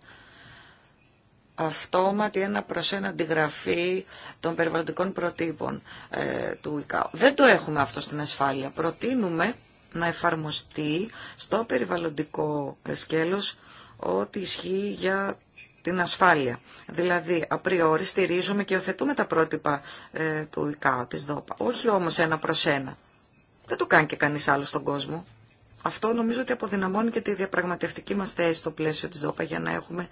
αυτόματη ένα προς ένα αντιγραφή των περιβαλλοντικών προτύπων ε, του ΙΚΑΟ. Δεν το έχουμε αυτό στην ασφάλεια. Προτείνουμε να εφαρμοστεί στο περιβαλλοντικό σκέλος ό,τι ισχύει για την ασφάλεια. Δηλαδή, απριόρι στηρίζουμε και οθετούμε τα πρότυπα ε, του ΙΚΑΟ, της ΔΟΠΑ. Όχι όμως ένα προς ένα. Δεν το κάνει και κανείς άλλο στον κόσμο. Αυτό νομίζω ότι αποδυναμώνει και τη διαπραγματευτική μας θέση στο πλαίσιο της ΔΟΠΑ για να έχουμε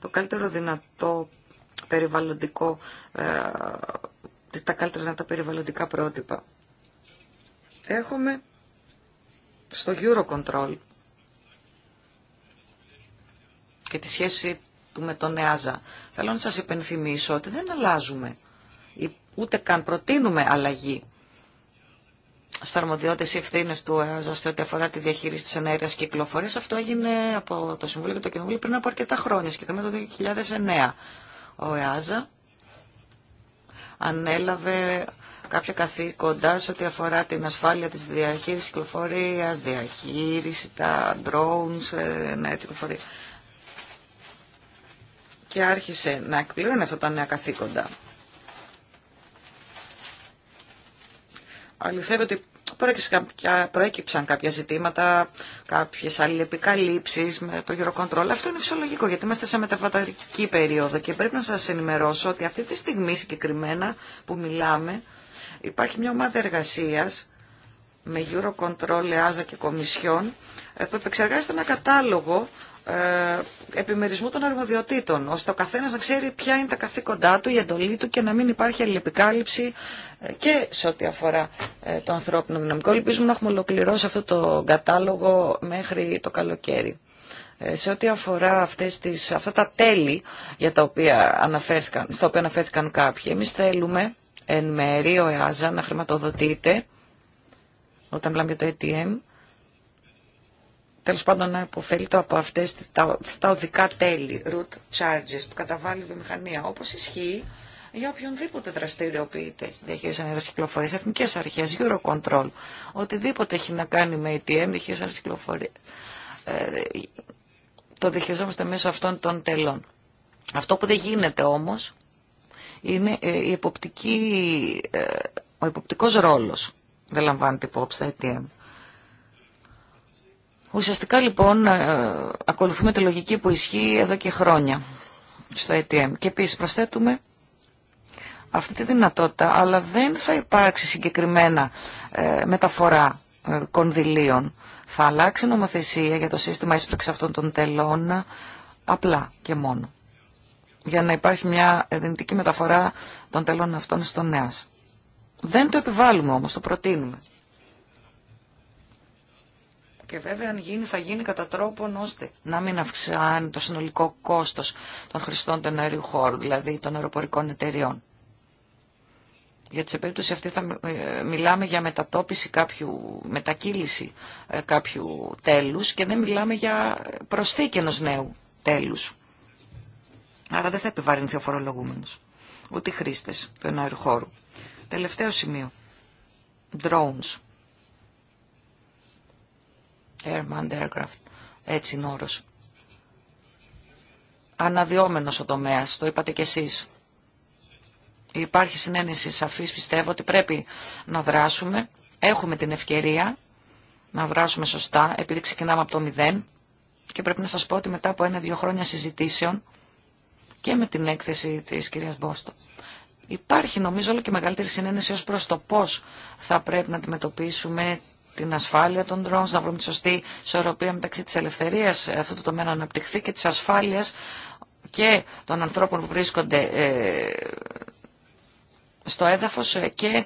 το καλύτερο δυνατό περιβαλλοντικό, ε, τα καλύτερα δυνατά περιβαλλοντικά πρότυπα. Έχουμε στο Eurocontrol και τη σχέση με τον ΕΑΖΑ. Θέλω να σας υπενθυμίσω ότι δεν αλλάζουμε, ούτε καν προτείνουμε αλλαγή στα αρμοδιότητε ή ευθύνε του ΕΑΖΑ σε ό,τι αφορά τη διαχείριση τη ενέργεια κυκλοφορίας Αυτό έγινε από το Συμβούλιο και το Κοινοβούλιο πριν από αρκετά χρόνια, συγκεκριμένα το 2009. Ο ΕΑΖΑ ανέλαβε κάποια καθήκοντα σε ό,τι αφορά την ασφάλεια της διαχείρισης κυκλοφορίας, διαχείριση, τα drones, ε, ναι, κυκλοφορία και άρχισε να εκπληρώνει αυτά τα νέα καθήκοντα. Αληθεύει ότι προέκυψαν κάποια ζητήματα, κάποιες αλληλεπικαλύψεις με το Eurocontrol. Αυτό είναι φυσιολογικό γιατί είμαστε σε μεταβατική περίοδο και πρέπει να σας ενημερώσω ότι αυτή τη στιγμή συγκεκριμένα που μιλάμε υπάρχει μια ομάδα εργασίας με Eurocontrol, ΕΑΖΑ και Κομισιόν ε, που επεξεργάζεται ένα κατάλογο ε, επιμερισμού των αρμοδιοτήτων, ώστε ο καθένας να ξέρει ποια είναι τα καθήκοντά του, η εντολή του και να μην υπάρχει αλληλεπικάλυψη ε, και σε ό,τι αφορά ε, το ανθρώπινο δυναμικό. Ελπίζουμε να έχουμε ολοκληρώσει αυτό το κατάλογο μέχρι το καλοκαίρι. Σε ό,τι αφορά αυτές τις, αυτά τα τέλη για τα οποία αναφέρθηκαν, στα οποία αναφέρθηκαν κάποιοι, εμείς θέλουμε εν μέρη ο ΕΑΖΑ να χρηματοδοτείται όταν μιλάμε για το ATM, Τέλο πάντων να υποφελείται από αυτέ τα, τα οδικά τέλη, root charges που καταβάλει η βιομηχανία, Όπω ισχύει για οποιονδήποτε δραστηριοποιείται στη διαχείριση ανέργεια κυκλοφορία, εθνικέ αρχέ, Eurocontrol, οτιδήποτε έχει να κάνει με ATM, διαχείριση ανέργεια ε, το διαχειριζόμαστε μέσω αυτών των τελών. Αυτό που δεν γίνεται όμω είναι ε, η εποπτική, ε, ο υποπτικό ρόλος. Δεν λαμβάνεται υπόψη τα ATM. Ουσιαστικά λοιπόν ε, ακολουθούμε τη λογική που ισχύει εδώ και χρόνια στο ATM. Και επίσης προσθέτουμε αυτή τη δυνατότητα, αλλά δεν θα υπάρξει συγκεκριμένα ε, μεταφορά ε, κονδυλίων. Θα αλλάξει νομοθεσία για το σύστημα έσπρεξη αυτών των τελών απλά και μόνο. Για να υπάρχει μια δυνητική μεταφορά των τελών αυτών στον ΝΕΑΣ. Δεν το επιβάλλουμε όμως, το προτείνουμε. Και βέβαια αν θα γίνει κατά τρόπον ώστε να μην αυξάνει το συνολικό κόστος των χρηστών των αερίου χώρου, δηλαδή των αεροπορικών εταιριών. Γιατί σε περίπτωση αυτή θα ε, μιλάμε για μετατόπιση κάποιου, μετακύληση ε, κάποιου τέλους και δεν μιλάμε για προσθήκη ενός νέου τέλους. Άρα δεν θα επιβαρυνθεί ο φορολογούμενος, ούτε οι χρήστες του εναέρου χώρου. Τελευταίο σημείο. Drones. Airman Έτσι είναι όρος. Αναδιόμενος ο τομέας, το είπατε κι εσείς. Υπάρχει συνένεση σαφής, πιστεύω ότι πρέπει να δράσουμε. Έχουμε την ευκαιρία να δράσουμε σωστά, επειδή ξεκινάμε από το μηδέν. Και πρέπει να σας πω ότι μετά από ένα-δύο χρόνια συζητήσεων και με την έκθεση της κυρίας Μπόστο, υπάρχει νομίζω όλο και μεγαλύτερη συνένεση ως προς το πώς θα πρέπει να αντιμετωπίσουμε την ασφάλεια των drones, να βρούμε τη σωστή ισορροπία μεταξύ της ελευθερίας ε, αυτού του τομέα να αναπτυχθεί και της ασφάλειας και των ανθρώπων που βρίσκονται ε, στο έδαφος ε, και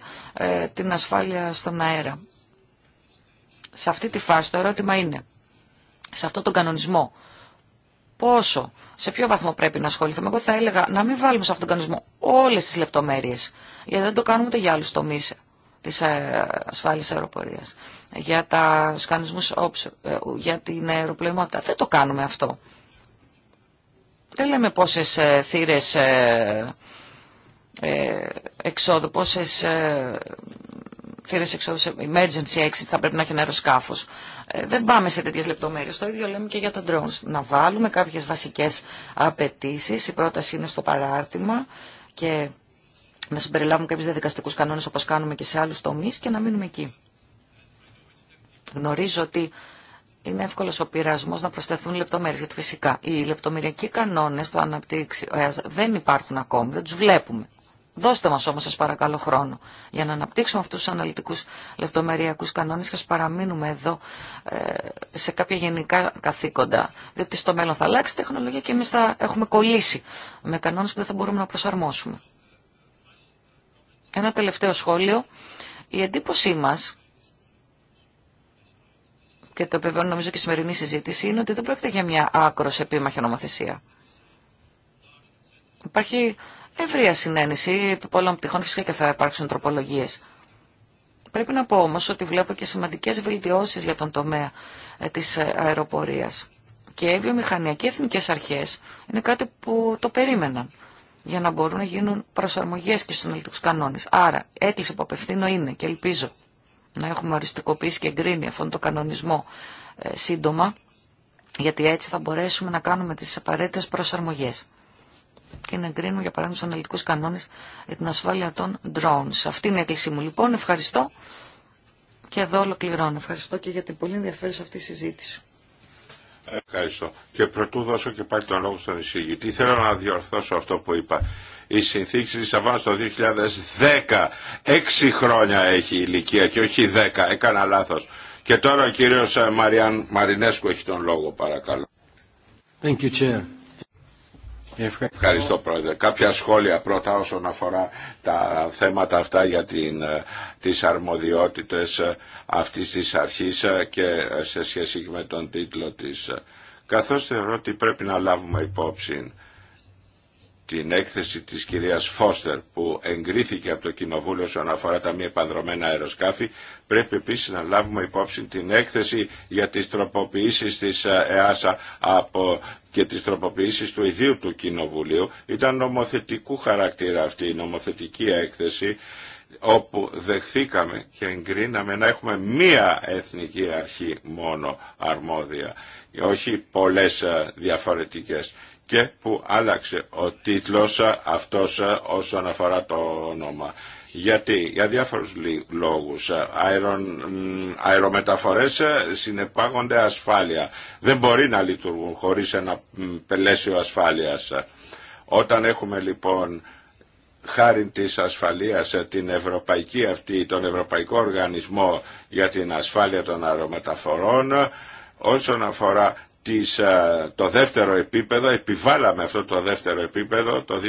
την ασφάλεια στον αέρα. Σε αυτή τη φάση το ερώτημα είναι, σε αυτόν τον κανονισμό, πόσο, σε ποιο βαθμό πρέπει να ασχοληθούμε. Εγώ θα έλεγα να μην βάλουμε σε αυτόν τον κανονισμό όλες τις λεπτομέρειες, γιατί δεν το κάνουμε ούτε για άλλους τομείς της ασφάλειας αεροπορίας για τα σκανισμού ε, για την αεροπλοημότητα. Δεν το κάνουμε αυτό. Δεν λέμε πόσες ε, ε, θύρες εξόδου, πόσες θύρες εξόδου emergency exit θα πρέπει να έχει ένα αεροσκάφος. Δεν πάμε σε τέτοιες λεπτομέρειες. Το ίδιο λέμε και για τα drones. Να βάλουμε κάποιες βασικές απαιτήσεις. Η πρόταση είναι στο παράρτημα και να συμπεριλάβουμε κάποιους διαδικαστικούς κανόνες όπως κάνουμε και σε άλλους τομείς και να μείνουμε εκεί. Γνωρίζω ότι είναι εύκολο ο πειρασμό να προσθεθούν λεπτομέρειε. Γιατί φυσικά οι λεπτομεριακοί κανόνε που αναπτύξει ε, δεν υπάρχουν ακόμη, δεν του βλέπουμε. Δώστε μα όμω, σα παρακαλώ, χρόνο για να αναπτύξουμε αυτού του αναλυτικού λεπτομεριακού κανόνε και α παραμείνουμε εδώ ε, σε κάποια γενικά καθήκοντα. Διότι στο μέλλον θα αλλάξει η τεχνολογία και εμεί θα έχουμε κολλήσει με κανόνε που δεν θα μπορούμε να προσαρμόσουμε. Ένα τελευταίο σχόλιο. Η εντύπωσή μας και το επιβεβαιώνει νομίζω και η σημερινή συζήτηση, είναι ότι δεν πρόκειται για μια άκρο επίμαχη νομοθεσία. Υπάρχει ευρία συνένεση επί πολλών πτυχών φυσικά και θα υπάρξουν τροπολογίε. Πρέπει να πω όμω ότι βλέπω και σημαντικέ βελτιώσει για τον τομέα ε, τη ε, αεροπορία Και οι βιομηχανία και οι εθνικές είναι κάτι που το περίμεναν για να μπορούν να γίνουν προσαρμογές και στους αναλυτικού κανόνες. Άρα, έκκληση που απευθύνω είναι και ελπίζω να έχουμε οριστικοποιήσει και εγκρίνει αυτόν τον κανονισμό ε, σύντομα, γιατί έτσι θα μπορέσουμε να κάνουμε τις απαραίτητες προσαρμογές και να εγκρίνουμε για παράδειγμα του αναλυτικούς κανόνες για την ασφάλεια των drones. Αυτή είναι η έκκλησή μου λοιπόν. Ευχαριστώ και εδώ ολοκληρώνω. Ευχαριστώ και για την πολύ ενδιαφέρουσα αυτή συζήτηση. Ευχαριστώ. Και πρωτού δώσω και πάλι τον λόγο στον εισηγητή. Θέλω να διορθώσω αυτό που είπα. Η συνθήκη της Λισαβόνας το 2010, έξι χρόνια έχει ηλικία και όχι δέκα, έκανα λάθος. Και τώρα ο κύριος Μαριάν Μαρινέσκου έχει τον λόγο παρακαλώ. Thank you, Chair. Ευχαριστώ Πρόεδρε. Κάποια σχόλια πρώτα όσον αφορά τα θέματα αυτά για την, ε, τις αρμοδιότητες ε, αυτής της αρχής ε, και σε σχέση με τον τίτλο της. Καθώς θεωρώ ότι πρέπει να λάβουμε υπόψη την έκθεση της κυρίας Φώστερ που εγκρίθηκε από το Κοινοβούλιο όσον αφορά τα μη επανδρομένα αεροσκάφη πρέπει επίσης να λάβουμε υπόψη την έκθεση για τις τροποποιήσεις της ε, ΕΑΣΑ από και τις τροποποιήσεις του ιδίου του Κοινοβουλίου ήταν νομοθετικού χαρακτήρα αυτή η νομοθετική έκθεση όπου δεχθήκαμε και εγκρίναμε να έχουμε μία εθνική αρχή μόνο αρμόδια, όχι πολλές ε, διαφορετικές και που άλλαξε ο τίτλος ε, αυτός ε, όσον αφορά το όνομα. Γιατί, για διάφορους λόγους, ε, αερο, αερομεταφορές συνεπάγονται ασφάλεια. Δεν μπορεί να λειτουργούν χωρίς ένα πελαίσιο ασφάλειας. Όταν έχουμε λοιπόν χάρη της ασφαλείας την ευρωπαϊκή αυτή, τον Ευρωπαϊκό Οργανισμό για την Ασφάλεια των Αερομεταφορών, όσον αφορά της, το δεύτερο επίπεδο, επιβάλαμε αυτό το δεύτερο επίπεδο το 2009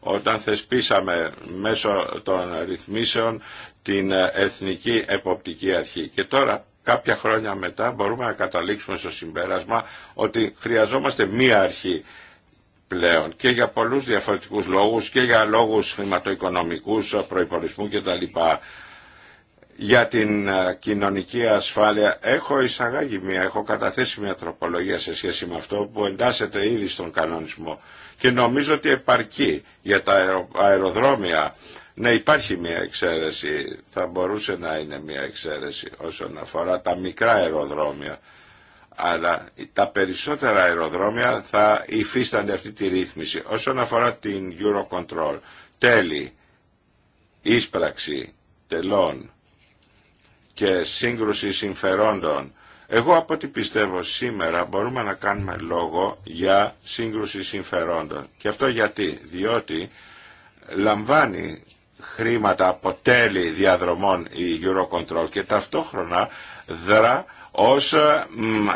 όταν θεσπίσαμε μέσω των ρυθμίσεων την Εθνική Εποπτική Αρχή. Και τώρα κάποια χρόνια μετά μπορούμε να καταλήξουμε στο συμπέρασμα ότι χρειαζόμαστε μία αρχή πλέον και για πολλούς διαφορετικούς λόγους και για λόγους χρηματοοικονομικούς, προϋπολισμού κτλ για την ε, κοινωνική ασφάλεια έχω εισαγάγει μια, έχω καταθέσει μια τροπολογία σε σχέση με αυτό που εντάσσεται ήδη στον κανονισμό και νομίζω ότι επαρκεί για τα αεροδρόμια να υπάρχει μια εξαίρεση, θα μπορούσε να είναι μια εξαίρεση όσον αφορά τα μικρά αεροδρόμια αλλά τα περισσότερα αεροδρόμια θα υφίστανται αυτή τη ρύθμιση. Όσον αφορά την Eurocontrol, τέλη, ίσπραξη, τελών, και σύγκρουση συμφερόντων. Εγώ από ό,τι πιστεύω σήμερα μπορούμε να κάνουμε λόγο για σύγκρουση συμφερόντων. Και αυτό γιατί, διότι λαμβάνει χρήματα από τέλη διαδρομών η Eurocontrol και ταυτόχρονα δρά ως ε,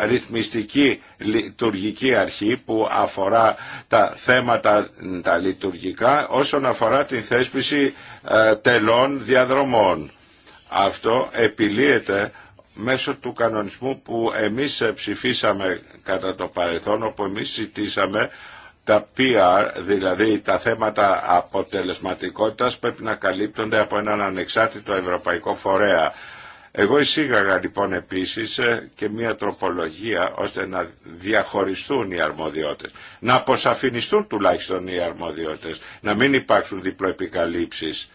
ρυθμιστική λειτουργική αρχή που αφορά τα θέματα τα λειτουργικά όσον αφορά την θέσπιση ε, τελών διαδρομών. Αυτό επιλύεται μέσω του κανονισμού που εμείς ψηφίσαμε κατά το παρελθόν, όπου εμείς ζητήσαμε τα PR, δηλαδή τα θέματα αποτελεσματικότητας, πρέπει να καλύπτονται από έναν ανεξάρτητο ευρωπαϊκό φορέα. Εγώ εισήγαγα λοιπόν επίσης ε, και μια τροπολογία ώστε να διαχωριστούν οι αρμοδιότητες, να αποσαφινιστούν τουλάχιστον οι αρμοδιότητες, να μην υπάρξουν διπλοεπικαλύψεις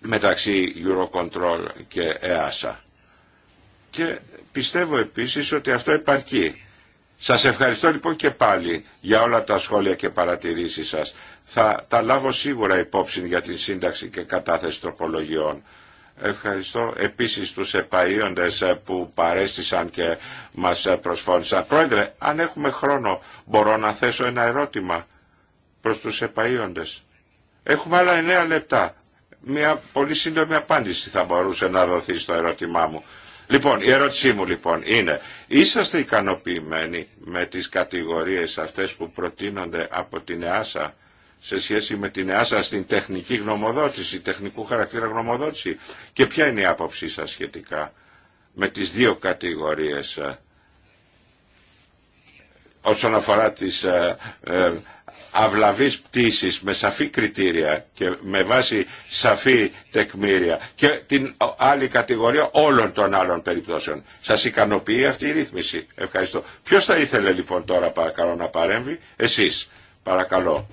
μεταξύ Eurocontrol και EASA. Και πιστεύω επίσης ότι αυτό επαρκεί. Σας ευχαριστώ λοιπόν και πάλι για όλα τα σχόλια και παρατηρήσεις σας. Θα τα λάβω σίγουρα υπόψη για την σύνταξη και κατάθεση τροπολογιών. Ευχαριστώ επίσης τους επαΐοντες που παρέστησαν και μας προσφώνησαν. Πρόεδρε, αν έχουμε χρόνο μπορώ να θέσω ένα ερώτημα προς τους επαΐοντες. Έχουμε άλλα 9 λεπτά μια πολύ σύντομη απάντηση θα μπορούσε να δοθεί στο ερώτημά μου. Λοιπόν, η ερώτησή μου λοιπόν είναι, είσαστε ικανοποιημένοι με τις κατηγορίες αυτές που προτείνονται από την ΕΑΣΑ σε σχέση με την ΕΑΣΑ στην τεχνική γνωμοδότηση, τεχνικού χαρακτήρα γνωμοδότηση και ποια είναι η άποψή σας σχετικά με τις δύο κατηγορίες ε, όσον αφορά τις ε, ε, αυλαβής πτήσης με σαφή κριτήρια και με βάση σαφή τεκμήρια και την άλλη κατηγορία όλων των άλλων περιπτώσεων. Σας ικανοποιεί αυτή η ρύθμιση. Ευχαριστώ. Ποιος θα ήθελε λοιπόν τώρα παρακαλώ να παρέμβει. Εσείς. Παρακαλώ.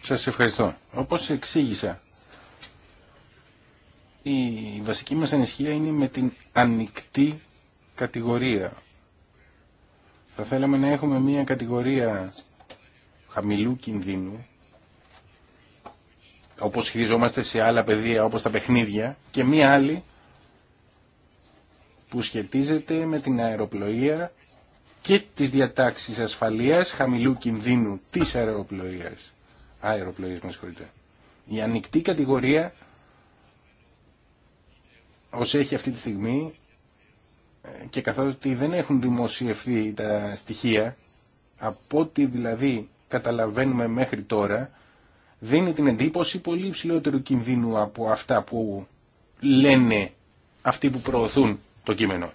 Σας ευχαριστώ. Όπως εξήγησα, η βασική μας ανησυχία είναι με την ανοιχτή κατηγορία. Θα θέλαμε να έχουμε μια κατηγορία χαμηλού κινδύνου, όπως χειριζόμαστε σε άλλα πεδία, όπως τα παιχνίδια, και μία άλλη που σχετίζεται με την αεροπλοεία και τις διατάξεις ασφαλείας χαμηλού κινδύνου της αεροπλοείας. Αεροπλοείας, με συγχωρείτε. Η ανοιχτή κατηγορία, ως έχει αυτή τη στιγμή, και καθότι δεν έχουν δημοσιευθεί τα στοιχεία, από ό,τι δηλαδή καταλαβαίνουμε μέχρι τώρα δίνει την εντύπωση πολύ υψηλότερου κινδύνου από αυτά που λένε αυτοί που προωθούν το κείμενο.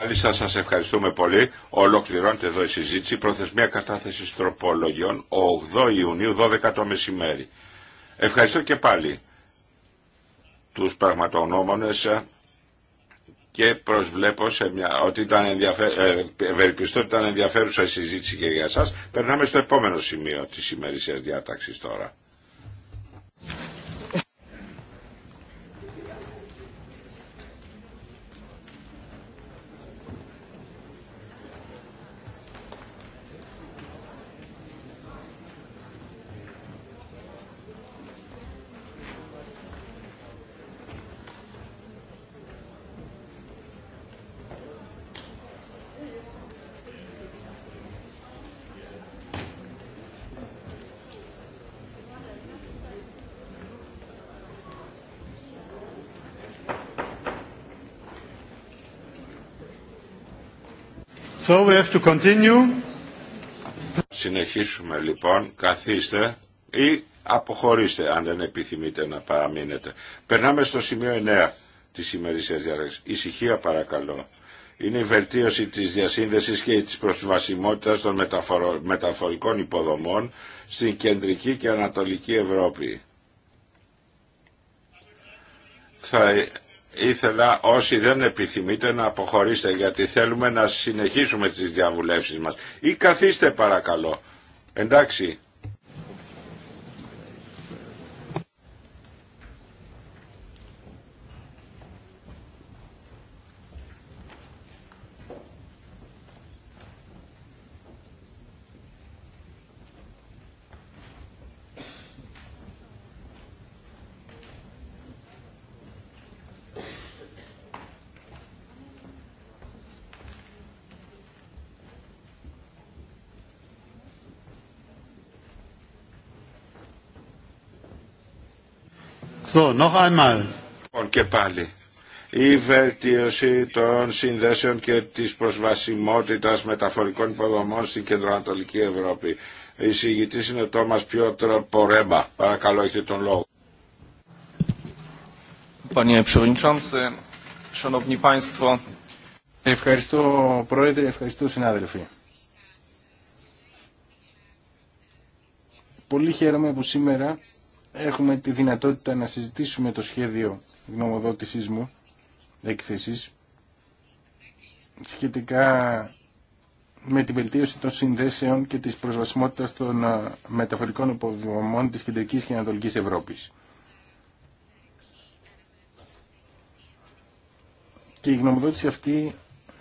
Μάλιστα σας ευχαριστούμε πολύ. Ολοκληρώνεται εδώ η συζήτηση. Προθεσμία κατάθεσης τροπολογιών 8 Ιουνίου 12 το μεσημέρι. Ευχαριστώ και πάλι τους πραγματονόμονες, και προσβλέπω σε ε, ότι ήταν ενδιαφέρουσα η συζήτηση και για σας. Περνάμε στο επόμενο σημείο της ημερησίας διάταξης τώρα. So we have to continue. Συνεχίσουμε λοιπόν, καθίστε ή αποχωρήστε αν δεν επιθυμείτε να παραμείνετε. Περνάμε στο σημείο 9 της ημερήσιας διάταξης. Ησυχία παρακαλώ. Είναι η βελτίωση της διασύνδεσης και της προσβασιμότητας των μεταφορο... μεταφορικών υποδομών στην κεντρική και ανατολική Ευρώπη ήθελα όσοι δεν επιθυμείτε να αποχωρήσετε γιατί θέλουμε να συνεχίσουμε τις διαβουλεύσεις μας. Ή καθίστε παρακαλώ. Εντάξει. noch einmal. Λοιπόν, και πάλι η βελτίωση των συνδέσεων και της προσβασιμότητας μεταφορικών υποδομών στην Κεντροανατολική Ευρώπη. Η συγητής είναι ο Τόμας Πιότρο Πορέμπα. Παρακαλώ, έχετε τον λόγο. Ευχαριστώ, Πρόεδρε, ευχαριστώ, συνάδελφοι. Πολύ χαίρομαι που σήμερα έχουμε τη δυνατότητα να συζητήσουμε το σχέδιο γνωμοδότησής μου, έκθεσης, σχετικά με την βελτίωση των συνδέσεων και της προσβασιμότητας των ε, μεταφορικών υποδομών της Κεντρικής και Ανατολικής Ευρώπης. Και η γνωμοδότηση αυτή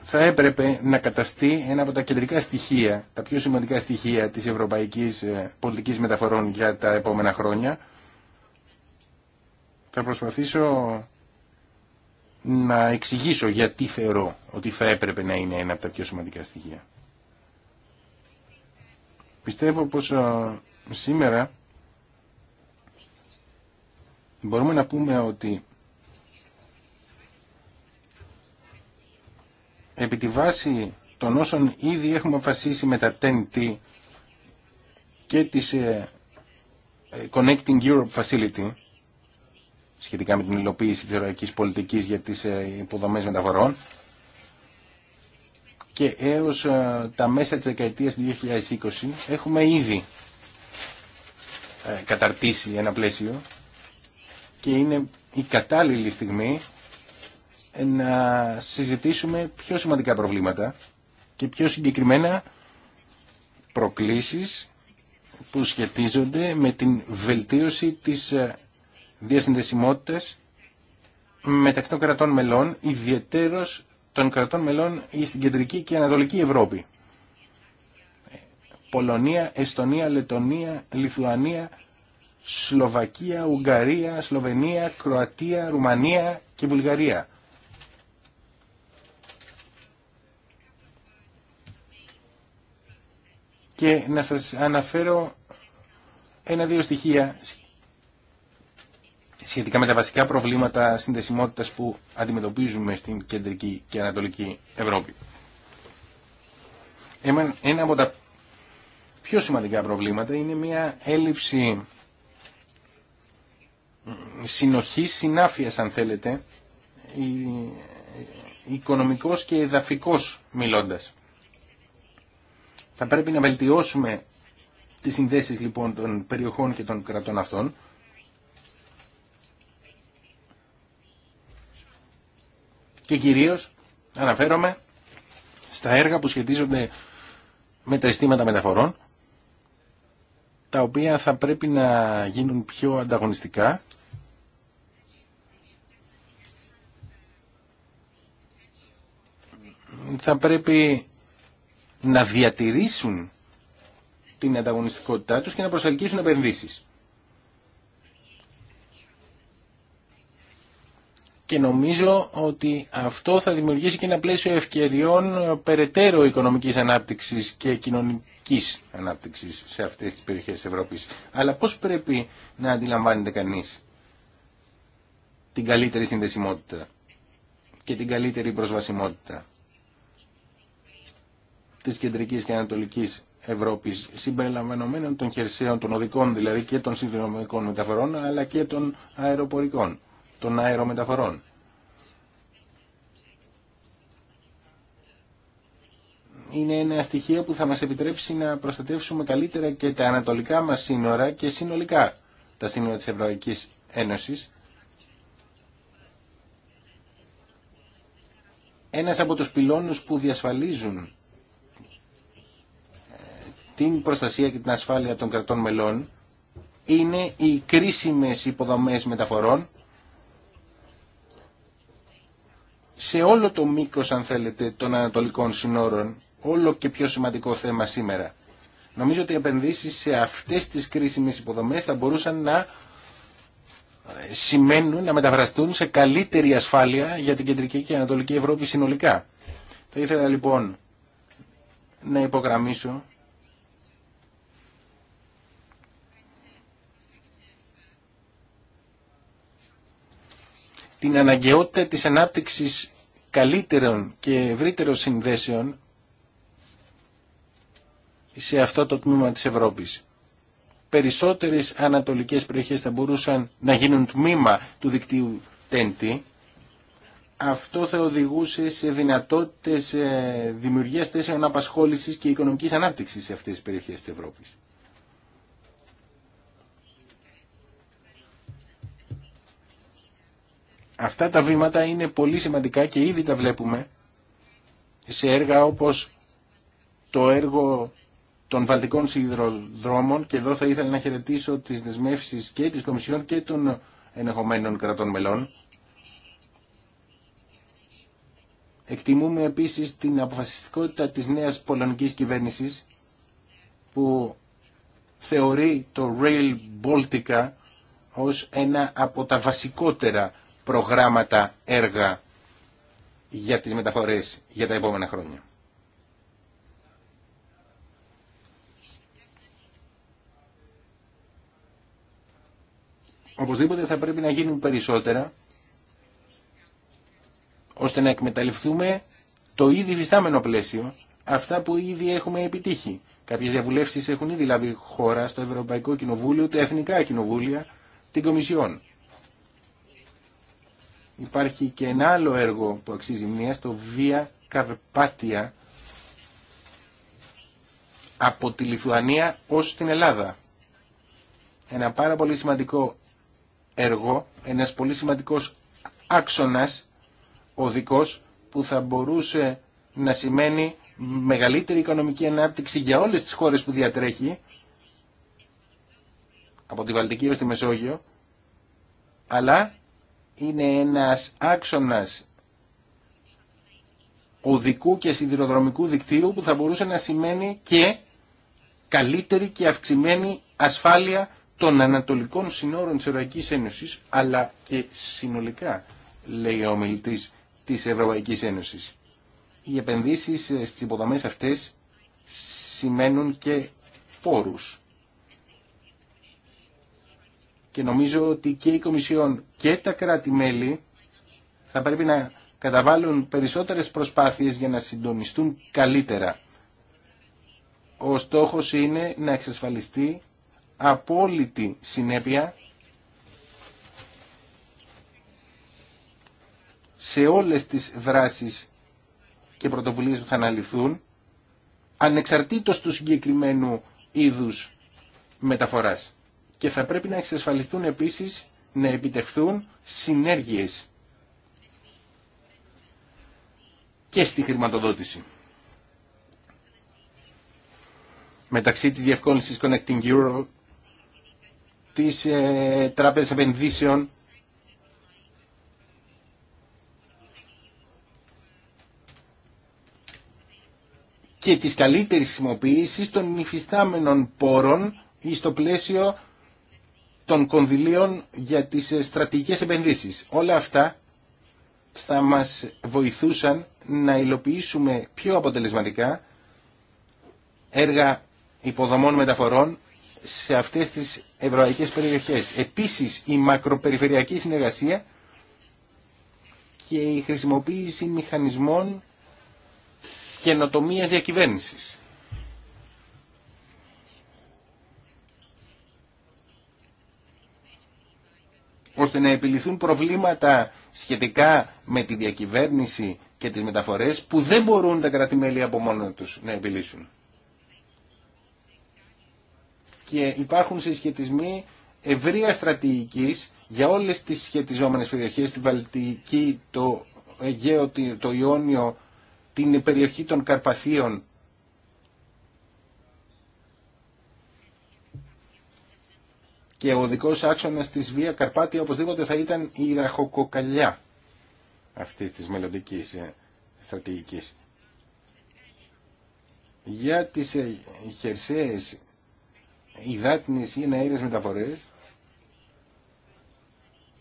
θα έπρεπε να καταστεί ένα από τα κεντρικά στοιχεία, τα πιο σημαντικά στοιχεία της ευρωπαϊκής ε, πολιτικής μεταφορών για τα επόμενα χρόνια, θα προσπαθήσω να εξηγήσω γιατί θεωρώ ότι θα έπρεπε να είναι ένα από τα πιο σημαντικά στοιχεία. Πιστεύω πως σήμερα μπορούμε να πούμε ότι επί τη βάση των όσων ήδη έχουμε αποφασίσει με τα TNT και τις ε, ε, Connecting Europe Facility σχετικά με την υλοποίηση της ευρωπαϊκής πολιτικής για τις ε, υποδομές μεταφορών και έως ε, τα μέσα της δεκαετίας του 2020 έχουμε ήδη ε, καταρτήσει ένα πλαίσιο και είναι η κατάλληλη στιγμή να συζητήσουμε πιο σημαντικά προβλήματα και πιο συγκεκριμένα προκλήσεις που σχετίζονται με την βελτίωση της διασυνδεσιμότητες μεταξύ των κρατών μελών, ιδιαιτέρως των κρατών μελών στην κεντρική και ανατολική Ευρώπη. Πολωνία, Εστονία, Λετωνία, Λιθουανία, Σλοβακία, Ουγγαρία, Σλοβενία, Κροατία, Ρουμανία και Βουλγαρία. Και να σας αναφέρω ένα-δύο στοιχεία σχετικά με τα βασικά προβλήματα συνδεσιμότητας που αντιμετωπίζουμε στην κεντρική και ανατολική Ευρώπη. Ένα από τα πιο σημαντικά προβλήματα είναι μια έλλειψη συνοχής, συνάφειας αν θέλετε, ε, οικονομικός και εδαφικός μιλώντας. Θα πρέπει να βελτιώσουμε τις συνδέσεις λοιπόν των περιοχών και των κρατών αυτών και κυρίως αναφέρομαι στα έργα που σχετίζονται με τα αισθήματα μεταφορών τα οποία θα πρέπει να γίνουν πιο ανταγωνιστικά θα πρέπει να διατηρήσουν την ανταγωνιστικότητά τους και να προσελκύσουν επενδύσεις. και νομίζω ότι αυτό θα δημιουργήσει και ένα πλαίσιο ευκαιριών ε, περαιτέρω οικονομικής ανάπτυξης και κοινωνικής ανάπτυξης σε αυτές τις περιοχές της Ευρώπης. Αλλά πώς πρέπει να αντιλαμβάνεται κανείς την καλύτερη συνδεσιμότητα και την καλύτερη προσβασιμότητα της κεντρικής και ανατολικής Ευρώπης συμπεριλαμβανομένων των χερσαίων, των οδικών δηλαδή και των συνδυνομικών μεταφορών αλλά και των αεροπορικών των αερομεταφορών. είναι ένα στοιχείο που θα μας επιτρέψει να προστατεύσουμε καλύτερα και τα ανατολικά μας σύνορα και συνολικά τα σύνορα της Ευρωπαϊκής Ένωσης. Ένας από τους πυλώνους που διασφαλίζουν ε, την προστασία και την ασφάλεια των κρατών μελών είναι οι κρίσιμες υποδομές μεταφορών σε όλο το μήκος, αν θέλετε, των ανατολικών συνόρων, όλο και πιο σημαντικό θέμα σήμερα. Νομίζω ότι οι επενδύσεις σε αυτές τις κρίσιμες υποδομές θα μπορούσαν να ε, σημαίνουν, να μεταφραστούν σε καλύτερη ασφάλεια για την κεντρική και ανατολική Ευρώπη συνολικά. Θα ήθελα λοιπόν να υπογραμμίσω την αναγκαιότητα της ανάπτυξης καλύτερων και ευρύτερων συνδέσεων σε αυτό το τμήμα της Ευρώπης. Περισσότερες ανατολικές περιοχές θα μπορούσαν να γίνουν τμήμα του δικτύου τέντη. Αυτό θα οδηγούσε σε δυνατότητες ε, δημιουργίας θέσεων απασχόλησης και οικονομικής ανάπτυξης σε αυτές τις περιοχές της Ευρώπης. Αυτά τα βήματα είναι πολύ σημαντικά και ήδη τα βλέπουμε σε έργα όπως το έργο των Βαλτικών Σιδηροδρόμων και εδώ θα ήθελα να χαιρετήσω τις δεσμεύσεις και της Κομισιόν και των ενεχομένων κρατών μελών. Εκτιμούμε επίσης την αποφασιστικότητα της νέας πολωνικής κυβέρνησης που θεωρεί το Rail Baltica ως ένα από τα βασικότερα προγράμματα, έργα για τις μεταφορές για τα επόμενα χρόνια. Οπωσδήποτε θα πρέπει να γίνουν περισσότερα ώστε να εκμεταλλευτούμε το ήδη φυστάμενο πλαίσιο, αυτά που ήδη έχουμε επιτύχει. Κάποιες διαβουλεύσεις έχουν ήδη λάβει χώρα στο Ευρωπαϊκό Κοινοβούλιο, τα Εθνικά Κοινοβούλια, την Κομισιόν. Υπάρχει και ένα άλλο έργο που αξίζει μία στο Βία Καρπάτια από τη Λιθουανία ως την Ελλάδα. Ένα πάρα πολύ σημαντικό έργο, ένας πολύ σημαντικός άξονας οδικός που θα μπορούσε να σημαίνει μεγαλύτερη οικονομική ανάπτυξη για όλες τις χώρες που διατρέχει από τη Βαλτική ως τη Μεσόγειο αλλά είναι ένας άξονας οδικού και σιδηροδρομικού δικτύου που θα μπορούσε να σημαίνει και καλύτερη και αυξημένη ασφάλεια των ανατολικών συνόρων της Ευρωπαϊκής Ένωσης αλλά και συνολικά, λέει ο μιλητής της Ευρωπαϊκής Ένωσης. Οι επενδύσεις ε, στις υποδομές αυτές σημαίνουν και πόρους και νομίζω ότι και η Κομισιόν και τα κράτη-μέλη θα πρέπει να καταβάλουν περισσότερες προσπάθειες για να συντονιστούν καλύτερα. Ο στόχος είναι να εξασφαλιστεί απόλυτη συνέπεια σε όλες τις δράσεις και πρωτοβουλίες που θα αναλυθούν, ανεξαρτήτως του συγκεκριμένου είδους μεταφοράς και θα πρέπει να εξασφαλιστούν επίσης να επιτευχθούν συνέργειες και στη χρηματοδότηση. Μεταξύ της διευκόλυνσης Connecting Europe, της ε, Τράπεζας Επενδύσεων, και της καλύτερης χρησιμοποίησης των υφιστάμενων πόρων ή στο πλαίσιο των κονδυλίων για τις ε, στρατηγικές επενδύσεις. Όλα αυτά θα μας βοηθούσαν να υλοποιήσουμε πιο αποτελεσματικά έργα υποδομών μεταφορών σε αυτές τις ευρωπαϊκές περιοχές. Επίσης η μακροπεριφερειακή συνεργασία και η χρησιμοποίηση μηχανισμών καινοτομίας διακυβέρνησης. ώστε να επιληθούν προβλήματα σχετικά με τη διακυβέρνηση και τις μεταφορές που δεν μπορούν τα κρατημέλη από μόνο τους να επιλύσουν. Και υπάρχουν συσχετισμοί ευρεία στρατηγικής για όλες τις σχετιζόμενες περιοχές, τη Βαλτική, το Αιγαίο, το Ιόνιο, την περιοχή των Καρπαθίων και ο δικό άξονας της Βία Καρπάτη οπωσδήποτε θα ήταν η ραχοκοκαλιά αυτή της μελλοντική ε, στρατηγική. Για τις ε, χερσαίε υδάτινε ή αέρες μεταφορές, η αεριε μεταφορε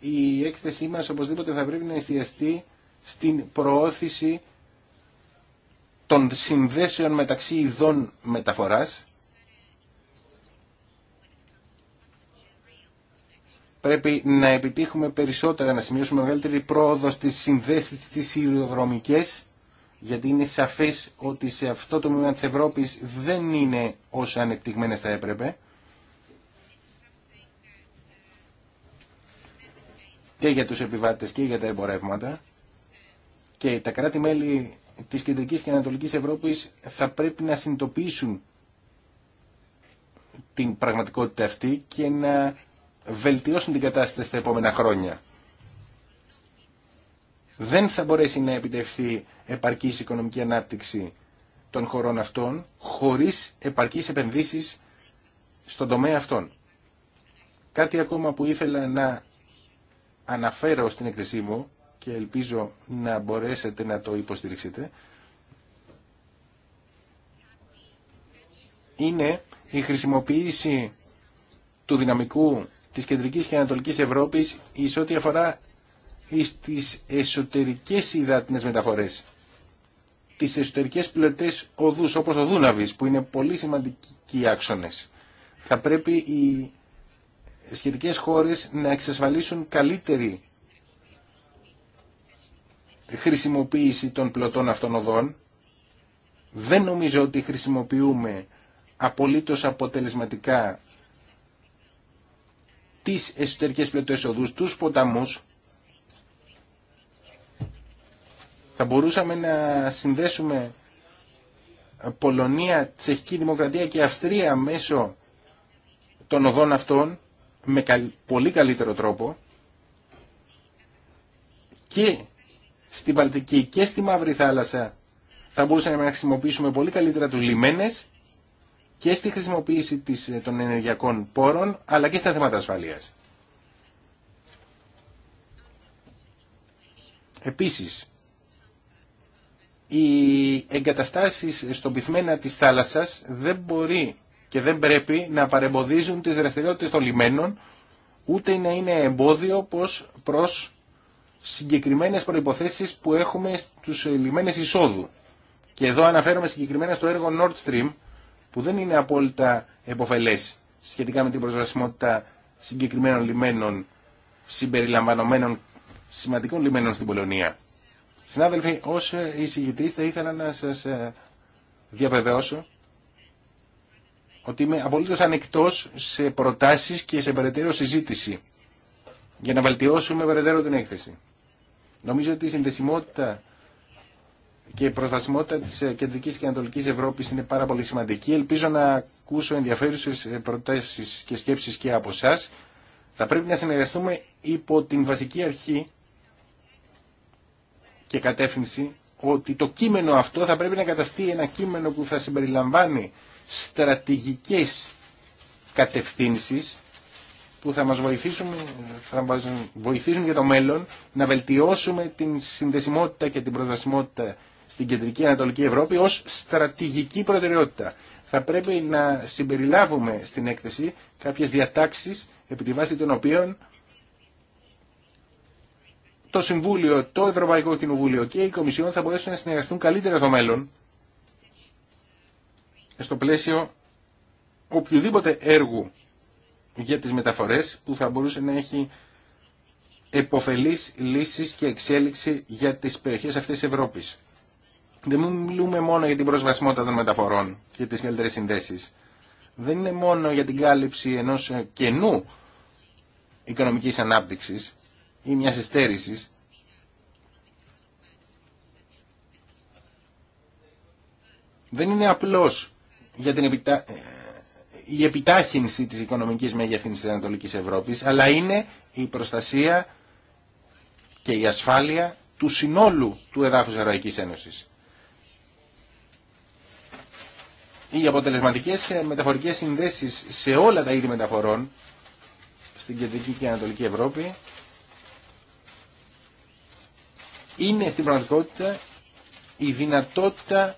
η εκθεση μας οπωσδήποτε θα πρέπει να εστιαστεί στην προώθηση των συνδέσεων μεταξύ ειδών μεταφοράς πρέπει να επιτύχουμε περισσότερα, να σημειώσουμε μεγαλύτερη πρόοδο στις συνδέσεις της υλοδρομικές, γιατί είναι σαφές ότι σε αυτό το μήμα της Ευρώπης δεν είναι όσο ανεπτυγμένες θα έπρεπε. Και για τους επιβάτες και για τα εμπορεύματα. Και τα κράτη-μέλη της Κεντρικής και Ανατολικής Ευρώπης θα πρέπει να συνειδητοποιήσουν την πραγματικότητα αυτή και να βελτιώσουν την κατάσταση στα επόμενα χρόνια. Δεν θα μπορέσει να επιτευχθεί επαρκής οικονομική ανάπτυξη των χωρών αυτών χωρίς επαρκής επενδύσεις στον τομέα αυτών. Κάτι ακόμα που ήθελα να αναφέρω στην εκθεσή μου και ελπίζω να μπορέσετε να το υποστηρίξετε είναι η χρησιμοποίηση του δυναμικού τη Κεντρική και Ανατολική Ευρώπης εις ό,τι αφορά στι εσωτερικέ υδάτινε μεταφορέ, τις εσωτερικέ πλωτέ οδούς όπως ο Δούναβη, που είναι πολύ σημαντικοί άξονες. Θα πρέπει οι σχετικέ χώρες να εξασφαλίσουν καλύτερη χρησιμοποίηση των πλωτών αυτών οδών. Δεν νομίζω ότι χρησιμοποιούμε απολύτως αποτελεσματικά τις εσωτερικές πλευρές οδούς, τους ποταμούς, θα μπορούσαμε να συνδέσουμε Πολωνία, Τσεχική Δημοκρατία και Αυστρία μέσω των οδών αυτών με πολύ καλύτερο τρόπο και στη Βαλτική και στη Μαύρη Θάλασσα θα μπορούσαμε να χρησιμοποιήσουμε πολύ καλύτερα τους λιμένες και στη χρησιμοποίηση ε, των ενεργειακών πόρων, αλλά και στα θέματα ασφαλείας. Επίσης, οι εγκαταστάσεις στον πυθμένα της θάλασσας δεν μπορεί και δεν πρέπει να παρεμποδίζουν τις δραστηριότητες των λιμένων, ούτε να είναι εμπόδιο πως προς συγκεκριμένες προϋποθέσεις που έχουμε στους ε, λιμένες εισόδου. Και εδώ αναφέρομαι συγκεκριμένα στο έργο Nord Stream, που δεν είναι απόλυτα εποφελές σχετικά με την προσβασιμότητα συγκεκριμένων λιμένων συμπεριλαμβανομένων σημαντικών λιμένων στην Πολωνία. Συνάδελφοι, ω εισηγητή, θα ήθελα να σα ε, διαβεβαιώσω ότι είμαι απολύτω ανεκτός σε προτάσεις και σε περαιτέρω συζήτηση για να βελτιώσουμε περαιτέρω την έκθεση. Νομίζω ότι η συνδεσιμότητα και η προσβασιμότητα της ε, κεντρικής και ανατολικής Ευρώπης είναι πάρα πολύ σημαντική. Ελπίζω να ακούσω ενδιαφέρουσες ε, προτάσεις και σκέψεις και από εσά. Θα πρέπει να συνεργαστούμε υπό την βασική αρχή και κατεύθυνση ότι το κείμενο αυτό θα πρέπει να καταστεί ένα κείμενο που θα συμπεριλαμβάνει στρατηγικές κατευθύνσεις που θα μας βοηθήσουν, θα μας βοηθήσουν για το μέλλον να βελτιώσουμε την συνδεσιμότητα και την προσβασιμότητα στην Κεντρική Ανατολική Ευρώπη ως στρατηγική προτεραιότητα. Θα πρέπει να συμπεριλάβουμε στην έκθεση κάποιες διατάξεις επί τη βάση των οποίων το Συμβούλιο, το Ευρωπαϊκό Κοινοβούλιο και η Κομισιόν θα μπορέσουν να συνεργαστούν καλύτερα στο μέλλον στο πλαίσιο οποιοδήποτε έργου για τις μεταφορές που θα μπορούσε να έχει εποφελείς λύσεις και εξέλιξη για τις περιοχές αυτής της Ευρώπης. Δεν μιλούμε μόνο για την προσβασιμότητα των μεταφορών και τις καλύτερε συνδέσεις. Δεν είναι μόνο για την κάλυψη ενός κενού οικονομικής ανάπτυξης ή μιας εστέρησης. Δεν είναι απλώς για την η επιτάχυνση της οικονομικής μεγεθύνσης της Ανατολικής Ευρώπης, αλλά είναι η προστασία και η ασφάλεια του συνόλου του εδάφους Ευρωπαϊκής Ένωσης. οι αποτελεσματικέ ε, μεταφορικές συνδέσει σε όλα τα είδη μεταφορών στην Κεντρική και Ανατολική Ευρώπη είναι στην πραγματικότητα η δυνατότητα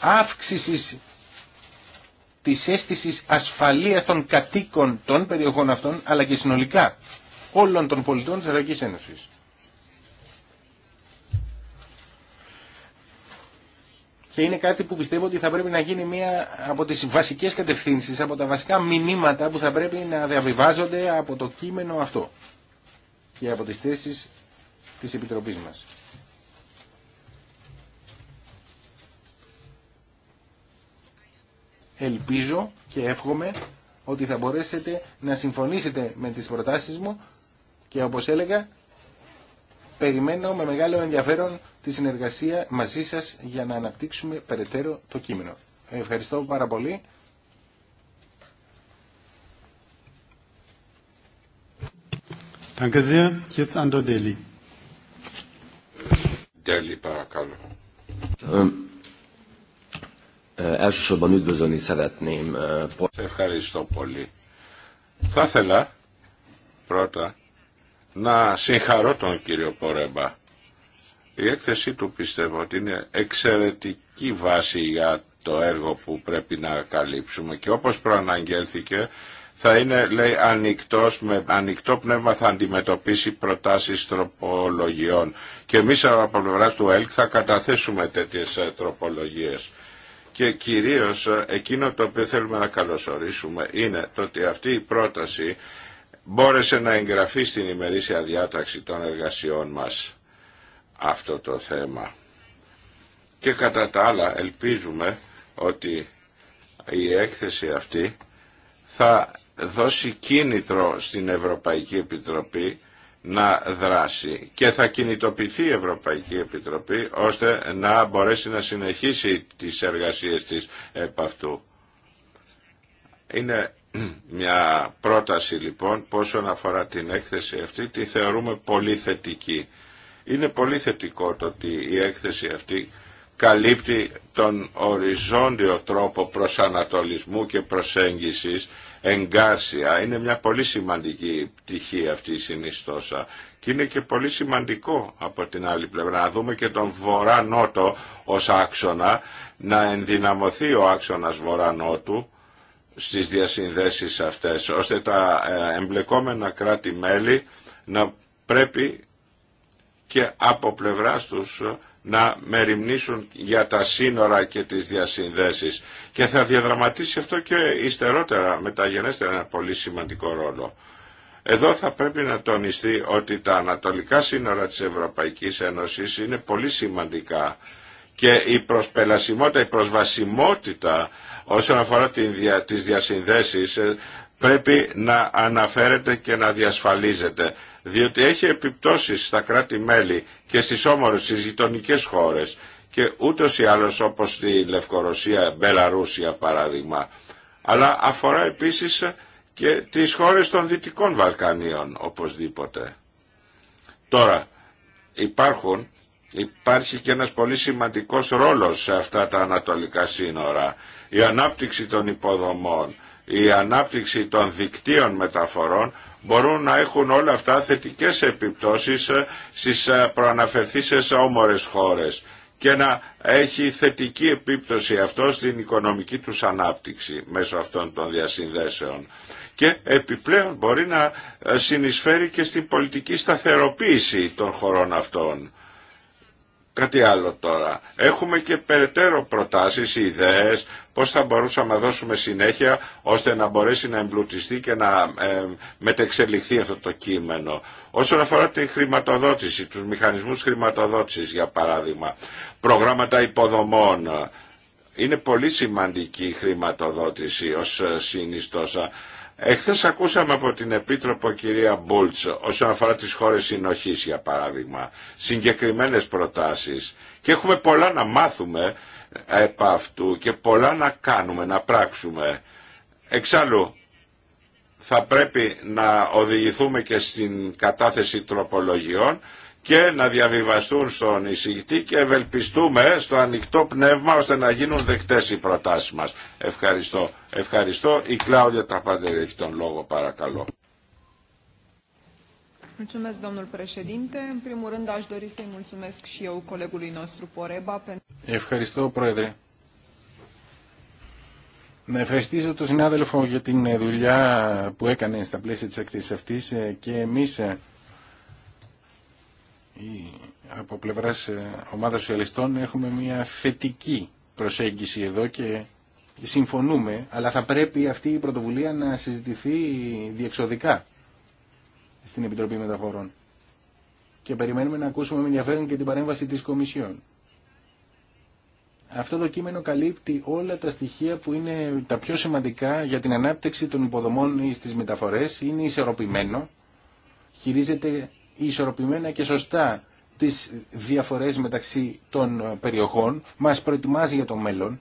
αύξησης της αίσθησης ασφαλείας των κατοίκων των περιοχών αυτών αλλά και συνολικά όλων των πολιτών της Ευρωπαϊκής Ένωσης. Και είναι κάτι που πιστεύω ότι θα πρέπει να γίνει μία από τις βασικές κατευθύνσεις, από τα βασικά μηνύματα που θα πρέπει να διαβιβάζονται από το κείμενο αυτό και από τις θέσεις της Επιτροπής μας. Ελπίζω και εύχομαι ότι θα μπορέσετε να συμφωνήσετε με τις προτάσεις μου και όπως έλεγα περιμένω με μεγάλο ενδιαφέρον τη συνεργασία μαζί σας για να αναπτύξουμε περαιτέρω το κείμενο. Ευχαριστώ πάρα πολύ. Ευχαριστώ πολύ. Θα ήθελα πρώτα να συγχαρώ τον κύριο Πορέμπα η έκθεσή του πιστεύω ότι είναι εξαιρετική βάση για το έργο που πρέπει να καλύψουμε και όπως προαναγγέλθηκε θα είναι λέει ανοιχτός, με ανοιχτό πνεύμα θα αντιμετωπίσει προτάσεις τροπολογιών και εμείς από πλευρά του ΕΛΚ θα καταθέσουμε τέτοιες ε, τροπολογίες και κυρίως ε, εκείνο το οποίο θέλουμε να καλωσορίσουμε είναι το ότι αυτή η πρόταση μπόρεσε να εγγραφεί στην ημερήσια διάταξη των εργασιών μας αυτό το θέμα. Και κατά τα άλλα ελπίζουμε ότι η έκθεση αυτή θα δώσει κίνητρο στην Ευρωπαϊκή Επιτροπή να δράσει και θα κινητοποιηθεί η Ευρωπαϊκή Επιτροπή ώστε να μπορέσει να συνεχίσει τις εργασίες της επ' αυτού. Είναι μια πρόταση λοιπόν πόσον αφορά την έκθεση αυτή τη θεωρούμε πολύ θετική. Είναι πολύ θετικό το ότι η έκθεση αυτή καλύπτει τον οριζόντιο τρόπο προσανατολισμού και προσέγγισης εγκάρσια. Είναι μια πολύ σημαντική πτυχή αυτή η συνιστόσα. Και είναι και πολύ σημαντικό από την άλλη πλευρά να δούμε και τον βορρά-νότο ως άξονα, να ενδυναμωθεί ο άξονας βορρά-νότου στις διασυνδέσεις αυτές, ώστε τα ε, εμπλεκόμενα κράτη-μέλη να πρέπει και από πλευρά τους να μεριμνήσουν για τα σύνορα και τις διασυνδέσεις. Και θα διαδραματίσει αυτό και υστερότερα, μεταγενέστερα, ένα πολύ σημαντικό ρόλο. Εδώ θα πρέπει να τονιστεί ότι τα ανατολικά σύνορα της Ευρωπαϊκής Ένωσης είναι πολύ σημαντικά και η προσπελασιμότητα, η προσβασιμότητα όσον αφορά τις διασυνδέσεις ε, πρέπει να αναφέρεται και να διασφαλίζεται διότι έχει επιπτώσεις στα κράτη-μέλη και στις όμορες, στις γειτονικές χώρες και ούτως ή άλλως όπως στη Λευκορωσία, Μπελαρούσια παράδειγμα. Αλλά αφορά επίσης και τις χώρες των Δυτικών Βαλκανίων οπωσδήποτε. Τώρα υπάρχουν, υπάρχει και ένας πολύ σημαντικός ρόλος σε αυτά τα ανατολικά σύνορα. Η ανάπτυξη των υποδομών, η ανάπτυξη των δικτύων μεταφορών μπορούν να έχουν όλα αυτά θετικές επιπτώσεις ε, στις ε, προαναφερθήσεις όμορες χώρες και να έχει θετική επίπτωση αυτό στην οικονομική τους ανάπτυξη μέσω αυτών των διασυνδέσεων. Και επιπλέον μπορεί να ε, συνεισφέρει και στην πολιτική σταθεροποίηση των χωρών αυτών. Κάτι άλλο τώρα. Έχουμε και περαιτέρω προτάσεις, ιδέες, πώς θα μπορούσαμε να δώσουμε συνέχεια ώστε να μπορέσει να εμπλουτιστεί και να ε, μετεξελιχθεί αυτό το κείμενο. Όσον αφορά τη χρηματοδότηση, τους μηχανισμούς χρηματοδότησης για παράδειγμα, προγράμματα υποδομών, είναι πολύ σημαντική η χρηματοδότηση ως συνιστόσα Εχθές ακούσαμε από την Επίτροπο κυρία Μπούλτς όσον αφορά τις χώρες συνοχής για παράδειγμα, συγκεκριμένες προτάσεις και έχουμε πολλά να μάθουμε επ' αυτού και πολλά να κάνουμε, να πράξουμε. Εξάλλου θα πρέπει να οδηγηθούμε και στην κατάθεση τροπολογιών και να διαβιβαστούν στον εισηγητή και ευελπιστούμε στο ανοιχτό πνεύμα ώστε να γίνουν δεκτές οι προτάσεις μας. Ευχαριστώ. Ευχαριστώ. Η Κλάουδια Ταπάντερ έχει τον λόγο παρακαλώ. Ευχαριστώ Πρόεδρε. Να ευχαριστήσω τον συνάδελφο για την δουλειά που έκανε στα πλαίσια της ακτής αυτής ε, και εμείς ε, από πλευράς ε, ομάδας σοσιαλιστών έχουμε μια θετική προσέγγιση εδώ και συμφωνούμε, αλλά θα πρέπει αυτή η πρωτοβουλία να συζητηθεί διεξοδικά στην Επιτροπή Μεταφορών. Και περιμένουμε να ακούσουμε με ενδιαφέρον και την παρέμβαση της Κομισιόν. Αυτό το κείμενο καλύπτει όλα τα στοιχεία που είναι τα πιο σημαντικά για την ανάπτυξη των υποδομών στις μεταφορές. Είναι ισορροπημένο, χειρίζεται ισορροπημένα και σωστά τις διαφορές μεταξύ των περιοχών, μας προετοιμάζει για το μέλλον.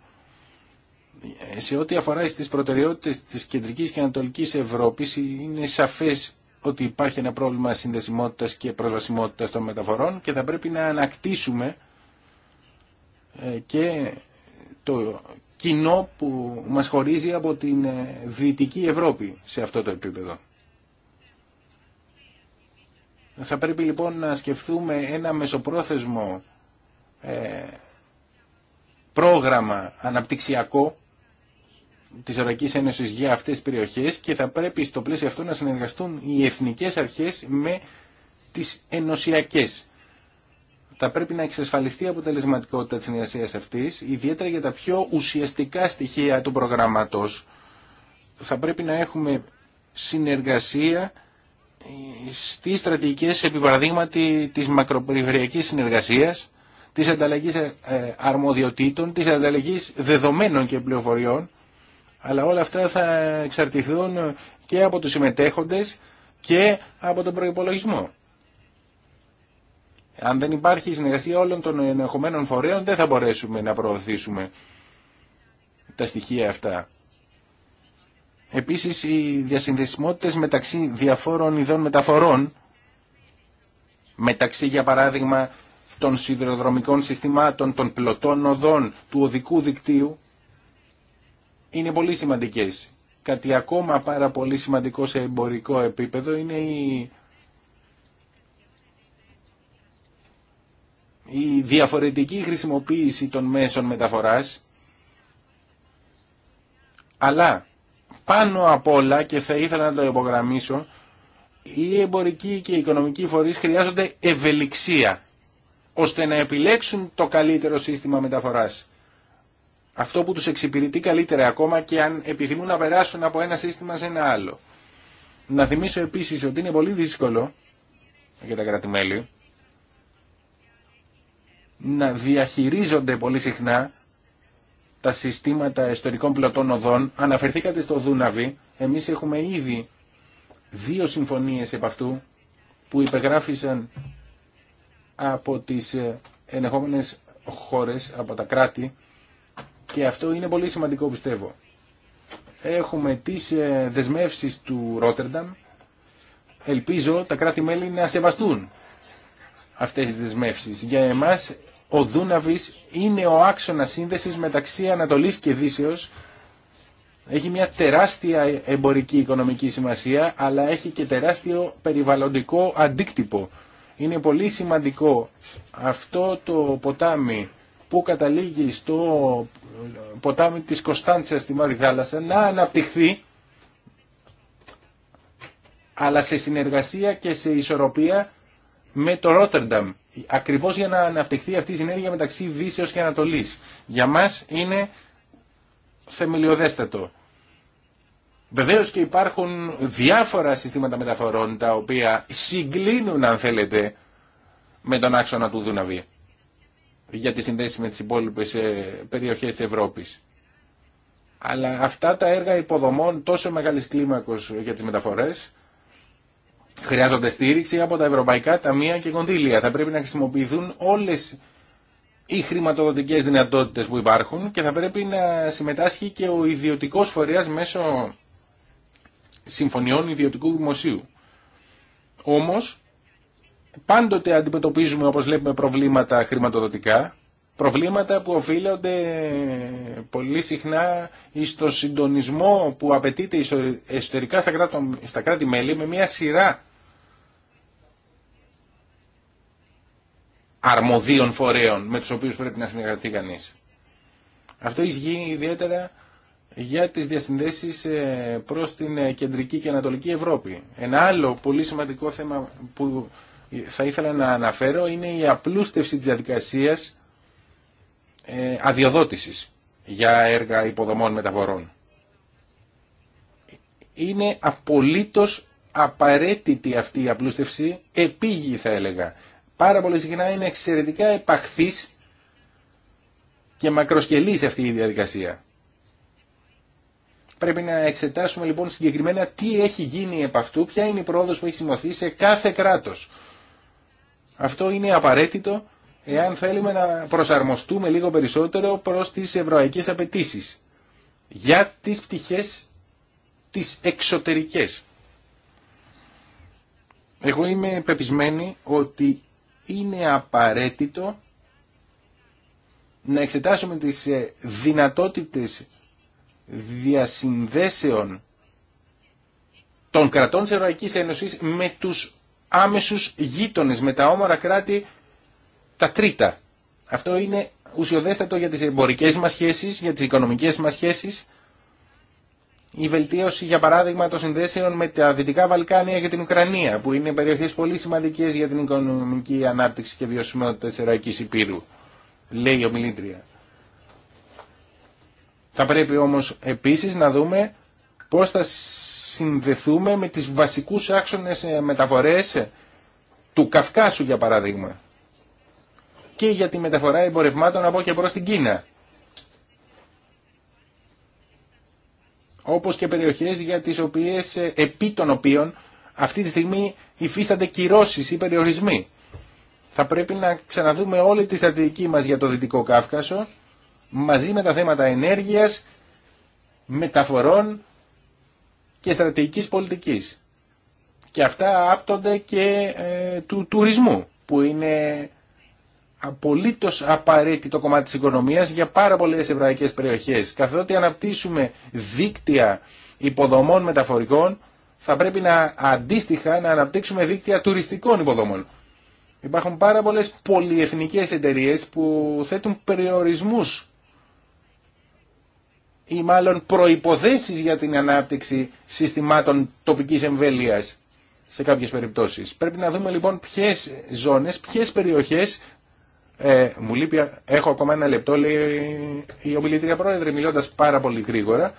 Σε ό,τι αφορά στις προτεραιότητες της κεντρικής και ανατολικής Ευρώπης είναι σαφές ότι υπάρχει ένα πρόβλημα συνδεσιμότητας και προσβασιμότητας των μεταφορών και θα πρέπει να ανακτήσουμε ε, και το κοινό που μας χωρίζει από την ε, Δυτική Ευρώπη σε αυτό το επίπεδο. Θα πρέπει λοιπόν να σκεφτούμε ένα μεσοπρόθεσμο ε, πρόγραμμα αναπτυξιακό της Ευρωπαϊκής Ένωσης για αυτές τις περιοχές και θα πρέπει στο πλαίσιο αυτό να συνεργαστούν οι εθνικές αρχές με τις ενωσιακές. Θα πρέπει να εξασφαλιστεί η αποτελεσματικότητα της συνεργασίας αυτής, ιδιαίτερα για τα πιο ουσιαστικά στοιχεία του προγράμματος. Θα πρέπει να έχουμε συνεργασία στις στρατηγικές επιπαραδείγματι της μακροπεριφερειακής συνεργασίας, της ανταλλαγής ε, ε, αρμοδιοτήτων, της ανταλλαγής δεδομένων και πληροφοριών, αλλά όλα αυτά θα εξαρτηθούν και από τους συμμετέχοντες και από τον προϋπολογισμό. Αν δεν υπάρχει συνεργασία όλων των ενεχομένων φορέων δεν θα μπορέσουμε να προωθήσουμε τα στοιχεία αυτά. Επίσης οι διασυνδεσιμότητες μεταξύ διαφόρων ειδών μεταφορών, μεταξύ για παράδειγμα των σιδηροδρομικών συστημάτων, των πλωτών οδών, του οδικού δικτύου, είναι πολύ σημαντικές. Κάτι ακόμα πάρα πολύ σημαντικό σε εμπορικό επίπεδο είναι η, η διαφορετική χρησιμοποίηση των μέσων μεταφοράς, αλλά πάνω απ' όλα και θα ήθελα να το υπογραμμίσω οι εμπορικοί και οι οικονομικοί φορείς χρειάζονται ευελιξία ώστε να επιλέξουν το καλύτερο σύστημα μεταφοράς. Αυτό που τους εξυπηρετεί καλύτερα ακόμα και αν επιθυμούν να περάσουν από ένα σύστημα σε ένα άλλο. Να θυμίσω επίσης ότι είναι πολύ δύσκολο για τα κρατημέλη να διαχειρίζονται πολύ συχνά τα συστήματα ιστορικών πλωτών οδών. Αναφερθήκατε στο Δούναβι. Εμείς έχουμε ήδη δύο συμφωνίες επ' αυτού που υπεγράφησαν από τις ε, ενεχόμενες χώρες, από τα κράτη και αυτό είναι πολύ σημαντικό πιστεύω. Έχουμε τις ε, δεσμεύσεις του Ρότερνταμ. Ελπίζω τα κράτη-μέλη να σεβαστούν αυτές τις δεσμεύσεις. Για εμάς ο Δούναβης είναι ο άξονα σύνδεσης μεταξύ Ανατολής και Δύσεως. Έχει μια τεράστια εμπορική οικονομική σημασία, αλλά έχει και τεράστιο περιβαλλοντικό αντίκτυπο. Είναι πολύ σημαντικό αυτό το ποτάμι που καταλήγει στο ποτάμι της Κωνσταντσίας στη Μαύρη Θάλασσα να αναπτυχθεί αλλά σε συνεργασία και σε ισορροπία με το Ρότερνταμ ακριβώς για να αναπτυχθεί αυτή η συνέργεια μεταξύ Δύσεως και Ανατολής. Για μας είναι θεμελιωδέστατο. Βεβαίω και υπάρχουν διάφορα συστήματα μεταφορών τα οποία συγκλίνουν αν θέλετε με τον άξονα του Δούναβη για τη συνδέση με τις υπόλοιπες ε, περιοχές της Ευρώπης. Αλλά αυτά τα έργα υποδομών τόσο μεγάλης κλίμακος για τις μεταφορές Χρειάζονται στήριξη από τα ευρωπαϊκά ταμεία και κονδύλια. Θα πρέπει να χρησιμοποιηθούν όλες οι χρηματοδοτικέ δυνατότητες που υπάρχουν και θα πρέπει να συμμετάσχει και ο ιδιωτικό φορέας μέσω συμφωνιών ιδιωτικού δημοσίου. Όμως, πάντοτε αντιμετωπίζουμε, όπως λέμε, προβλήματα χρηματοδοτικά, προβλήματα που οφείλονται πολύ συχνά στο συντονισμό που απαιτείται εσωτερικά στα κράτη-μέλη με μια σειρά αρμοδίων φορέων με τους οποίους πρέπει να συνεργαστεί κανείς. Αυτό ισχύει ιδιαίτερα για τις διασυνδέσεις ε, προς την ε, κεντρική και ανατολική Ευρώπη. Ένα άλλο πολύ σημαντικό θέμα που θα ήθελα να αναφέρω είναι η απλούστευση της διαδικασίας ε, αδειοδότησης για έργα υποδομών μεταφορών. Είναι απολύτως απαραίτητη αυτή η απλούστευση, επίγει θα έλεγα, πάρα πολύ συχνά είναι εξαιρετικά επαχθής και μακροσκελής αυτή η διαδικασία. Πρέπει να εξετάσουμε λοιπόν συγκεκριμένα τι έχει γίνει επ' αυτού, ποια είναι η πρόοδος που έχει σημωθεί σε κάθε κράτος. Αυτό είναι απαραίτητο εάν θέλουμε να προσαρμοστούμε λίγο περισσότερο προς τις ευρωαϊκές απαιτήσει για τις πτυχές τις εξωτερικές. Εγώ είμαι πεπισμένη ότι είναι απαραίτητο να εξετάσουμε τις ε, δυνατότητες διασυνδέσεων των κρατών της Ευρωπαϊκής Ένωσης με τους άμεσους γείτονες, με τα όμορα κράτη τα τρίτα. Αυτό είναι ουσιοδέστατο για τις εμπορικές μας σχέσεις, για τις οικονομικές μας σχέσεις η βελτίωση για παράδειγμα των συνδέσεων με τα Δυτικά Βαλκάνια και την Ουκρανία που είναι περιοχέ πολύ σημαντικέ για την οικονομική ανάπτυξη και βιωσιμότητα τη Ευρωπαϊκή Υπήρου λέει ο Μιλήτρια. Θα πρέπει όμως επίσης να δούμε πώς θα συνδεθούμε με τις βασικούς άξονες ε, μεταφορές του Καυκάσου για παράδειγμα και για τη μεταφορά εμπορευμάτων από και προς την Κίνα όπως και περιοχές για τις οποίες, ε, επί των οποίων αυτή τη στιγμή υφίστανται κυρώσεις ή περιορισμοί. Θα πρέπει να ξαναδούμε όλη τη στρατηγική μας για το Δυτικό Κάφκασο, μαζί με τα θέματα ενέργειας, μεταφορών και στρατηγικής πολιτικής. Και αυτά άπτονται και ε, του τουρισμού, που είναι απολύτως απαραίτητο κομμάτι της οικονομίας για πάρα πολλές ευρωπαϊκές περιοχές. Καθότι αναπτύσσουμε δίκτυα υποδομών μεταφορικών, θα πρέπει να αντίστοιχα να αναπτύξουμε δίκτυα τουριστικών υποδομών. Υπάρχουν πάρα πολλές πολυεθνικές εταιρείες που θέτουν περιορισμούς ή μάλλον προϋποθέσεις για την ανάπτυξη συστημάτων τοπικής εμβέλειας σε κάποιες περιπτώσεις. Πρέπει να δούμε λοιπόν ποιες ζώνες, ποιες περιοχές ε, μου λείπει, έχω ακόμα ένα λεπτό, λέει η ομιλητρία πρόεδρε, μιλώντα πάρα πολύ γρήγορα.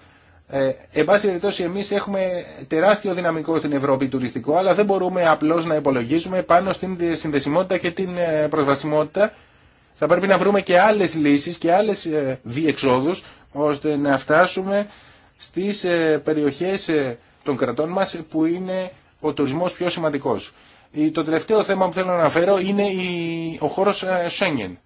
Ε, εν πάση εμεί έχουμε τεράστιο δυναμικό στην Ευρώπη τουριστικό, αλλά δεν μπορούμε απλώ να υπολογίζουμε πάνω στην συνδεσιμότητα και την ε, προσβασιμότητα. Θα πρέπει να βρούμε και άλλε λύσει και άλλε διεξόδου, ώστε να φτάσουμε στι ε, περιοχέ ε, των κρατών μα που είναι ο τουρισμό πιο σημαντικό. Το τελευταίο θέμα που θέλω να αναφέρω είναι ο χώρος ε, Σέγγεν.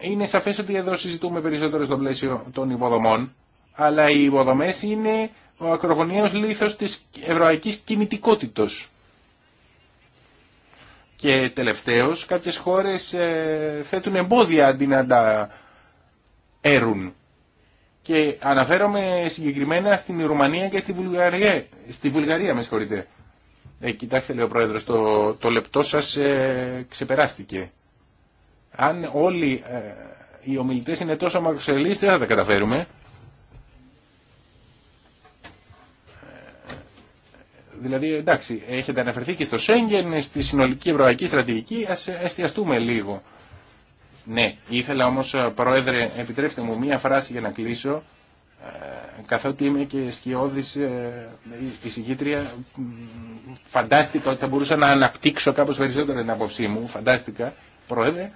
Είναι σαφές ότι εδώ συζητούμε περισσότερο στο πλαίσιο των υποδομών, αλλά οι υποδομές είναι ο ακρογωνιαίος λίθος της ευρωαϊκής κινητικότητος. Και τελευταίος, κάποιες χώρες ε, θέτουν εμπόδια αντί να τα έρουν. Και αναφέρομαι συγκεκριμένα στην Ρουμανία και στη Βουλγαρία, στη Βουλγαρία με συγχωρείτε, ε, κοιτάξτε, λέει ο Πρόεδρο, το, το λεπτό σα ε, ξεπεράστηκε. Αν όλοι ε, οι ομιλητές είναι τόσο μακροσελεί, δεν θα τα καταφέρουμε. Ε, δηλαδή, εντάξει, έχετε αναφερθεί και στο Σέγγεν, στη συνολική ευρωπαϊκή στρατηγική, ας εστιαστούμε λίγο. Ναι, ήθελα όμως, Πρόεδρε, επιτρέψτε μου μία φράση για να κλείσω. Ε, καθότι είμαι και σκιώδης ε, εισηγήτρια φαντάστηκα ότι θα μπορούσα να αναπτύξω κάπως περισσότερο την απόψή μου φαντάστηκα πρόεδρε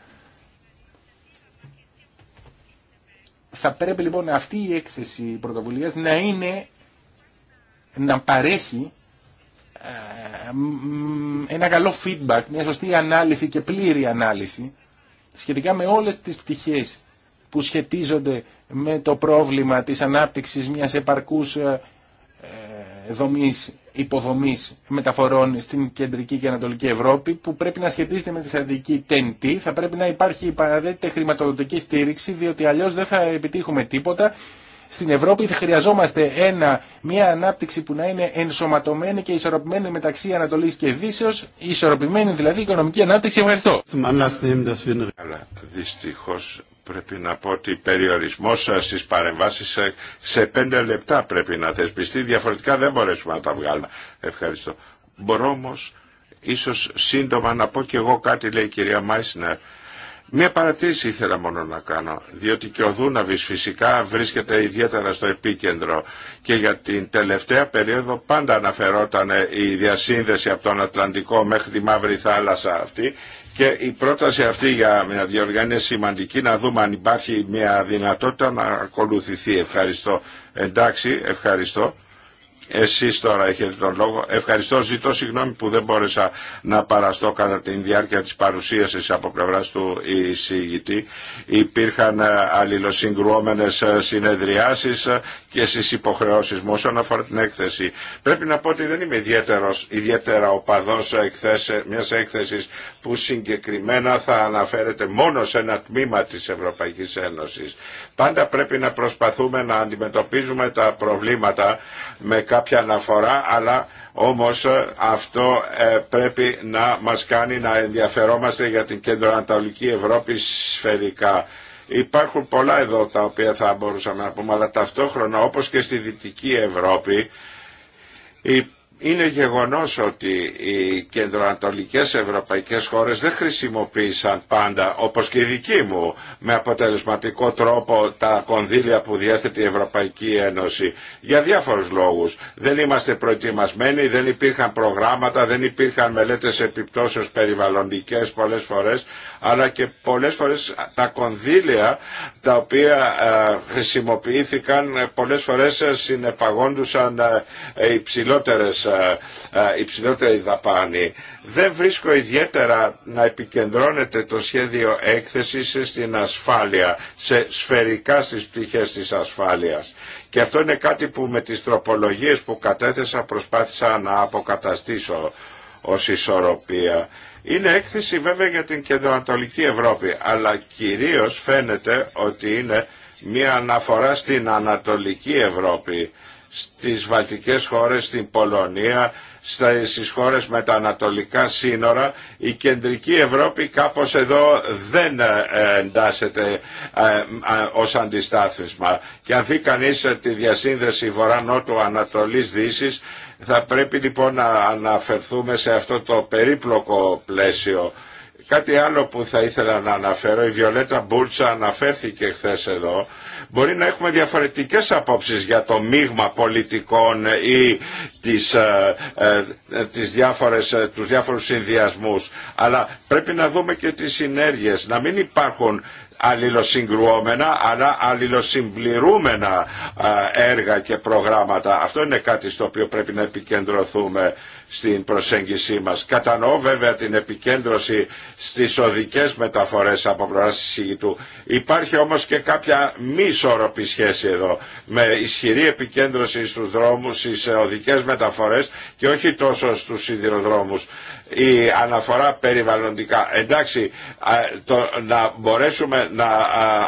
θα πρέπει λοιπόν αυτή η έκθεση πρωτοβουλίας να είναι να παρέχει ε, ένα καλό feedback, μια σωστή ανάλυση και πλήρη ανάλυση σχετικά με όλες τις πτυχές που σχετίζονται με το πρόβλημα της ανάπτυξης μιας επαρκούς ε, ε, δομής, υποδομής μεταφορών στην κεντρική και ανατολική Ευρώπη που πρέπει να σχετίζεται με τη στρατηγική TNT. Θα πρέπει να υπάρχει η χρηματοδοτική στήριξη διότι αλλιώς δεν θα επιτύχουμε τίποτα. Στην Ευρώπη χρειαζόμαστε ένα, μια ανάπτυξη που να είναι ενσωματωμένη και ισορροπημένη μεταξύ Ανατολής και Δύσεως, ισορροπημένη δηλαδή οικονομική ανάπτυξη. Ευχαριστώ. Αλλά δυστυχώς Πρέπει να πω ότι περιορισμό ε, στις παρεμβάσεις ε, σε, πέντε λεπτά πρέπει να θεσπιστεί, διαφορετικά δεν μπορέσουμε να τα βγάλουμε. Ευχαριστώ. Μπορώ όμω ίσως σύντομα να πω και εγώ κάτι, λέει η κυρία Μάισνερ, Μία παρατήρηση ήθελα μόνο να κάνω, διότι και ο Δούναβης φυσικά βρίσκεται ιδιαίτερα στο επίκεντρο και για την τελευταία περίοδο πάντα αναφερόταν η διασύνδεση από τον Ατλαντικό μέχρι τη Μαύρη Θάλασσα αυτή και η πρόταση αυτή για μια διοργάνωση είναι σημαντική να δούμε αν υπάρχει μια δυνατότητα να ακολουθηθεί. Ευχαριστώ. Εντάξει, ευχαριστώ. Εσεί τώρα έχετε τον λόγο. Ευχαριστώ. Ζητώ συγγνώμη που δεν μπόρεσα να παραστώ κατά τη διάρκεια τη παρουσίαση από πλευρά του εισηγητή. Υπήρχαν ε, αλληλοσυγκρουόμενε ε, συνεδριάσει ε, και στι υποχρεώσει μου όσον αφορά την έκθεση. Πρέπει να πω ότι δεν είμαι ιδιαίτερος, ιδιαίτερα οπαδό μια έκθεση που συγκεκριμένα θα αναφέρεται μόνο σε ένα τμήμα της Ευρωπαϊκής Ένωσης. Πάντα πρέπει να προσπαθούμε να αντιμετωπίζουμε τα προβλήματα με κάποια αναφορά, αλλά όμως ε, αυτό ε, πρέπει να μας κάνει να ενδιαφερόμαστε για την κεντροανατολική Ευρώπη σφαιρικά. Υπάρχουν πολλά εδώ τα οποία θα μπορούσαμε να πούμε, αλλά ταυτόχρονα όπως και στη Δυτική Ευρώπη είναι γεγονός ότι οι κεντροανατολικές ευρωπαϊκές χώρες δεν χρησιμοποίησαν πάντα, όπως και η δική μου, με αποτελεσματικό τρόπο τα κονδύλια που διέθετε η Ευρωπαϊκή Ένωση. Για διάφορους λόγους. Δεν είμαστε προετοιμασμένοι, δεν υπήρχαν προγράμματα, δεν υπήρχαν μελέτες επιπτώσεως περιβαλλοντικές πολλές φορές, αλλά και πολλές φορές τα κονδύλια τα οποία ε, χρησιμοποιήθηκαν ε, πολλές φορές ε, συνεπαγόντουσαν υψηλότερες, υψηλότερη δαπάνη. Δεν βρίσκω ιδιαίτερα να επικεντρώνεται το σχέδιο έκθεσης στην ασφάλεια, σε σφαιρικά στις πτυχές της ασφάλειας. Και αυτό είναι κάτι που με τις τροπολογίες που κατέθεσα προσπάθησα να αποκαταστήσω ως ισορροπία είναι έκθεση βέβαια για την κεντροανατολική Ευρώπη, αλλά κυρίως φαίνεται ότι είναι μια αναφορά στην Ανατολική Ευρώπη, στις Βαλτικές χώρες, στην Πολωνία, στις χώρες με τα ανατολικά σύνορα. Η κεντρική Ευρώπη κάπως εδώ δεν ε, εντάσσεται ε, ως αντιστάθμισμα. Και αν δει κανείς ε, τη διασύνδεση βορρά-νότου-ανατολής-δύσης, θα πρέπει λοιπόν να αναφερθούμε σε αυτό το περίπλοκο πλαίσιο. Κάτι άλλο που θα ήθελα να αναφέρω, η Βιολέτα Μπούλτσα αναφέρθηκε χθε εδώ, μπορεί να έχουμε διαφορετικές απόψεις για το μείγμα πολιτικών ή τις, ε, ε, τις διάφορες, ε, τους διάφορους συνδυασμούς. Αλλά πρέπει να δούμε και τις συνέργειες, να μην υπάρχουν αλληλοσυγκρουόμενα αλλά αλληλοσυμπληρούμενα έργα και προγράμματα. Αυτό είναι κάτι στο οποίο πρέπει να επικεντρωθούμε στην προσέγγισή μας. Κατανοώ βέβαια την επικέντρωση στις οδικές μεταφορές από πλευράς του. Υπάρχει όμως και κάποια μη σώροπη σχέση εδώ με ισχυρή επικέντρωση στους δρόμους, στις οδικές μεταφορές και όχι τόσο στους σιδηροδρόμους η αναφορά περιβαλλοντικά. Εντάξει, να μπορέσουμε να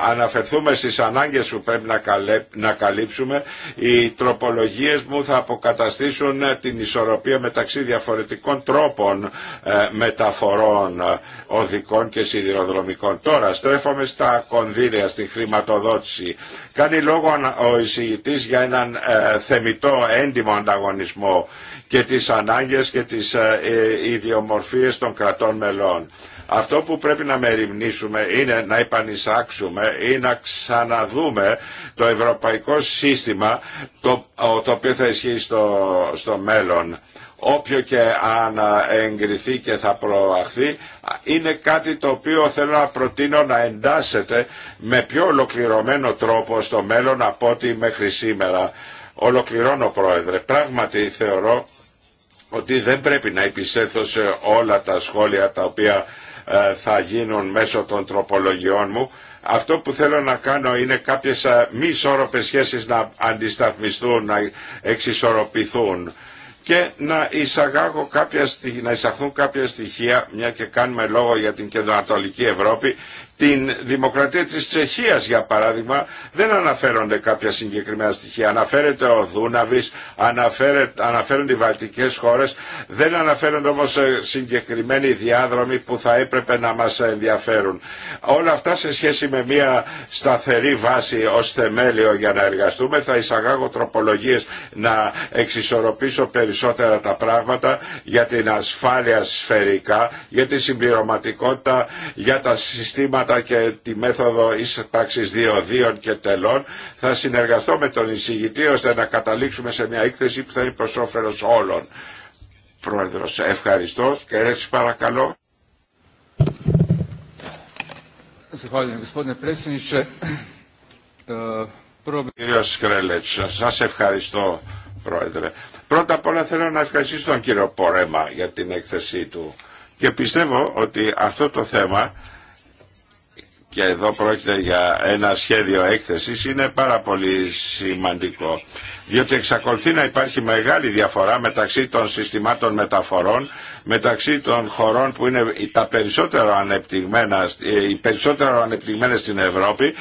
αναφερθούμε στις ανάγκες που πρέπει να, να καλύψουμε, οι τροπολογίες μου θα αποκαταστήσουν ε, την ισορροπία μεταξύ διαφορετικών τρόπων ε, μεταφορών ε, οδικών και σιδηροδρομικών. Τώρα στρέφομαι στα κονδύλια, στη χρηματοδότηση. Κάνει λόγο ο εισηγητής για έναν ε, θεμητό έντιμο ανταγωνισμό και τις ανάγκες και τις ε, ε, ιδιομορφίες των κρατών μελών. Αυτό που πρέπει να μεριμνήσουμε είναι να επανεισάξουμε ή να ξαναδούμε το ευρωπαϊκό σύστημα το, το οποίο θα ισχύει στο μέλλον όποιο και αν εγκριθεί και θα προαχθεί είναι κάτι το οποίο θέλω να προτείνω να εντάσσεται με πιο ολοκληρωμένο τρόπο στο μέλλον από ό,τι μέχρι σήμερα. Ολοκληρώνω πρόεδρε. Πράγματι θεωρώ ότι δεν πρέπει να επισέλθω σε όλα τα σχόλια τα οποία ε, θα γίνουν μέσω των τροπολογιών μου. Αυτό που θέλω να κάνω είναι κάποιες ε, μη σχέσεις να αντισταθμιστούν, να εξισορροπηθούν και να, εισαγάγω κάποια, να εισαχθούν κάποια στοιχεία, μια και κάνουμε λόγο για την κεντροανατολική Ευρώπη, την δημοκρατία της Τσεχίας για παράδειγμα δεν αναφέρονται κάποια συγκεκριμένα στοιχεία. Αναφέρεται ο Δούναβης, αναφέρονται οι βαλτικές χώρες, δεν αναφέρονται όμως ε, συγκεκριμένοι διάδρομοι που θα έπρεπε να μας ενδιαφέρουν. Όλα αυτά σε σχέση με μια σταθερή βάση ως θεμέλιο για να εργαστούμε θα εισαγάγω τροπολογίες να εξισορροπήσω περισσότερα τα πράγματα για την ασφάλεια σφαιρικά, για τη συμπληρωματικότητα, για τα συστήματα και τη μέθοδο εισπάξης διοδίων και τελών. Θα συνεργαστώ με τον εισηγητή ώστε να καταλήξουμε σε μια έκθεση που θα είναι προς όφελος όλων. Πρόεδρος, ευχαριστώ και έτσι παρακαλώ. Ε, κύριο Σκρέλετς, σας ευχαριστώ Πρόεδρε. Πρώτα απ' όλα θέλω να ευχαριστήσω τον κύριο Πορέμα για την έκθεσή του και πιστεύω ότι αυτό το θέμα και εδώ πρόκειται για ένα σχέδιο έκθεσης είναι πάρα πολύ σημαντικό διότι εξακολουθεί να υπάρχει μεγάλη διαφορά μεταξύ των συστημάτων μεταφορών, μεταξύ των χωρών που είναι τα περισσότερο ανεπτυγμένα, ε, οι περισσότερο ανεπτυγμένες στην Ευρώπη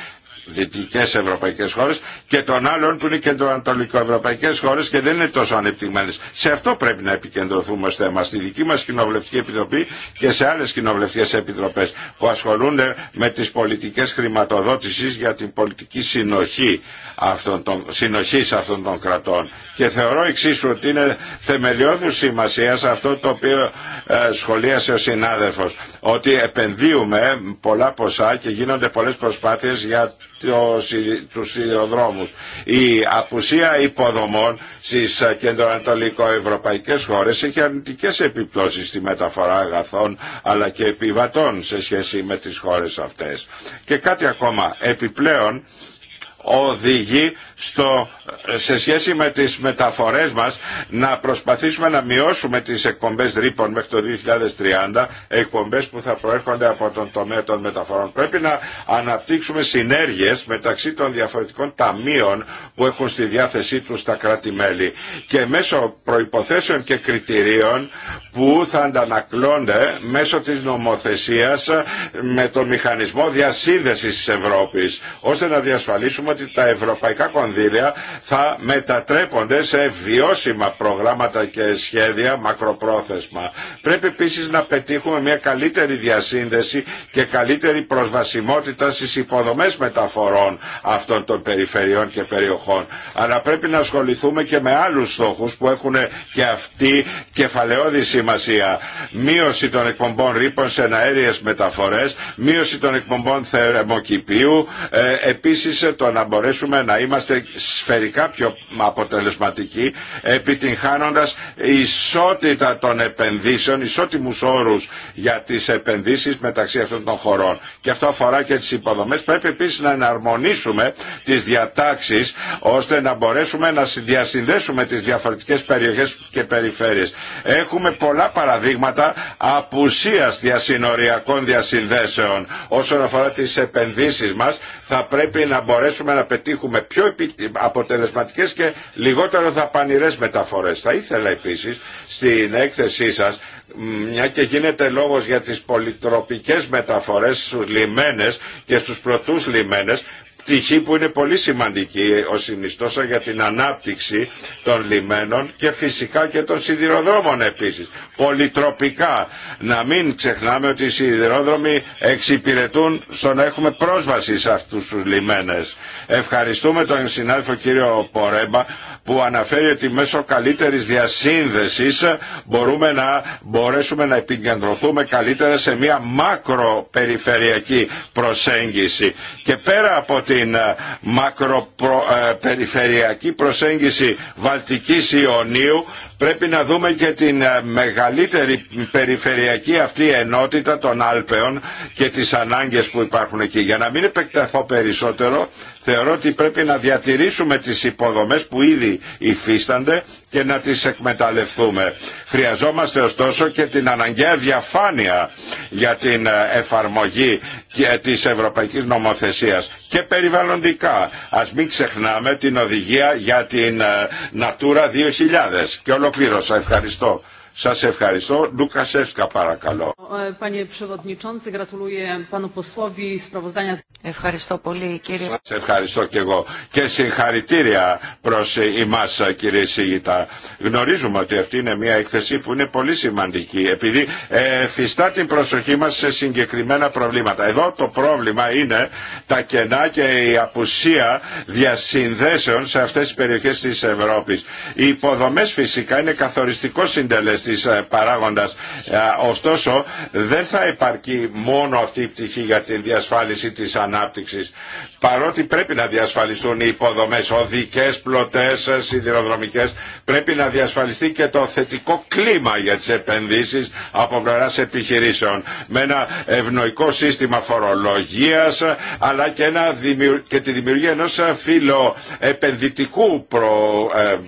δυτικές ευρωπαϊκές χώρες και των άλλων που είναι κεντροανατολικοευρωπαϊκές χώρες και δεν είναι τόσο ανεπτυγμένες. Σε αυτό πρέπει να επικεντρωθούμε ω θέμα, στη δική μας κοινοβουλευτική επιτροπή και σε άλλες κοινοβουλευτικές επιτροπές που ασχολούνται με τις πολιτικές χρηματοδότησης για την πολιτική συνοχή αυτών των, συνοχής αυτών των κρατών. Και θεωρώ εξίσου ότι είναι θεμελιώδους σημασία αυτό το οποίο ε, σχολίασε ο συνάδελφος, ότι επενδύουμε πολλά ποσά και γίνονται πολλές προσπάθειες για τους σιδηροδρόμους. Η απουσία υποδομών στις ε, κεντροανατολικοευρωπαϊκές χώρες έχει αρνητικές επιπτώσεις στη μεταφορά αγαθών αλλά και επιβατών σε σχέση με τις χώρες αυτές. Και κάτι ακόμα, επιπλέον οδηγεί στο σε σχέση με τις μεταφορές μας να προσπαθήσουμε να μειώσουμε τις εκπομπές ρήπων μέχρι το 2030, εκπομπές που θα προέρχονται από τον τομέα των μεταφορών. Πρέπει να αναπτύξουμε συνέργειες μεταξύ των διαφορετικών ταμείων που έχουν στη διάθεσή τους τα κράτη-μέλη και μέσω προϋποθέσεων και κριτηρίων που θα αντανακλώνται μέσω της νομοθεσίας με τον μηχανισμό διασύνδεσης της Ευρώπης, ώστε να διασφαλίσουμε ότι τα ευρωπαϊκά κονδύλια θα μετατρέπονται σε βιώσιμα προγράμματα και σχέδια μακροπρόθεσμα. Πρέπει επίσης να πετύχουμε μια καλύτερη διασύνδεση και καλύτερη προσβασιμότητα στις υποδομές μεταφορών αυτών των περιφερειών και περιοχών. Αλλά πρέπει να ασχοληθούμε και με άλλους στόχους που έχουν και αυτή κεφαλαιώδη σημασία. Μείωση των εκπομπών ρήπων σε αέριες μεταφορές, μείωση των εκπομπών θερμοκηπίου, ε, επίσης το να μπορέσουμε να είμαστε σφαιρικοί κάποιο πιο αποτελεσματική, επιτυγχάνοντας ισότητα των επενδύσεων, ισότιμους όρους για τις επενδύσεις μεταξύ αυτών των χωρών. Και αυτό αφορά και τις υποδομές. Πρέπει επίσης να εναρμονίσουμε τις διατάξεις ώστε να μπορέσουμε να διασυνδέσουμε τις διαφορετικές περιοχές και περιφέρειες. Έχουμε πολλά παραδείγματα απουσίας διασυνοριακών διασυνδέσεων. Όσον αφορά τις επενδύσεις μας θα πρέπει να μπορέσουμε να πετύχουμε πιο αποτελεσματικά και λιγότερο δαπανηρές μεταφορέ. Θα ήθελα επίσης στην έκθεσή σας μια και γίνεται λόγος για τις πολυτροπικές μεταφορές στους λιμένες και στους πρωτού λιμένες πτυχή που είναι πολύ σημαντική ο συνιστόσα για την ανάπτυξη των λιμένων και φυσικά και των σιδηροδρόμων επίσης. Πολυτροπικά. Να μην ξεχνάμε ότι οι σιδηρόδρομοι εξυπηρετούν στο να έχουμε πρόσβαση σε αυτούς τους λιμένες. Ευχαριστούμε τον συνάδελφο κύριο Πορέμπα που αναφέρει ότι μέσω καλύτερης διασύνδεσης μπορούμε να μπορέσουμε να επικεντρωθούμε καλύτερα σε μια μακροπεριφερειακή προσέγγιση. Και πέρα από τη την ε, μακροπεριφερειακή ε, προσέγγιση Βαλτικής Ιωνίου πρέπει να δούμε και την ε, μεγαλύτερη περιφερειακή αυτή ενότητα των Άλπαιων και τις ανάγκες που υπάρχουν εκεί. Για να μην επεκταθώ περισσότερο, θεωρώ ότι πρέπει να διατηρήσουμε τις υποδομές που ήδη υφίστανται και να τις εκμεταλλευτούμε. Χρειαζόμαστε ωστόσο και την αναγκαία διαφάνεια για την ε, εφαρμογή της ευρωπαϊκής νομοθεσίας και περιβαλλοντικά. Ας μην ξεχνάμε την οδηγία για την ε, Natura 2000 και Ολοκλήρωσα. Ευχαριστώ. Σας ευχαριστώ. Λουκασεύσκα παρακαλώ. Ε, ευχαριστώ πολύ κύριε. Σας ευχαριστώ και εγώ. Και συγχαρητήρια προς εμάς κύριε Σίγητα. Γνωρίζουμε ότι αυτή είναι μια εκθεσή που είναι πολύ σημαντική επειδή ε, φυστά την προσοχή μας σε συγκεκριμένα προβλήματα. Εδώ το πρόβλημα είναι τα κενά και η απουσία διασυνδέσεων σε αυτές τις περιοχές της Ευρώπης. Οι υποδομές φυσικά είναι καθοριστικό συντελέστη της ε, παράγοντας. Ε, ωστόσο δεν θα επαρκεί μόνο αυτή η πτυχή για την διασφάλιση της ανάπτυξης. Παρότι πρέπει να διασφαλιστούν οι υποδομές, οδικές, πλωτές, ε, σιδηροδρομικές, πρέπει να διασφαλιστεί και το θετικό κλίμα για τις επενδύσεις από πλευράς επιχειρήσεων. Με ένα ευνοϊκό σύστημα φορολογίας, αλλά και, ένα, και τη δημιουργία ενός φιλοεπενδυτικού επενδυτικού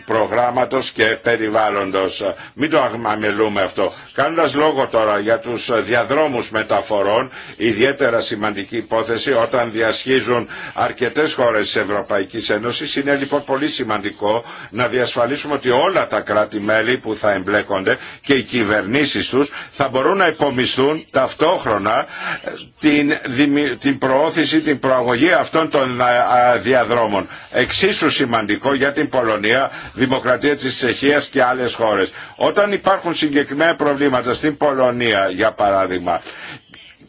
προγράμματος και περιβάλλοντος. Μην το αμελούμε αυτό. Κάνοντα λόγο τώρα για τους διαδρόμους μεταφορών, ιδιαίτερα σημαντική υπόθεση όταν διασχίζουν αρκετές χώρες τη Ευρωπαϊκής Ένωση, είναι λοιπόν πολύ σημαντικό να διασφαλίσουμε ότι όλα τα κράτη-μέλη που θα εμπλέκονται και οι κυβερνήσει τους θα μπορούν να υπομισθούν ταυτόχρονα ε, την, την προώθηση, την προαγωγή αυτών των ε, διαδρόμων. Εξίσου σημαντικό για την Πολωνία, Δημοκρατία τη Τσεχία και άλλε χώρε. Όταν υπάρχουν συγκεκριμένα προβλήματα στην Πολωνία για παράδειγμα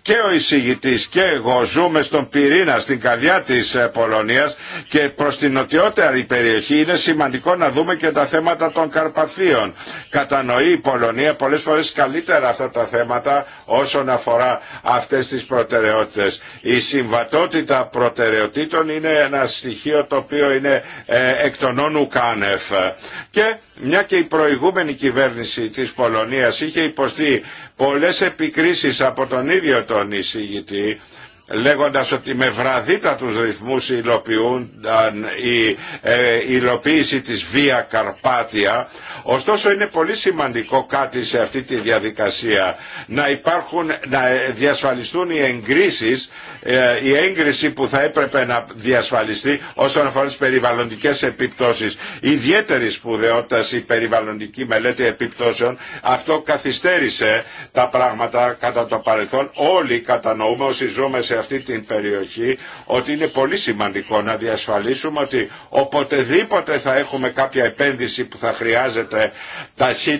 και ο εισηγητής και εγώ ζούμε στον πυρήνα, στην καρδιά της ε, Πολωνίας και προς την νοτιότερη περιοχή είναι σημαντικό να δούμε και τα θέματα των Καρπαθίων. Κατανοεί η Πολωνία πολλές φορές καλύτερα αυτά τα θέματα όσον αφορά αυτές τις προτεραιότητες. Η συμβατότητα προτεραιοτήτων είναι ένα στοιχείο το οποίο είναι ε, εκ των όνου κάνευ. Και μια και η προηγούμενη κυβέρνηση της Πολωνίας είχε υποστεί πολλές επικρίσεις από τον ίδιο τον εισηγητή λέγοντας ότι με τους ρυθμούς υλοποιούν η ε, υλοποίηση της Βία Καρπάτια. Ωστόσο είναι πολύ σημαντικό κάτι σε αυτή τη διαδικασία να υπάρχουν, να διασφαλιστούν οι εγκρίσεις ε, η έγκριση που θα έπρεπε να διασφαλιστεί όσον αφορά τις περιβαλλοντικές επιπτώσεις. Ιδιαίτερη σπουδαιότητα η περιβαλλοντική μελέτη επιπτώσεων. Αυτό καθυστέρησε τα πράγματα κατά το παρελθόν. Όλοι κατανοούμε όσοι ζούμε σε αυτή την περιοχή ότι είναι πολύ σημαντικό να διασφαλίσουμε ότι οποτεδήποτε θα έχουμε κάποια επένδυση που θα χρειάζεται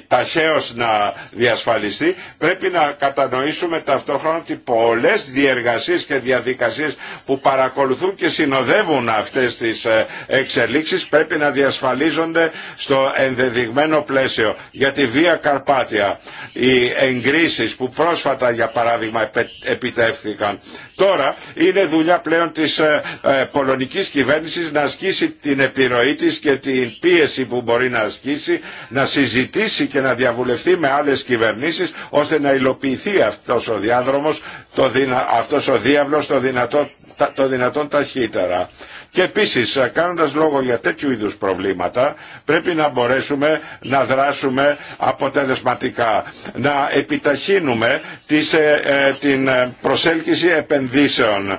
ταχαίως να διασφαλιστεί πρέπει να κατανοήσουμε ταυτόχρονα ότι πολλές διεργασίες και διαδικασίες που παρακολουθούν και συνοδεύουν αυτές τις ε, εξελίξεις πρέπει να διασφαλίζονται στο ενδεδειγμένο πλαίσιο. Για τη Βία Καρπάτια οι εγκρίσεις που πρόσφατα για παράδειγμα επιτεύχθηκαν Τώρα είναι δουλειά πλέον της ε, ε, πολωνικής κυβέρνησης να ασκήσει την επιρροή της και την πίεση που μπορεί να ασκήσει, να συζητήσει και να διαβουλευτεί με άλλες κυβερνήσεις ώστε να υλοποιηθεί αυτός ο διάδρομος, το αυτός ο διάβλος το δυνατό, το δυνατόν ταχύτερα. Και επίσης ε, κάνοντας λόγο για τέτοιου είδους προβλήματα πρέπει να μπορέσουμε να δράσουμε αποτελεσματικά. Να επιταχύνουμε τις, ε, ε, την προσέλκυση επενδύσεων,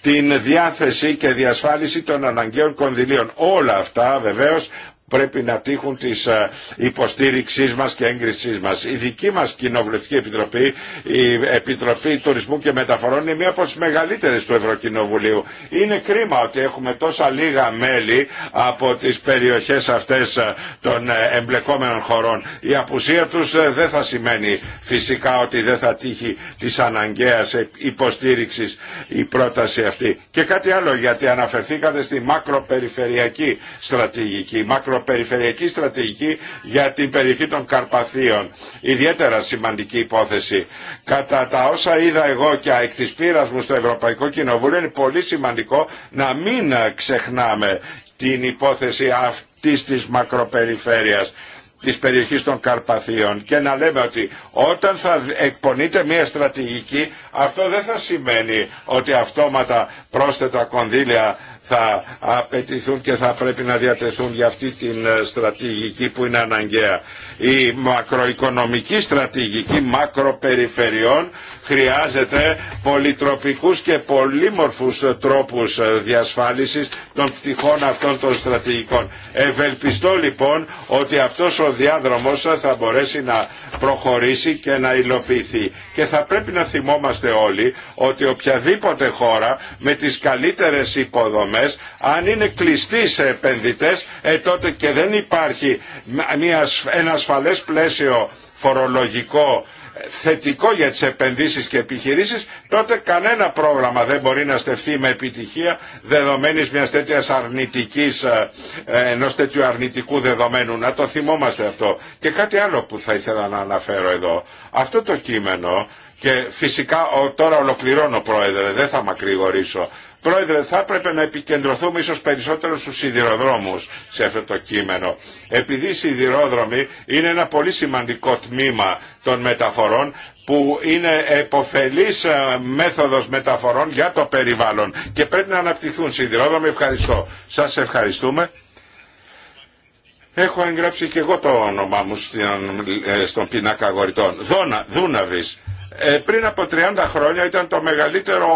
την διάθεση και διασφάλιση των αναγκαίων κονδυλίων. Όλα αυτά βεβαίως πρέπει να τύχουν της ε, υποστήριξής μας και έγκρισής μας. Η δική μας Κοινοβουλευτική Επιτροπή, η Επιτροπή Τουρισμού και Μεταφορών είναι μία από τις μεγαλύτερες του Ευρωκοινοβουλίου. Είναι κρίμα ότι έχουμε τόσα λίγα μέλη από τις περιοχές αυτές ε, των ε, εμπλεκόμενων χωρών. Η απουσία τους δεν θα σημαίνει φυσικά ότι δεν θα τύχει της αναγκαίας υποστήριξης η πρόταση αυτή. Και κάτι άλλο γιατί αναφερθήκατε στη μακροπεριφερειακή στρατηγική, μακρο περιφερειακή στρατηγική για την περιοχή των Καρπαθίων. Ιδιαίτερα σημαντική υπόθεση. Κατά τα όσα είδα εγώ και εκ της πείρας μου στο Ευρωπαϊκό Κοινοβούλιο είναι πολύ σημαντικό να μην ξεχνάμε την υπόθεση αυτής της μακροπεριφέρειας της περιοχής των Καρπαθίων και να λέμε ότι όταν θα εκπονείται μια στρατηγική αυτό δεν θα σημαίνει ότι αυτόματα πρόσθετα κονδύλια θα απαιτηθούν και θα πρέπει να διατεθούν για αυτή την ε, στρατηγική που είναι αναγκαία. Η μακροοικονομική στρατηγική μακροπεριφερειών χρειάζεται πολυτροπικούς και πολύμορφους τρόπους διασφάλισης των πτυχών αυτών των στρατηγικών. Ευελπιστώ λοιπόν ότι αυτός ο διάδρομος θα μπορέσει να προχωρήσει και να υλοποιηθεί. Και θα πρέπει να θυμόμαστε όλοι ότι οποιαδήποτε χώρα με τις καλύτερες υποδομές αν είναι κλειστή σε επενδυτές ε, τότε και δεν υπάρχει ένας ασφαλές πλαίσιο φορολογικό ε, θετικό για τις επενδύσεις και επιχειρήσεις, τότε κανένα πρόγραμμα δεν μπορεί να στεφθεί με επιτυχία δεδομένης μιας τέτοιας αρνητικής, ε, ε, ενός τέτοιου αρνητικού δεδομένου. Να το θυμόμαστε αυτό. Και κάτι άλλο που θα ήθελα να αναφέρω εδώ. Αυτό το κείμενο και φυσικά τώρα ολοκληρώνω πρόεδρε, δεν θα μακρηγορήσω. Πρόεδρε, θα έπρεπε να επικεντρωθούμε ίσω περισσότερο στους σιδηροδρόμους σε αυτό το κείμενο. Επειδή οι σιδηρόδρομοι είναι ένα πολύ σημαντικό τμήμα των μεταφορών, που είναι εποφελής ε, μέθοδος μεταφορών για το περιβάλλον και πρέπει να αναπτυχθούν σιδηρόδρομοι. Ευχαριστώ. Σας ευχαριστούμε. Έχω εγγράψει και εγώ το όνομά μου στον, ε, στον πίνακα αγοριτών. Δόνα, ε, πριν από 30 χρόνια ήταν το μεγαλύτερο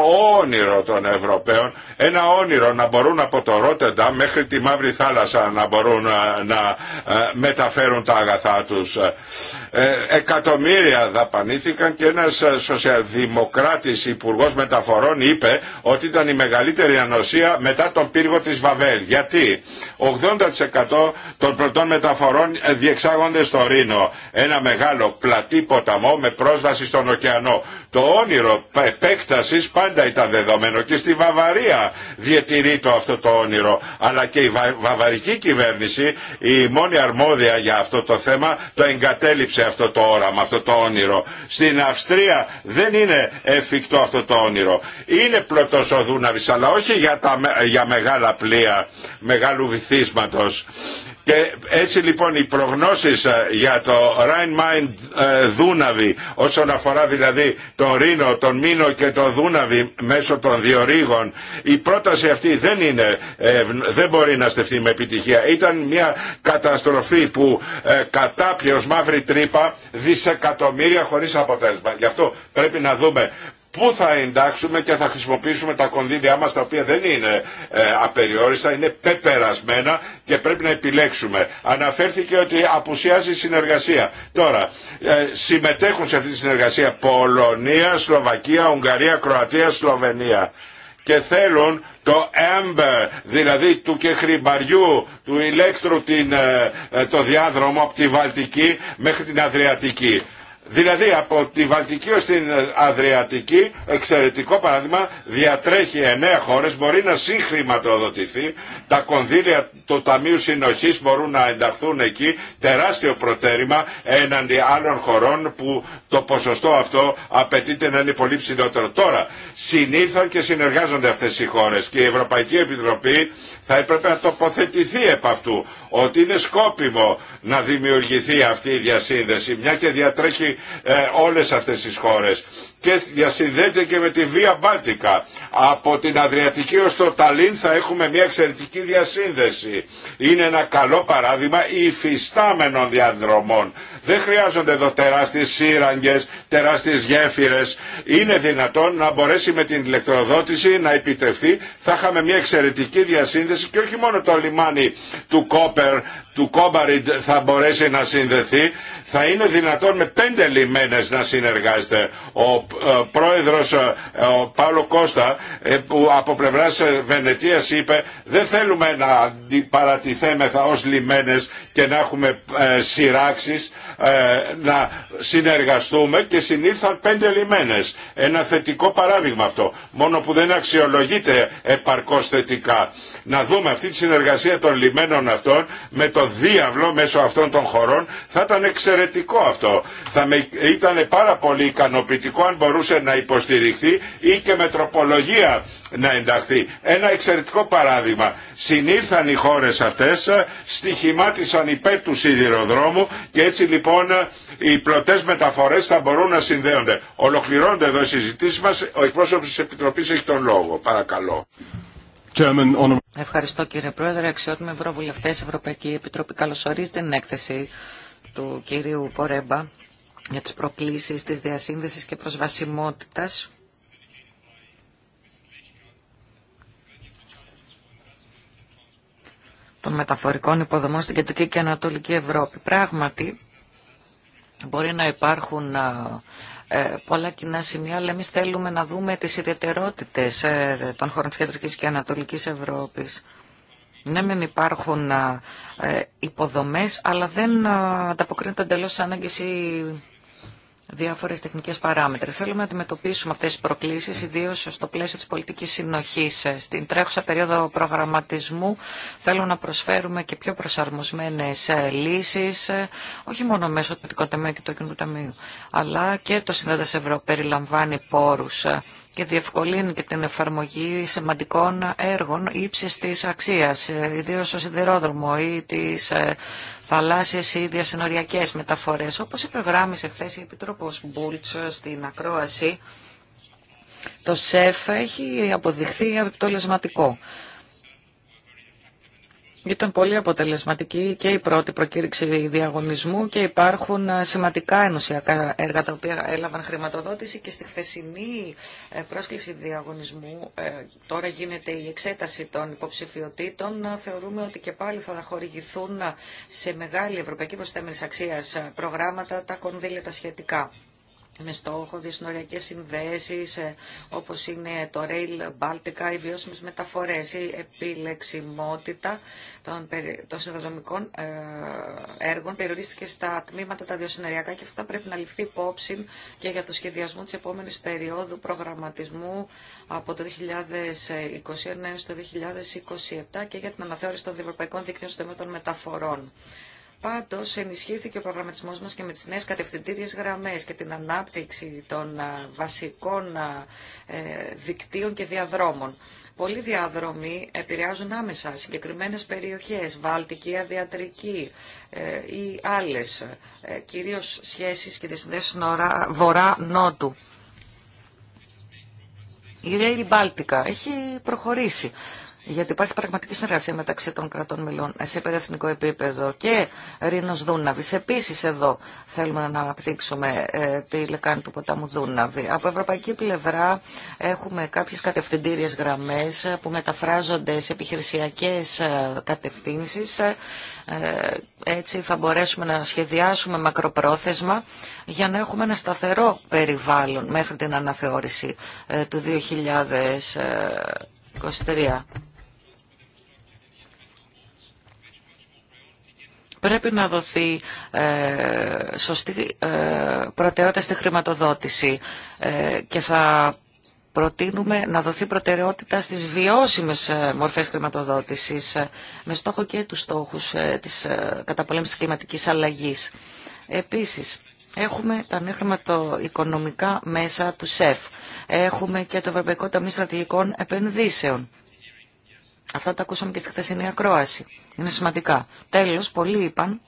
όνειρο των Ευρωπαίων ένα όνειρο να μπορούν από το Ρότεντα μέχρι τη Μαύρη Θάλασσα να μπορούν ε, να, ε, μεταφέρουν τα αγαθά τους. Ε, εκατομμύρια δαπανήθηκαν και ένας σοσιαλδημοκράτης υπουργός μεταφορών είπε ότι ήταν η μεγαλύτερη ανοσία μετά τον πύργο της Βαβέλ. Γιατί 80% των πρωτών μεταφορών διεξάγονται στο Ρήνο. Ένα μεγάλο πλατή ποταμό με πρόσβαση στον οκεανό ωκεανό. Το όνειρο επέκτασης πάντα ήταν δεδομένο και στη Βαβαρία διατηρείται αυτό το όνειρο. Αλλά και η βαβαρική κυβέρνηση, η μόνη αρμόδια για αυτό το θέμα, το εγκατέλειψε αυτό το όραμα, αυτό το όνειρο. Στην Αυστρία δεν είναι εφικτό αυτό το όνειρο. Είναι πλωτός ο αλλά όχι για, τα, για μεγάλα πλοία, μεγάλου βυθίσματος. Και έτσι λοιπόν οι προγνώσεις ε, για το Rhein-Main ε, Δούναβη όσον αφορά δηλαδή τον Ρήνο, τον Μίνο και τον Δούναβη μέσω των διορίγων η πρόταση αυτή δεν, είναι, ε, δεν μπορεί να στεφτεί με επιτυχία. Ήταν μια καταστροφή που κατάπιε ως μαύρη τρύπα δισεκατομμύρια χωρίς αποτέλεσμα. Γι' αυτό πρέπει να δούμε πού θα εντάξουμε και θα χρησιμοποιήσουμε τα κονδύλια μας τα οποία δεν είναι ε, απεριόριστα, είναι πεπερασμένα και πρέπει να επιλέξουμε. Αναφέρθηκε ότι απουσιάζει η συνεργασία. Τώρα, ε, συμμετέχουν σε αυτή τη συνεργασία Πολωνία, Σλοβακία, Ουγγαρία, Κροατία, Σλοβενία και θέλουν το Amber, δηλαδή του και του ηλέκτρου την, ε, το διάδρομο από τη Βαλτική μέχρι την Αδριατική. Δηλαδή από τη Βαλτική ως την Αδριατική, εξαιρετικό παράδειγμα, διατρέχει εννέα χώρες, μπορεί να συγχρηματοδοτηθεί, τα κονδύλια του Ταμείου Συνοχής μπορούν να ενταχθούν εκεί, τεράστιο προτέρημα έναντι άλλων χωρών που το ποσοστό αυτό απαιτείται να είναι πολύ ψηλότερο. Τώρα, συνήθαν και συνεργάζονται αυτές οι χώρες και η Ευρωπαϊκή Επιτροπή θα έπρεπε να τοποθετηθεί επ' αυτού ότι είναι σκόπιμο να δημιουργηθεί αυτή η διασύνδεση μια και διατρέχει ε, όλες αυτές τις χώρες και διασυνδέεται και με τη Βία Μπάλτικα. Από την Αδριατική ως το Ταλίν θα έχουμε μια εξαιρετική διασύνδεση. Είναι ένα καλό παράδειγμα υφιστάμενων διαδρομών. Δεν χρειάζονται εδώ τεράστιες σύραγγες, τεράστιες γέφυρες. Είναι δυνατόν να μπορέσει με την ηλεκτροδότηση να επιτευχθεί. Θα είχαμε μια εξαιρετική διασύνδεση και όχι μόνο το λιμάνι του Κόπερ του Κόμπαριντ θα μπορέσει να συνδεθεί, θα είναι δυνατόν με πέντε λιμένες να συνεργάζεται. Ο ε, πρόεδρος ε, ο Παύλο Κώστα ε, που από πλευράς Βενετίας είπε δεν θέλουμε να παρατηθέμεθα ως λιμένες και να έχουμε σειράξεις ε, να συνεργαστούμε και συνήλθαν πέντε λιμένες. Ένα θετικό παράδειγμα αυτό, μόνο που δεν αξιολογείται επαρκώς θετικά. Να δούμε αυτή τη συνεργασία των λιμένων αυτών με το διάβλο μέσω αυτών των χωρών θα ήταν εξαιρετικό αυτό. Θα με, ήταν πάρα πολύ ικανοποιητικό αν μπορούσε να υποστηριχθεί ή και με τροπολογία να ενταχθεί. Ένα εξαιρετικό παράδειγμα. Συνήλθαν οι χώρες αυτές, ε, στοιχημάτισαν υπέρ του σιδηροδρόμου και έτσι λοιπόν ε, οι πλωτές μεταφορές θα μπορούν να συνδέονται. Ολοκληρώνονται εδώ οι συζητήσεις μας. Ο εκπρόσωπος της Επιτροπής έχει τον λόγο. Παρακαλώ. Ευχαριστώ κύριε Πρόεδρε. Αξιότιμοι Ευρωβουλευτέ, Ευρωπαϊκή Επιτροπή καλωσορίζει την έκθεση του κυρίου Πορέμπα για τις προκλήσεις τη διασύνδεση και προσβασιμότητας των μεταφορικών υποδομών στην Κεντρική και Ανατολική Ευρώπη. Πράγματι, μπορεί να υπάρχουν ε, πολλά κοινά σημεία, αλλά εμεί θέλουμε να δούμε τις ιδιαιτερότητες ε, των χωρών τη Κεντρική και Ανατολική Ευρώπης. Ναι, μεν υπάρχουν ε, υποδομές, αλλά δεν ανταποκρίνεται εντελώ ανάγκη η διάφορες τεχνικές παράμετροι. Θέλουμε να αντιμετωπίσουμε αυτές τις προκλήσεις, ιδίως στο πλαίσιο της πολιτικής συνοχής. Στην τρέχουσα περίοδο προγραμματισμού θέλουμε να προσφέρουμε και πιο προσαρμοσμένες ε, λύσεις, ε, όχι μόνο μέσω του Πολιτικού Ταμείου και του Κοινού Ταμείου, αλλά και το Συνδέντας Ευρώ περιλαμβάνει πόρους ε, και διευκολύνει και την εφαρμογή σημαντικών έργων ύψης της αξίας, ιδίως στο σιδηρόδρομο ή τις θαλάσσιε ή μεταφορέ. μεταφορές. Όπως υπεγράμμισε χθε η Επιτροπό Μπούλτ στην ακρόαση, το ΣΕΦ έχει αποδειχθεί αποτελεσματικό. Ήταν πολύ αποτελεσματική και η πρώτη προκήρυξη διαγωνισμού και υπάρχουν ε, σημαντικά ενωσιακά έργα τα οποία έλαβαν χρηματοδότηση και στη χθεσινή ε, πρόσκληση διαγωνισμού ε, τώρα γίνεται η εξέταση των υποψηφιωτήτων. Θεωρούμε ότι και πάλι θα χορηγηθούν σε μεγάλη ευρωπαϊκή προσθέμενης αξίας προγράμματα τα κονδύλια τα σχετικά με στόχο διασυνοριακές συνδέσεις ε, όπως είναι το Rail Baltica, οι βιώσιμες μεταφορές, η επιλεξιμότητα των, των συνδρομικών ε, έργων περιορίστηκε στα τμήματα τα διοσυνοριακά και αυτά πρέπει να ληφθεί υπόψη και για το σχεδιασμό της επόμενης περίοδου προγραμματισμού από το 2021 έως το 2027 και για την αναθεώρηση των ευρωπαϊκών δίκτυων στο των μεταφορών. Πάντω, ενισχύθηκε ο προγραμματισμό μας και με τις νέες κατευθυντήριες γραμμές και την ανάπτυξη των ε, βασικών ε, ε, δικτύων και διαδρόμων. Πολλοί διαδρομοί επηρεάζουν άμεσα συγκεκριμένες περιοχές, βαλτική, αδιατρική ή άλλες, κυρίω σχέσεις και συνδέσει βορρα βορρά-νότου. Η Rail Baltica έχει προχωρήσει γιατί υπάρχει πραγματική συνεργασία μεταξύ των κρατών μελών ε, σε υπερεθνικό επίπεδο και Ρήνος Δούναβης. Επίσης εδώ θέλουμε να αναπτύξουμε ε, τη λεκάνη του ποτάμου Δούναβη. Από ευρωπαϊκή πλευρά έχουμε κάποιες κατευθυντήριες γραμμές ε, που μεταφράζονται σε επιχειρησιακές κατευθύνσεις. Έτσι θα μπορέσουμε να σχεδιάσουμε μακροπρόθεσμα για να έχουμε ένα σταθερό περιβάλλον μέχρι την αναθεώρηση του 2023. Πρέπει να δοθεί ε, σωστή ε, προτεραιότητα στη χρηματοδότηση ε, και θα προτείνουμε να δοθεί προτεραιότητα στις βιώσιμες ε, μορφές χρηματοδότησης ε, με στόχο και τους στόχους της καταπολέμησης της κλιματικής αλλαγής. Επίσης, Έχουμε τα νέα χρηματοοικονομικά μέσα του ΣΕΦ. Έχουμε και το Ευρωπαϊκό Ταμείο Στρατηγικών Επενδύσεων. Αυτά τα ακούσαμε και στη χθεσινή ακρόαση. Είναι σημαντικά. Τέλος, πολλοί είπαν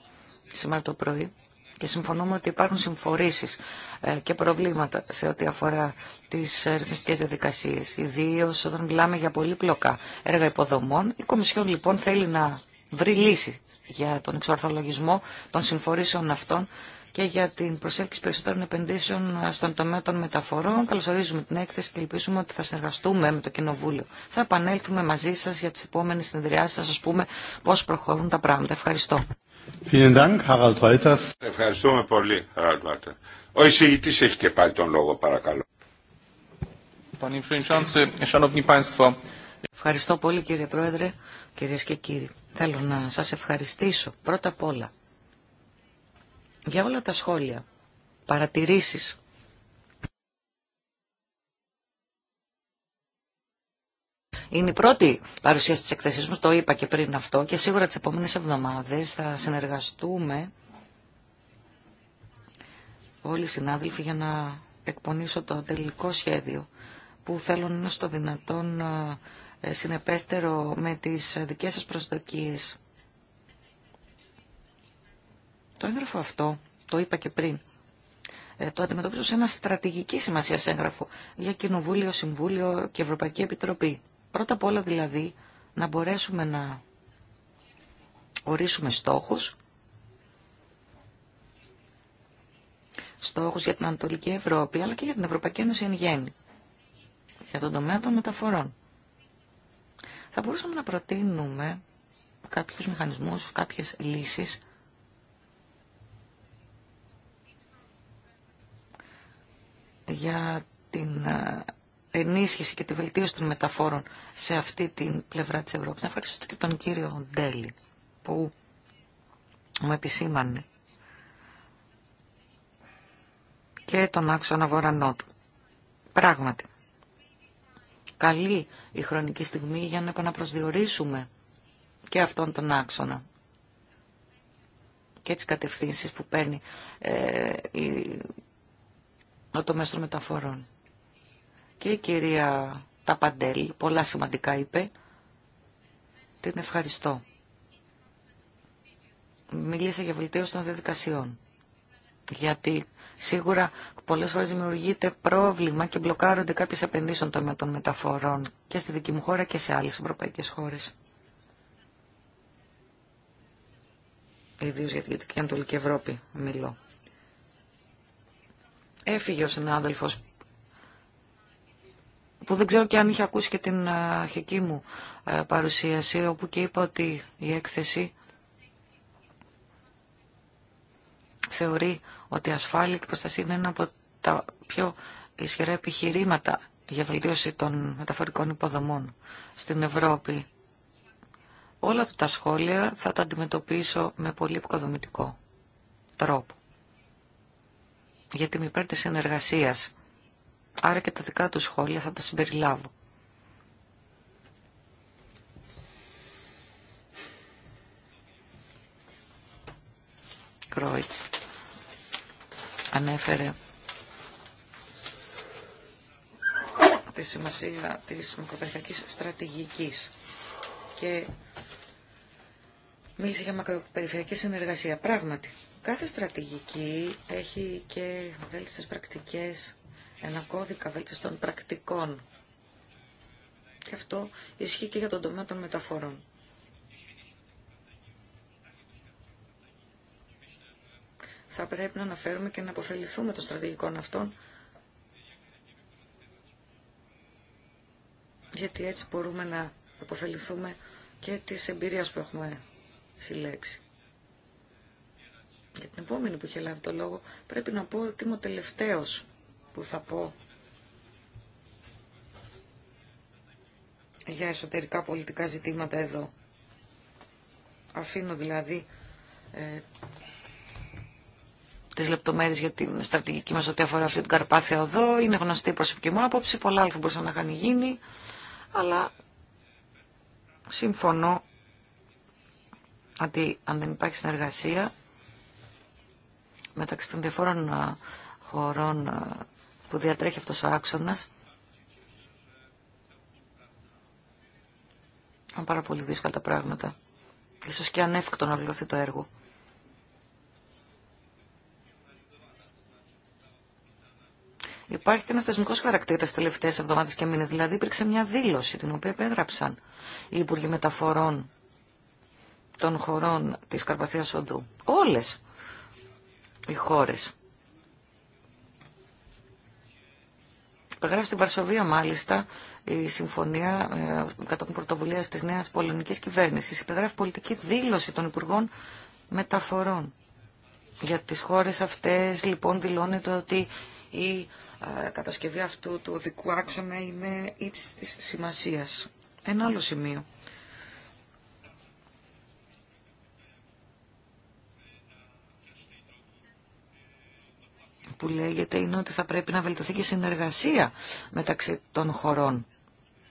σήμερα το πρωί και συμφωνούμε ότι υπάρχουν συμφορήσεις ε, και προβλήματα σε ό,τι αφορά τις ρυθμιστικές διαδικασίες, ιδίω όταν μιλάμε για πολύπλοκα έργα υποδομών. Η Κομισιόν λοιπόν θέλει να βρει λύση για τον εξορθολογισμό των συμφορήσεων αυτών και για την προσέλκυση περισσότερων επενδύσεων στον τομέα των μεταφορών. Καλωσορίζουμε την έκθεση και ελπίζουμε ότι θα συνεργαστούμε με το Κοινοβούλιο. Θα επανέλθουμε μαζί σα για τι επόμενε συνεδριάσει, να σα πούμε πώ προχωρούν τα πράγματα. Ευχαριστώ. Ευχαριστούμε πολύ, Χαράλτ Ευχαριστώ πολύ κύριε Πρόεδρε, κυρίες και κύριοι. Θέλω να σας ευχαριστήσω πρώτα απ' όλα για όλα τα σχόλια, παρατηρήσεις. Είναι η πρώτη παρουσίαση της εκθεσής μου, το είπα και πριν αυτό, και σίγουρα τις επόμενες εβδομάδες θα συνεργαστούμε όλοι οι συνάδελφοι για να εκπονήσω το τελικό σχέδιο που θέλω να είναι στο δυνατόν ε, συνεπέστερο με τις δικές σας προσδοκίες. Το έγγραφο αυτό, το είπα και πριν, ε, το αντιμετωπίζω σε ένα στρατηγική σημασία έγγραφο για Κοινοβούλιο, Συμβούλιο και Ευρωπαϊκή Επιτροπή. Πρώτα απ' όλα δηλαδή να μπορέσουμε να ορίσουμε στόχους, στόχους για την Ανατολική Ευρώπη αλλά και για την Ευρωπαϊκή Ένωση εν γέννη, για τον τομέα των μεταφορών. Θα μπορούσαμε να προτείνουμε κάποιους μηχανισμούς, κάποιες λύσεις για την ε, ενίσχυση και τη βελτίωση των μεταφόρων σε αυτή την πλευρά της Ευρώπης. Να ευχαριστήσω και τον κύριο Ντέλη που μου επισήμανε και τον άξονα βορανό του. Πράγματι, καλή η χρονική στιγμή για να επαναπροσδιορίσουμε και αυτόν τον άξονα και τις κατευθύνσεις που παίρνει ε, η το το των μεταφορών. Και η κυρία Ταπαντέλ πολλά σημαντικά είπε. Την ευχαριστώ. Μίλησε για βελτίωση των διαδικασιών. Γιατί σίγουρα πολλές φορές δημιουργείται πρόβλημα και μπλοκάρονται κάποιες επενδύσεις των μεταφορών και στη δική μου χώρα και σε άλλες ευρωπαϊκές χώρες. Ιδίως για την Ανατολική Ευρώπη μιλώ. Έφυγε ο συνάδελφος που δεν ξέρω και αν είχε ακούσει και την ε, αρχική μου ε, παρουσίαση, όπου και είπα ότι η έκθεση θεωρεί ότι η ασφάλεια και προστασία είναι ένα από τα πιο ισχυρά επιχειρήματα για βελτίωση των μεταφορικών υποδομών στην Ευρώπη. Όλα τα σχόλια θα τα αντιμετωπίσω με πολύ επικοδομητικό τρόπο για την υπέρ της ενεργασίας. Άρα και τα δικά του σχόλια θα τα συμπεριλάβω. Κρόιτς ανέφερε τη σημασία της μακροπεριφερειακής στρατηγικής και μίλησε για μακροπεριφερειακή συνεργασία. Πράγματι, Κάθε στρατηγική έχει και βέλτιστες πρακτικές, ένα κώδικα βέλτιστων πρακτικών. Και αυτό ισχύει και για τον τομέα των μεταφορών. Θα πρέπει να αναφέρουμε και να αποφεληθούμε των στρατηγικών αυτών, γιατί έτσι μπορούμε να αποφεληθούμε και της εμπειρίας που έχουμε συλλέξει για την επόμενη που είχε λάβει το λόγο, πρέπει να πω ότι είμαι ο τελευταίος που θα πω για εσωτερικά πολιτικά ζητήματα εδώ. Αφήνω δηλαδή ε, τις λεπτομέρειες για την στρατηγική μας ό,τι αφορά αυτή την Καρπάθια εδώ Είναι γνωστή η προσωπική μου άποψη, πολλά άλλα θα μπορούσαν να είχαν γίνει, αλλά συμφωνώ ότι αν δεν υπάρχει συνεργασία μεταξύ των διαφόρων χωρών που διατρέχει αυτός ο άξονας. Ήταν πάρα πολύ δύσκολα τα πράγματα. Ίσως και ανέφικτο να ολοκληρωθεί το έργο. Υπάρχει και ένας θεσμικό χαρακτήρας τις τελευταίε εβδομάδε και μήνες. Δηλαδή, υπήρξε μια δήλωση την οποία επέγραψαν οι Υπουργοί Μεταφορών των χωρών τη Καρπαθίας Οντού. Όλε οι χώρες. Υπεγράφει στην Βαρσοβία μάλιστα η συμφωνία ε, κατά πρωτοβουλία της νέας πολωνικής κυβέρνησης. Υπεγράφει πολιτική δήλωση των Υπουργών Μεταφορών. Για τις χώρες αυτές λοιπόν δηλώνεται ότι η ε, κατασκευή αυτού του οδικού άξονα είναι ύψης της σημασίας. Ένα άλλο σημείο που λέγεται είναι ότι θα πρέπει να βελτιωθεί και η συνεργασία μεταξύ των χωρών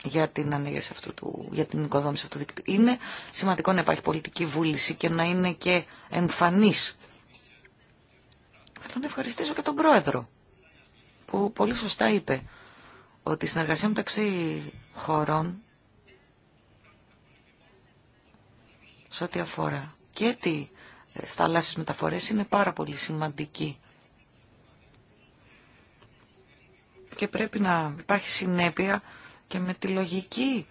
για την ανέγερση αυτού του, για την οικοδόμηση αυτού του δικτύου. Είναι σημαντικό να υπάρχει πολιτική βούληση και να είναι και εμφανής. Θέλω να ευχαριστήσω και τον Πρόεδρο, που πολύ σωστά είπε ότι η συνεργασία μεταξύ χωρών σε ό,τι αφορά και τι ε, θαλάσσιες μεταφορές είναι πάρα πολύ σημαντική. και πρέπει να υπάρχει συνέπεια και με τη λογική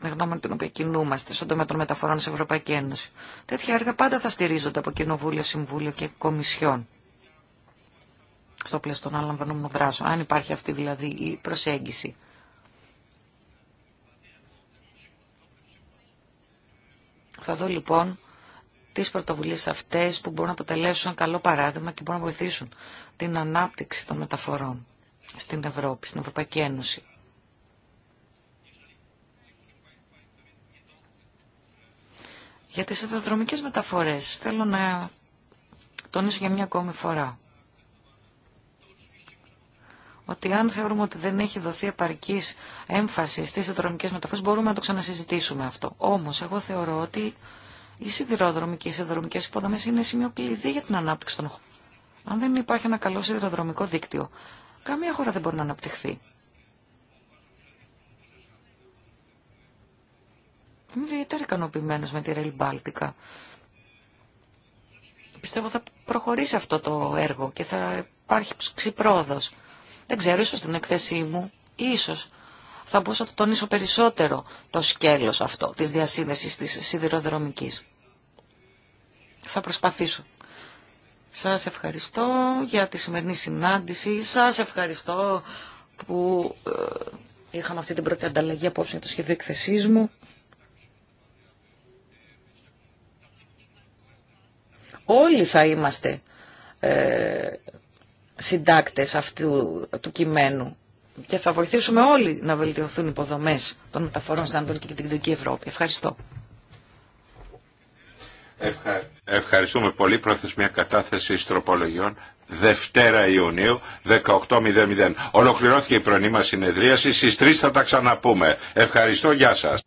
με γνώμη την οποία κινούμαστε στον τομέα των μεταφορών στην Ευρωπαϊκή Ένωση. Τέτοια έργα πάντα θα στηρίζονται από Κοινοβούλιο, Συμβούλιο και Κομισιόν στο πλαίσιο των αναλαμβανόμενων δράσεων, αν υπάρχει αυτή δηλαδή η προσέγγιση. Θα δω λοιπόν τις πρωτοβουλίες αυτές που μπορούν να αποτελέσουν ένα καλό παράδειγμα και μπορούν να βοηθήσουν την ανάπτυξη των μεταφορών στην Ευρώπη, στην Ευρωπαϊκή Ένωση. Για τις αδρομικές μεταφορές θέλω να τονίσω για μια ακόμη φορά ότι αν θεωρούμε ότι δεν έχει δοθεί επαρκής έμφαση στις σιδηροδρομικές μεταφορές μπορούμε να το ξανασυζητήσουμε αυτό. Όμως εγώ θεωρώ ότι οι σιδηροδρομικοί και οι σιδηροδρομικές υποδομές είναι σημείο κλειδί για την ανάπτυξη των χώρων. Αν δεν υπάρχει ένα καλό σιδηροδρομικό δίκτυο, Καμία χώρα δεν μπορεί να αναπτυχθεί. Είμαι ιδιαίτερα ικανοποιημένο με τη Rail Πιστεύω θα προχωρήσει αυτό το έργο και θα υπάρχει ξυπρόδος. Δεν ξέρω, ίσως την εκθέσή μου, ίσως θα μπορούσα να το τονίσω περισσότερο το σκέλος αυτό της διασύνδεσης της σιδηροδρομικής. Θα προσπαθήσω. Σας ευχαριστώ για τη σημερινή συνάντηση. Σας ευχαριστώ που ε, είχαμε αυτή την πρώτη ανταλλαγή απόψε για το σχέδιο εκθεσή μου. Όλοι θα είμαστε ε, συντάκτες αυτού του κειμένου και θα βοηθήσουμε όλοι να βελτιωθούν οι υποδομές των μεταφορών στην Ανατολική και την Κεντρική Ευρώπη. Ευχαριστώ. Ευχαριστούμε πολύ. Πρόθεσμια κατάθεση τροπολογιών. Δευτέρα Ιουνίου 18.00. Ολοκληρώθηκε η πρωινή μα συνεδρίαση. Στις 3 θα τα ξαναπούμε. Ευχαριστώ. Γεια σας.